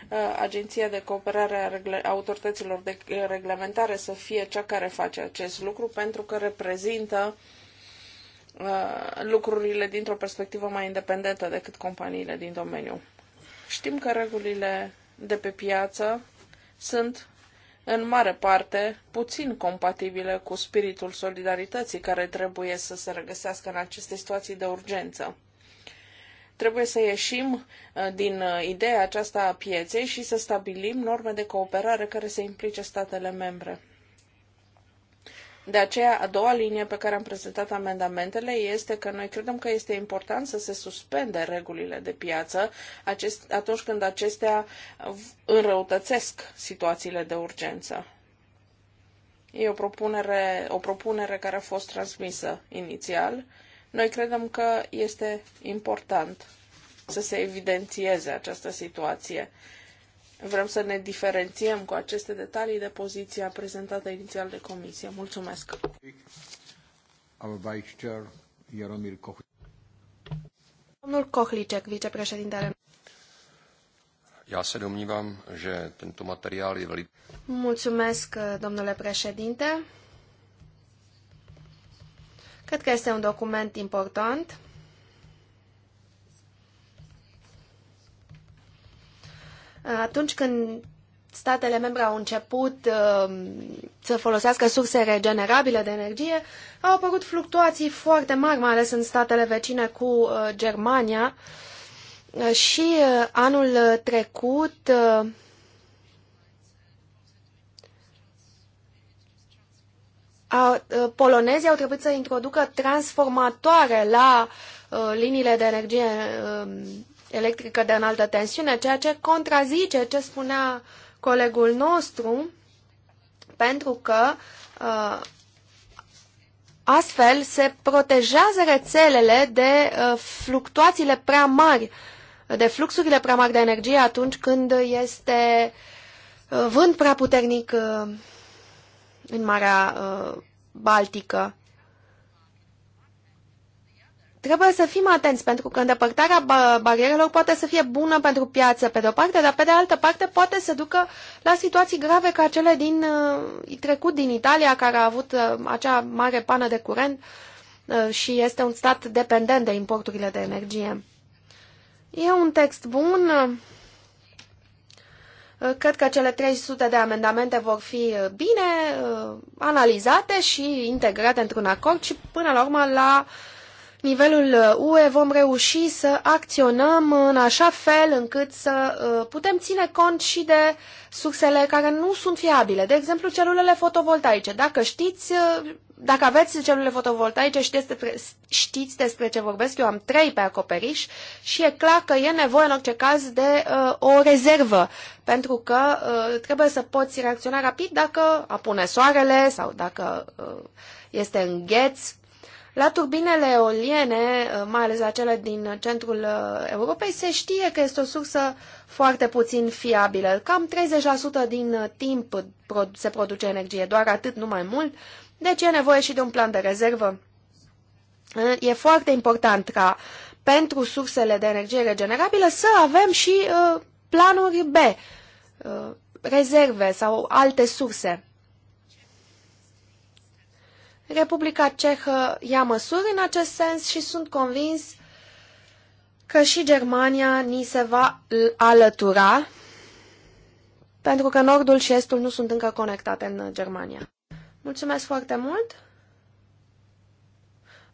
Uh, Agenția de Cooperare a Autorităților de Reglementare să fie cea care face acest lucru, pentru că reprezintă uh, lucrurile dintr-o perspectivă mai independentă decât companiile din domeniu. Știm că regulile de pe piață sunt în mare parte puțin compatibile cu spiritul solidarității care trebuie să se regăsească în aceste situații de urgență. Trebuie să ieșim uh, din uh, ideea aceasta a pieței și să stabilim norme de cooperare care să implice statele membre. De aceea, a doua linie pe care am prezentat amendamentele este că noi credem că este important să se suspende regulile de piață acest, atunci când acestea înrăutățesc situațiile de urgență. E o propunere, o propunere care a fost transmisă inițial noi credem că este important să se evidențieze această situație. Vrem să ne diferențiem cu aceste detalii de poziția prezentată inițial de comisie. Mulțumesc! Domnul Kohlicek, vicepreședintele. Já se domnívám, že tento materiál je velmi... Mulțumesc, domnule președinte. Cred că este un document important. Atunci când statele membre au început uh, să folosească surse regenerabile de energie, au apărut fluctuații foarte mari, mai ales în statele vecine cu uh, Germania. Și uh, anul trecut uh, a, polonezii au trebuit să introducă transformatoare la uh, liniile de energie electrică de înaltă tensiune, ceea ce contrazice ce spunea colegul nostru, pentru că astfel se protejează rețelele de fluctuațiile prea mari, de fluxurile prea mari de energie atunci când este vânt prea puternic uh, în Marea uh, Baltică. Trebuie să fim atenți, pentru că îndepărtarea barierelor poate să fie bună pentru piață, pe de-o parte, dar pe de altă parte poate să ducă la situații grave ca cele din uh, trecut din Italia, care a avut uh, acea mare pană de curent și este un stat dependent de importurile de energie. E un text bun. Uh, cred că cele 300 de amendamente vor fi uh, bine uh, analizate și integrate într-un acord și până la urmă la nivelul UE uh, vom reuși să acționăm în așa fel încât să uh, putem ține cont și de sursele care nu sunt fiabile, de exemplu celulele fotovoltaice. Dacă știți, uh, dacă aveți celulele fotovoltaice, știți despre, știți despre ce vorbesc. Eu am trei pe acoperiș și e clar că e nevoie în orice caz de uh, o rezervă, pentru că uh, trebuie să poți reacționa rapid dacă apune soarele sau dacă uh, este îngheț la turbinele eoliene, uh, mai ales la cele din uh, centrul uh, Europei, se știe că este o sursă foarte puțin fiabilă. Cam 30% din timp se produce energie, doar atât, nu mai mult. Deci e nevoie și de un plan de rezervă. E foarte important ca pentru sursele de energie regenerabilă să avem și planuri B, rezerve sau alte surse. Republica Cehă ia măsuri în acest sens și sunt convins că și Germania ni se va alătura, pentru că nordul și estul nu sunt încă conectate în Germania. Mulțumesc foarte mult!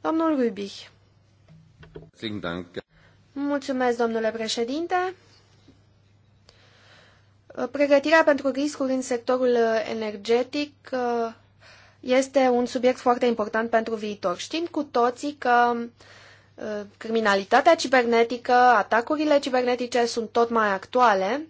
Domnul Rübich. Mulțumesc, domnule președinte. Pregătirea pentru riscuri în sectorul energetic uh, este un subiect foarte important pentru viitor. Știm cu toții că uh, criminalitatea cibernetică, atacurile cibernetice sunt tot mai actuale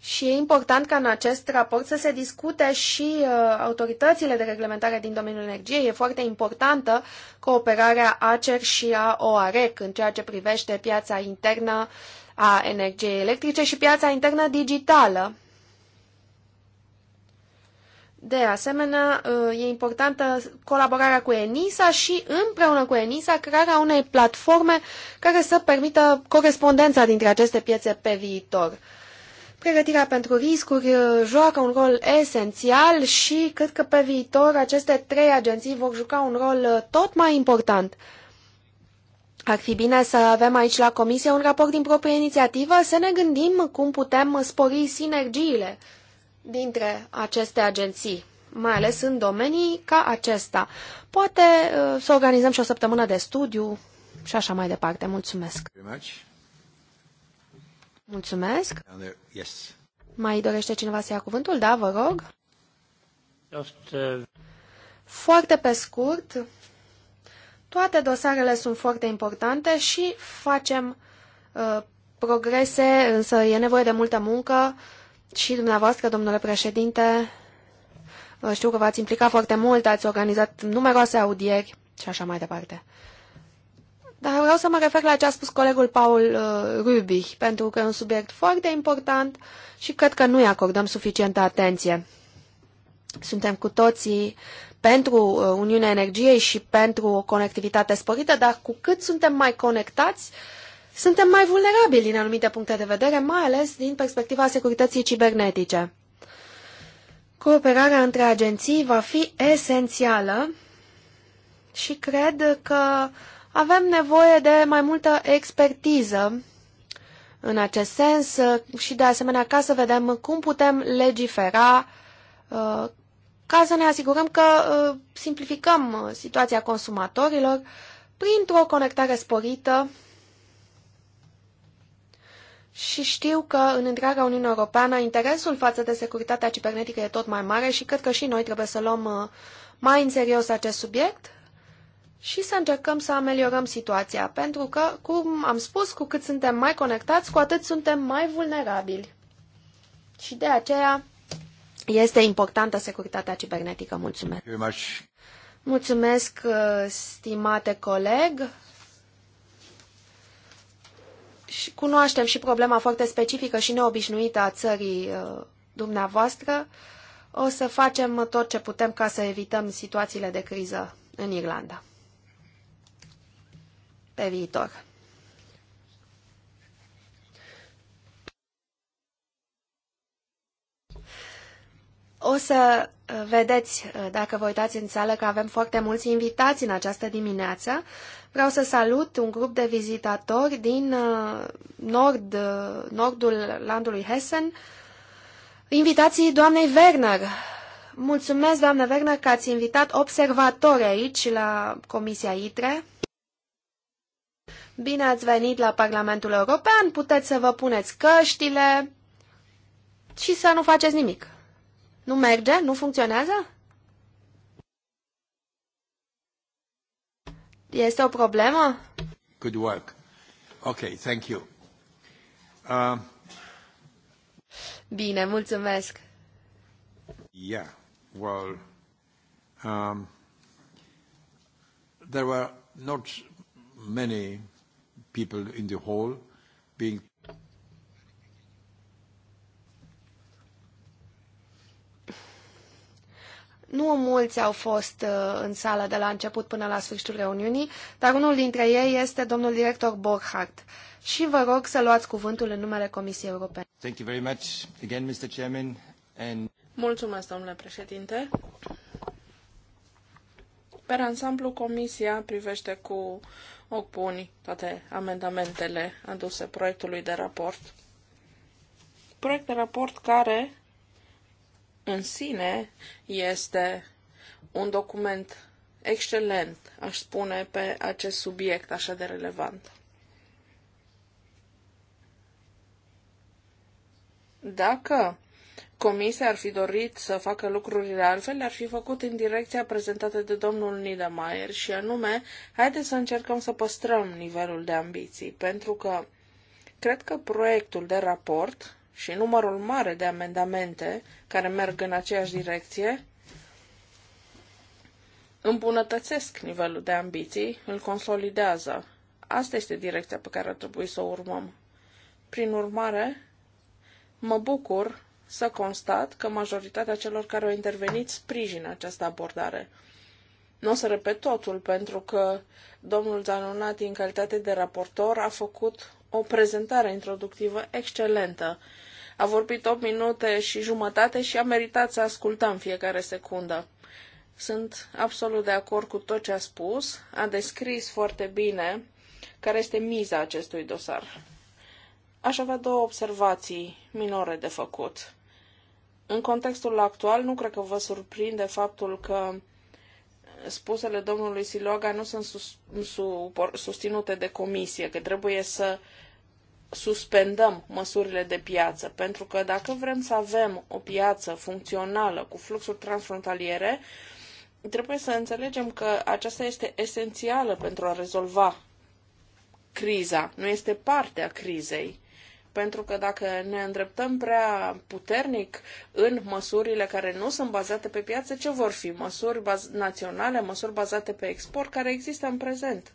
și e important ca în acest raport să se discute și uh, autoritățile de reglementare din domeniul energiei. E foarte importantă cooperarea ACER și a OAREC în ceea ce privește piața internă a energiei electrice și piața internă digitală. De asemenea, e importantă colaborarea cu ENISA și împreună cu ENISA crearea unei platforme care să permită corespondența dintre aceste piețe pe viitor. Pregătirea pentru riscuri uh, joacă un rol esențial și cred că pe viitor aceste trei agenții vor juca un rol uh, tot mai important. Ar fi bine să avem aici la Comisie un raport din proprie inițiativă, să ne gândim cum putem spori sinergiile dintre aceste agenții, mai ales în domenii ca acesta. Poate uh, să organizăm și o săptămână de studiu și așa mai departe. Mulțumesc! Mulțumesc! Mai dorește cineva să ia cuvântul? Da, vă rog! Uh, foarte pe scurt, toate dosarele sunt foarte importante și facem uh, progrese, însă e nevoie de multă muncă și dumneavoastră, domnule președinte, știu că v-ați implicat foarte mult, ați organizat numeroase audieri și așa mai departe. Dar vreau să mă refer la ce a spus colegul Paul uh, Rubi, pentru că e un subiect foarte important și cred că nu-i acordăm suficientă atenție. Suntem cu toții pentru uh, Uniunea Energiei și pentru o conectivitate sporită, dar cu cât suntem mai conectați, uh, suntem mai vulnerabili din anumite puncte de vedere, mai ales din perspectiva securității cibernetice. Cooperarea între agenții va fi esențială și cred că avem nevoie de mai multă expertiză în acest sens și de asemenea ca să vedem cum putem legifera uh, ca să ne asigurăm că uh, simplificăm situația consumatorilor printr-o conectare sporită și știu că în întreaga Uniune Europeană interesul față de securitatea cibernetică e tot mai mare și cred că și noi trebuie să luăm uh, mai în serios acest subiect și să încercăm să ameliorăm situația, pentru că, cum am spus, cu cât suntem mai conectați, cu atât suntem mai vulnerabili. Și de aceea este importantă securitatea cibernetică. Mulțumesc! Mulțumesc, uh, stimate coleg! cunoaștem și problema foarte specifică și neobișnuită a țării uh, dumneavoastră. O să facem tot ce putem ca să evităm situațiile de criză în Irlanda pe viitor. O să vedeți, uh, dacă vă uitați în sală, că avem foarte mulți invitați în această dimineață. Vreau să salut un grup de vizitatori din uh, nord, uh, nordul landului Hessen, invitații doamnei Werner. Mulțumesc, doamnă Werner, că ați invitat observatori aici la Comisia ITRE. Bine ați venit la Parlamentul European, puteți să vă puneți căștile și să nu faceți nimic. Nu merge? Nu funcționează? Este o problemă? Good work. Ok, thank you. Uh... Bine, mulțumesc. Yeah, well, um, there were not many people in the hall being Nu mulți au fost uh, în sală de la început până la sfârșitul reuniunii, dar unul dintre ei este domnul director Borchardt. Și vă rog să luați cuvântul în numele Comisiei Europene. Thank you very much again, Mr. Chairman, and... Mulțumesc, domnule președinte. Pe ansamblu, Comisia privește cu ochi buni toate amendamentele aduse proiectului de raport. Proiect de raport care în sine este un document excelent, aș spune, pe acest subiect așa de relevant. Dacă Comisia ar fi dorit să facă lucrurile altfel, le-ar fi făcut în direcția prezentată de domnul Niedermayer și anume, haideți să încercăm să păstrăm nivelul de ambiții, pentru că cred că proiectul de raport și numărul mare de amendamente care merg în aceeași direcție îmbunătățesc nivelul de ambiții, îl consolidează. Asta este direcția pe care ar trebui să o urmăm. Prin urmare, mă bucur să constat că majoritatea celor care au intervenit sprijină această abordare. Nu o să repet totul, pentru că domnul Zanonati, în calitate de raportor, a făcut o prezentare introductivă excelentă. A vorbit 8 minute și jumătate și a meritat să ascultăm fiecare secundă. Sunt absolut de acord cu tot ce a spus, a descris foarte bine care este miza acestui dosar. Aș avea două observații minore de făcut. În contextul actual, nu cred că vă surprinde faptul că spusele domnului Siloga nu sunt sus, su, susținute de comisie, că trebuie să suspendăm măsurile de piață, pentru că dacă vrem să avem o piață funcțională cu fluxuri transfrontaliere, trebuie să înțelegem că aceasta este esențială pentru a rezolva criza, nu este parte a crizei. Pentru că dacă ne îndreptăm prea puternic în măsurile care nu sunt bazate pe piață, ce vor fi? Măsuri baz- naționale, măsuri bazate pe export, care există în prezent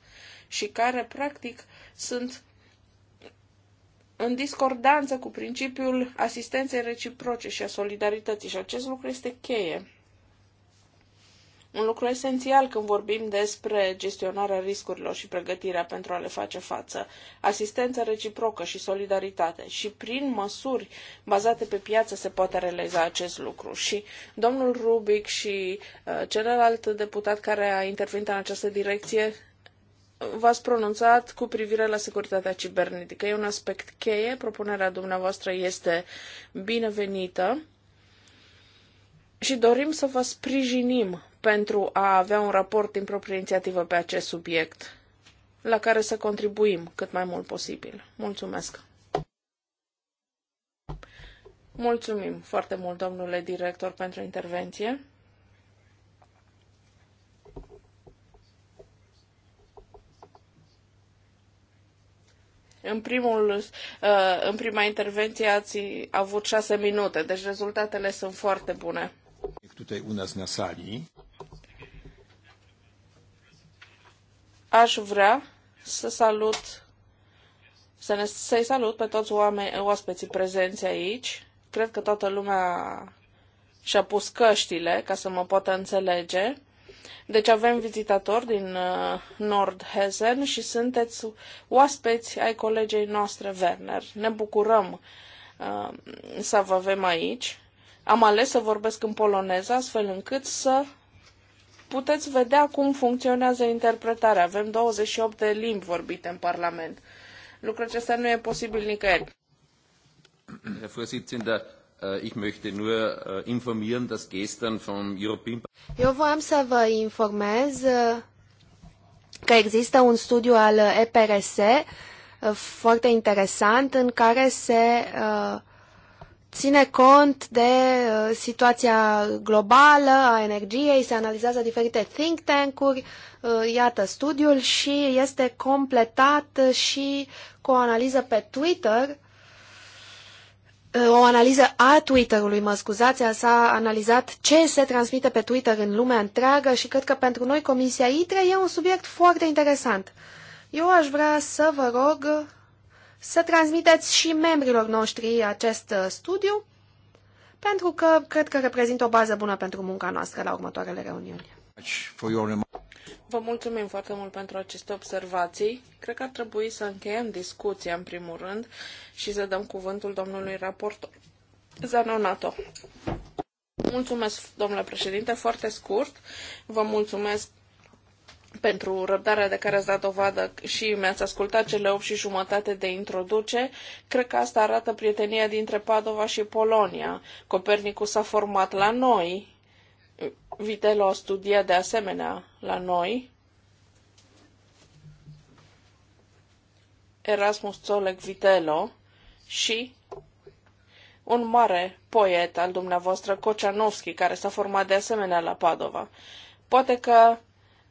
și care, practic, sunt în discordanță cu principiul asistenței reciproce și a solidarității. Și acest lucru este cheie un lucru esențial când vorbim despre gestionarea riscurilor și pregătirea pentru a le face față, asistență reciprocă și solidaritate. Și prin măsuri bazate pe piață se poate realiza acest lucru. Și domnul Rubic și uh, celălalt deputat care a intervenit în această direcție uh, v-ați pronunțat cu privire la securitatea cibernetică. E un aspect cheie, propunerea dumneavoastră este binevenită și dorim să vă sprijinim pentru a avea un raport din proprie inițiativă pe acest subiect, la care să contribuim cât mai mult posibil. Mulțumesc! Mulțumim foarte mult, domnule director, pentru intervenție. În, primul, uh, în prima intervenție ați avut șase minute, deci rezultatele sunt foarte bune. Tutaj u nas na sali. aș vrea să salut, să ne, să-i salut pe toți oameni, oaspeții prezenți aici. Cred că toată lumea și-a pus căștile ca să mă poată înțelege. Deci avem vizitatori din uh, Hessen și sunteți oaspeți ai colegei noastre, Werner. Ne bucurăm uh, să vă avem aici. Am ales să vorbesc în poloneză, astfel încât să puteți vedea cum funcționează interpretarea. Avem 28 de limbi vorbite în Parlament. Lucrul acesta nu e posibil nicăieri. Äh, äh, Eu voiam să vă informez äh, că există un studiu al EPRS foarte interesant în care se uh, ține cont de uh, situația globală a energiei, se analizează diferite think tank-uri, uh, iată studiul și este completat și cu o analiză pe Twitter, uh, o analiză a Twitter-ului, mă scuzați, s-a analizat ce se transmite pe Twitter în lumea întreagă și cred că pentru noi Comisia ITRE e un subiect foarte interesant. Eu aș vrea să vă rog să transmiteți și membrilor noștri acest uh, studiu, pentru că cred că reprezintă o bază bună pentru munca noastră la următoarele reuniuni. Deci, Vă mulțumim foarte mult pentru aceste observații. Cred că ar trebui să încheiem discuția în primul rând și să dăm cuvântul domnului raportor Zanonato. Mulțumesc, domnule președinte, foarte scurt. Vă mulțumesc pentru răbdarea de care ați dat dovadă și mi-ați ascultat cele 8 și jumătate de introduce, cred că asta arată prietenia dintre Padova și Polonia. Copernicus s-a format la noi, Vitelo a studiat de asemenea la noi, Erasmus Zoleg Vitelo și un mare poet al dumneavoastră, Kocianovski, care s-a format de asemenea la Padova. Poate că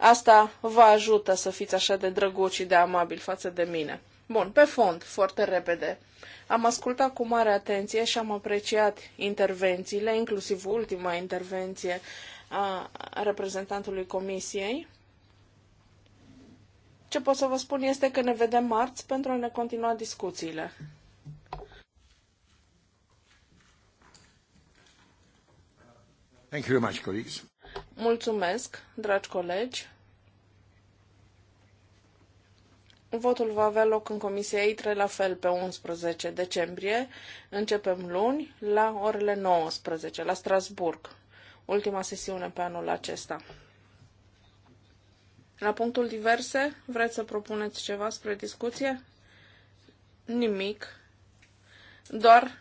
Asta vă ajută să fiți așa de drăguți și de amabili față de mine. Bun, pe fond, foarte repede. Am ascultat cu mare atenție și am apreciat intervențiile, inclusiv ultima intervenție a reprezentantului comisiei. Ce pot să vă spun este că ne vedem marți pentru a ne continua discuțiile. Thank you very much, colleagues. Mulțumesc, dragi colegi. Votul va avea loc în Comisia ITRE la fel pe 11 decembrie. Începem luni la orele 19 la Strasburg, ultima sesiune pe anul acesta. La punctul diverse, vreți să propuneți ceva spre discuție? Nimic. Doar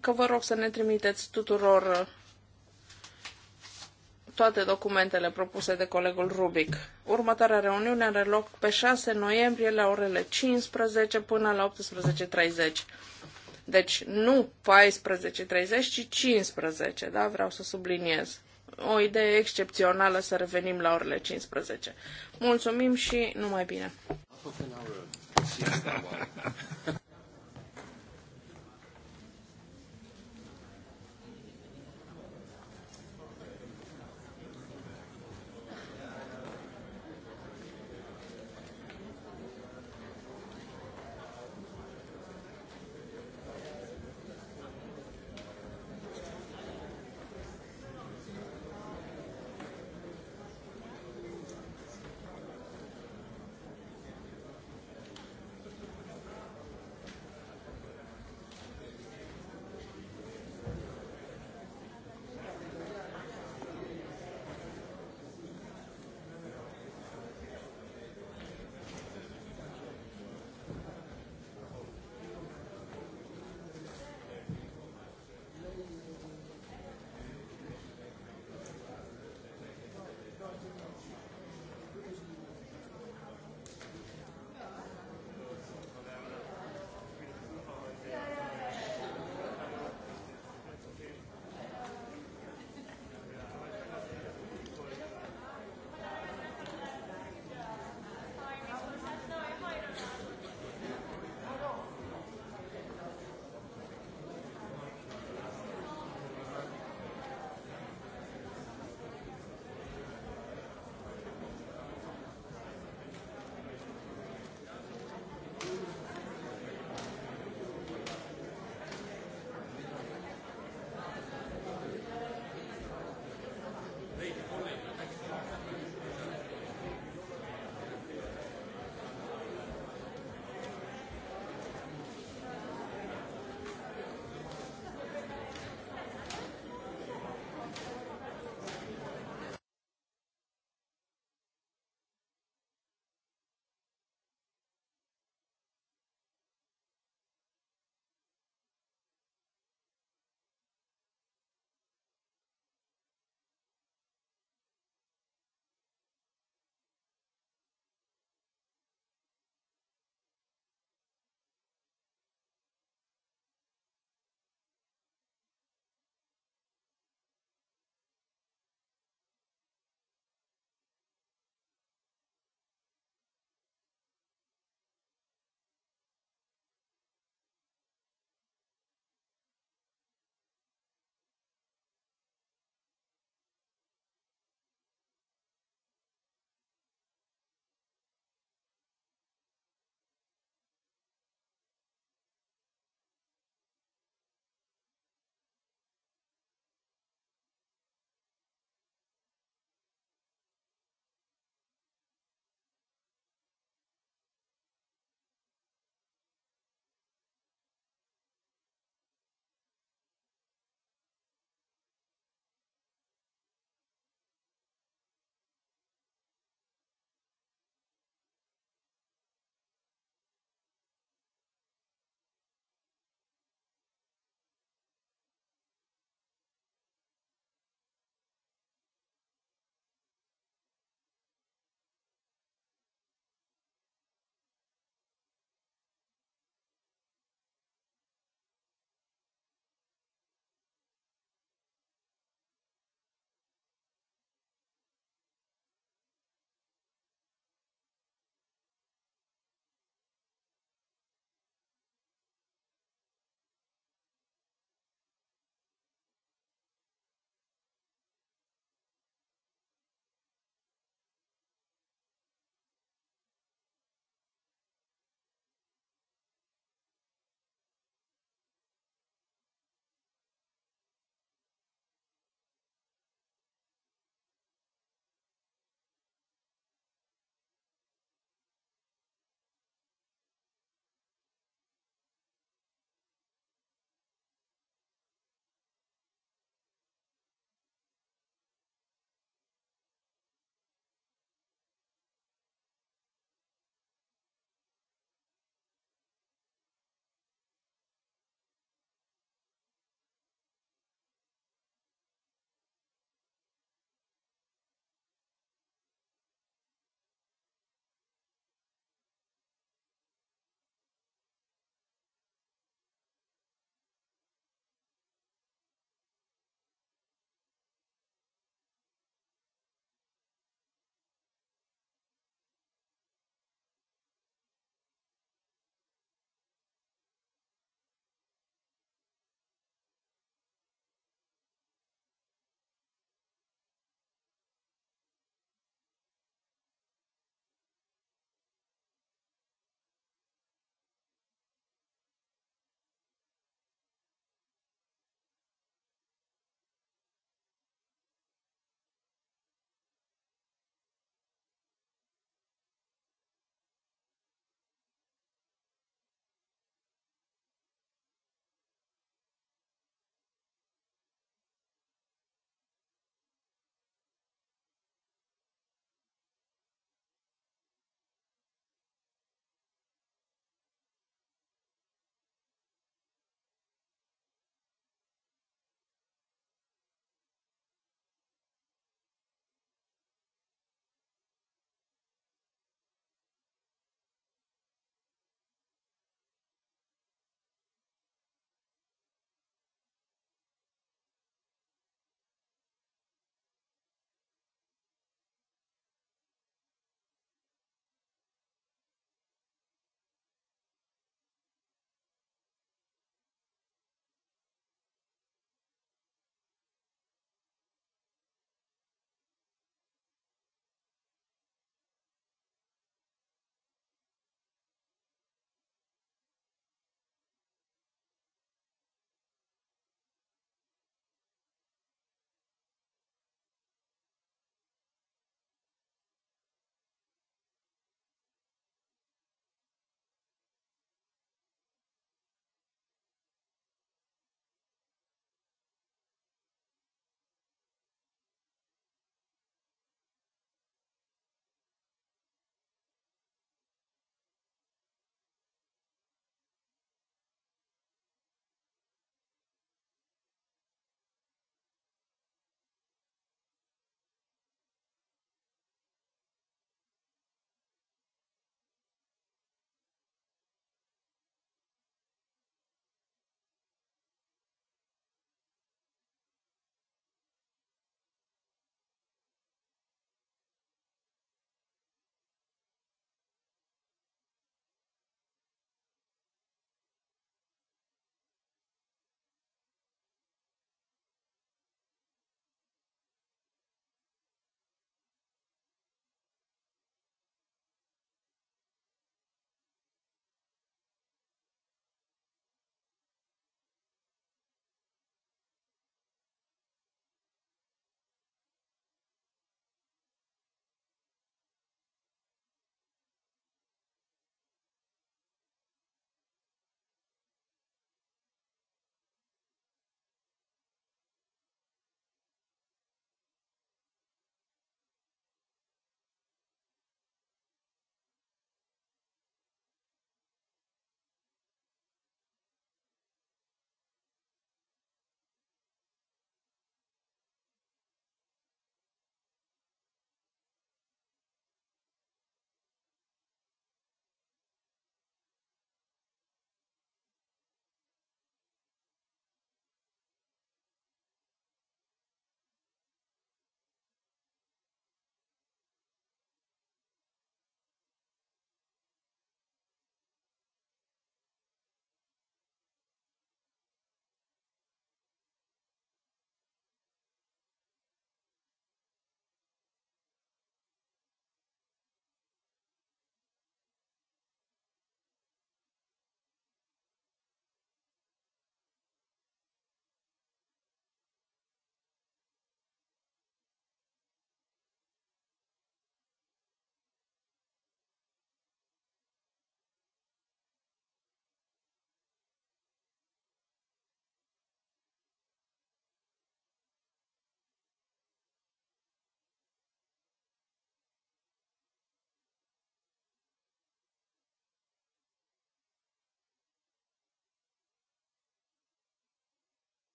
că vă rog să ne trimiteți tuturor toate documentele propuse de colegul Rubic. Următoarea reuniune are loc pe 6 noiembrie la orele 15 până la 18.30. Deci nu 14.30, ci 15, da? Vreau să subliniez. O idee excepțională să revenim la orele 15. Mulțumim și numai bine!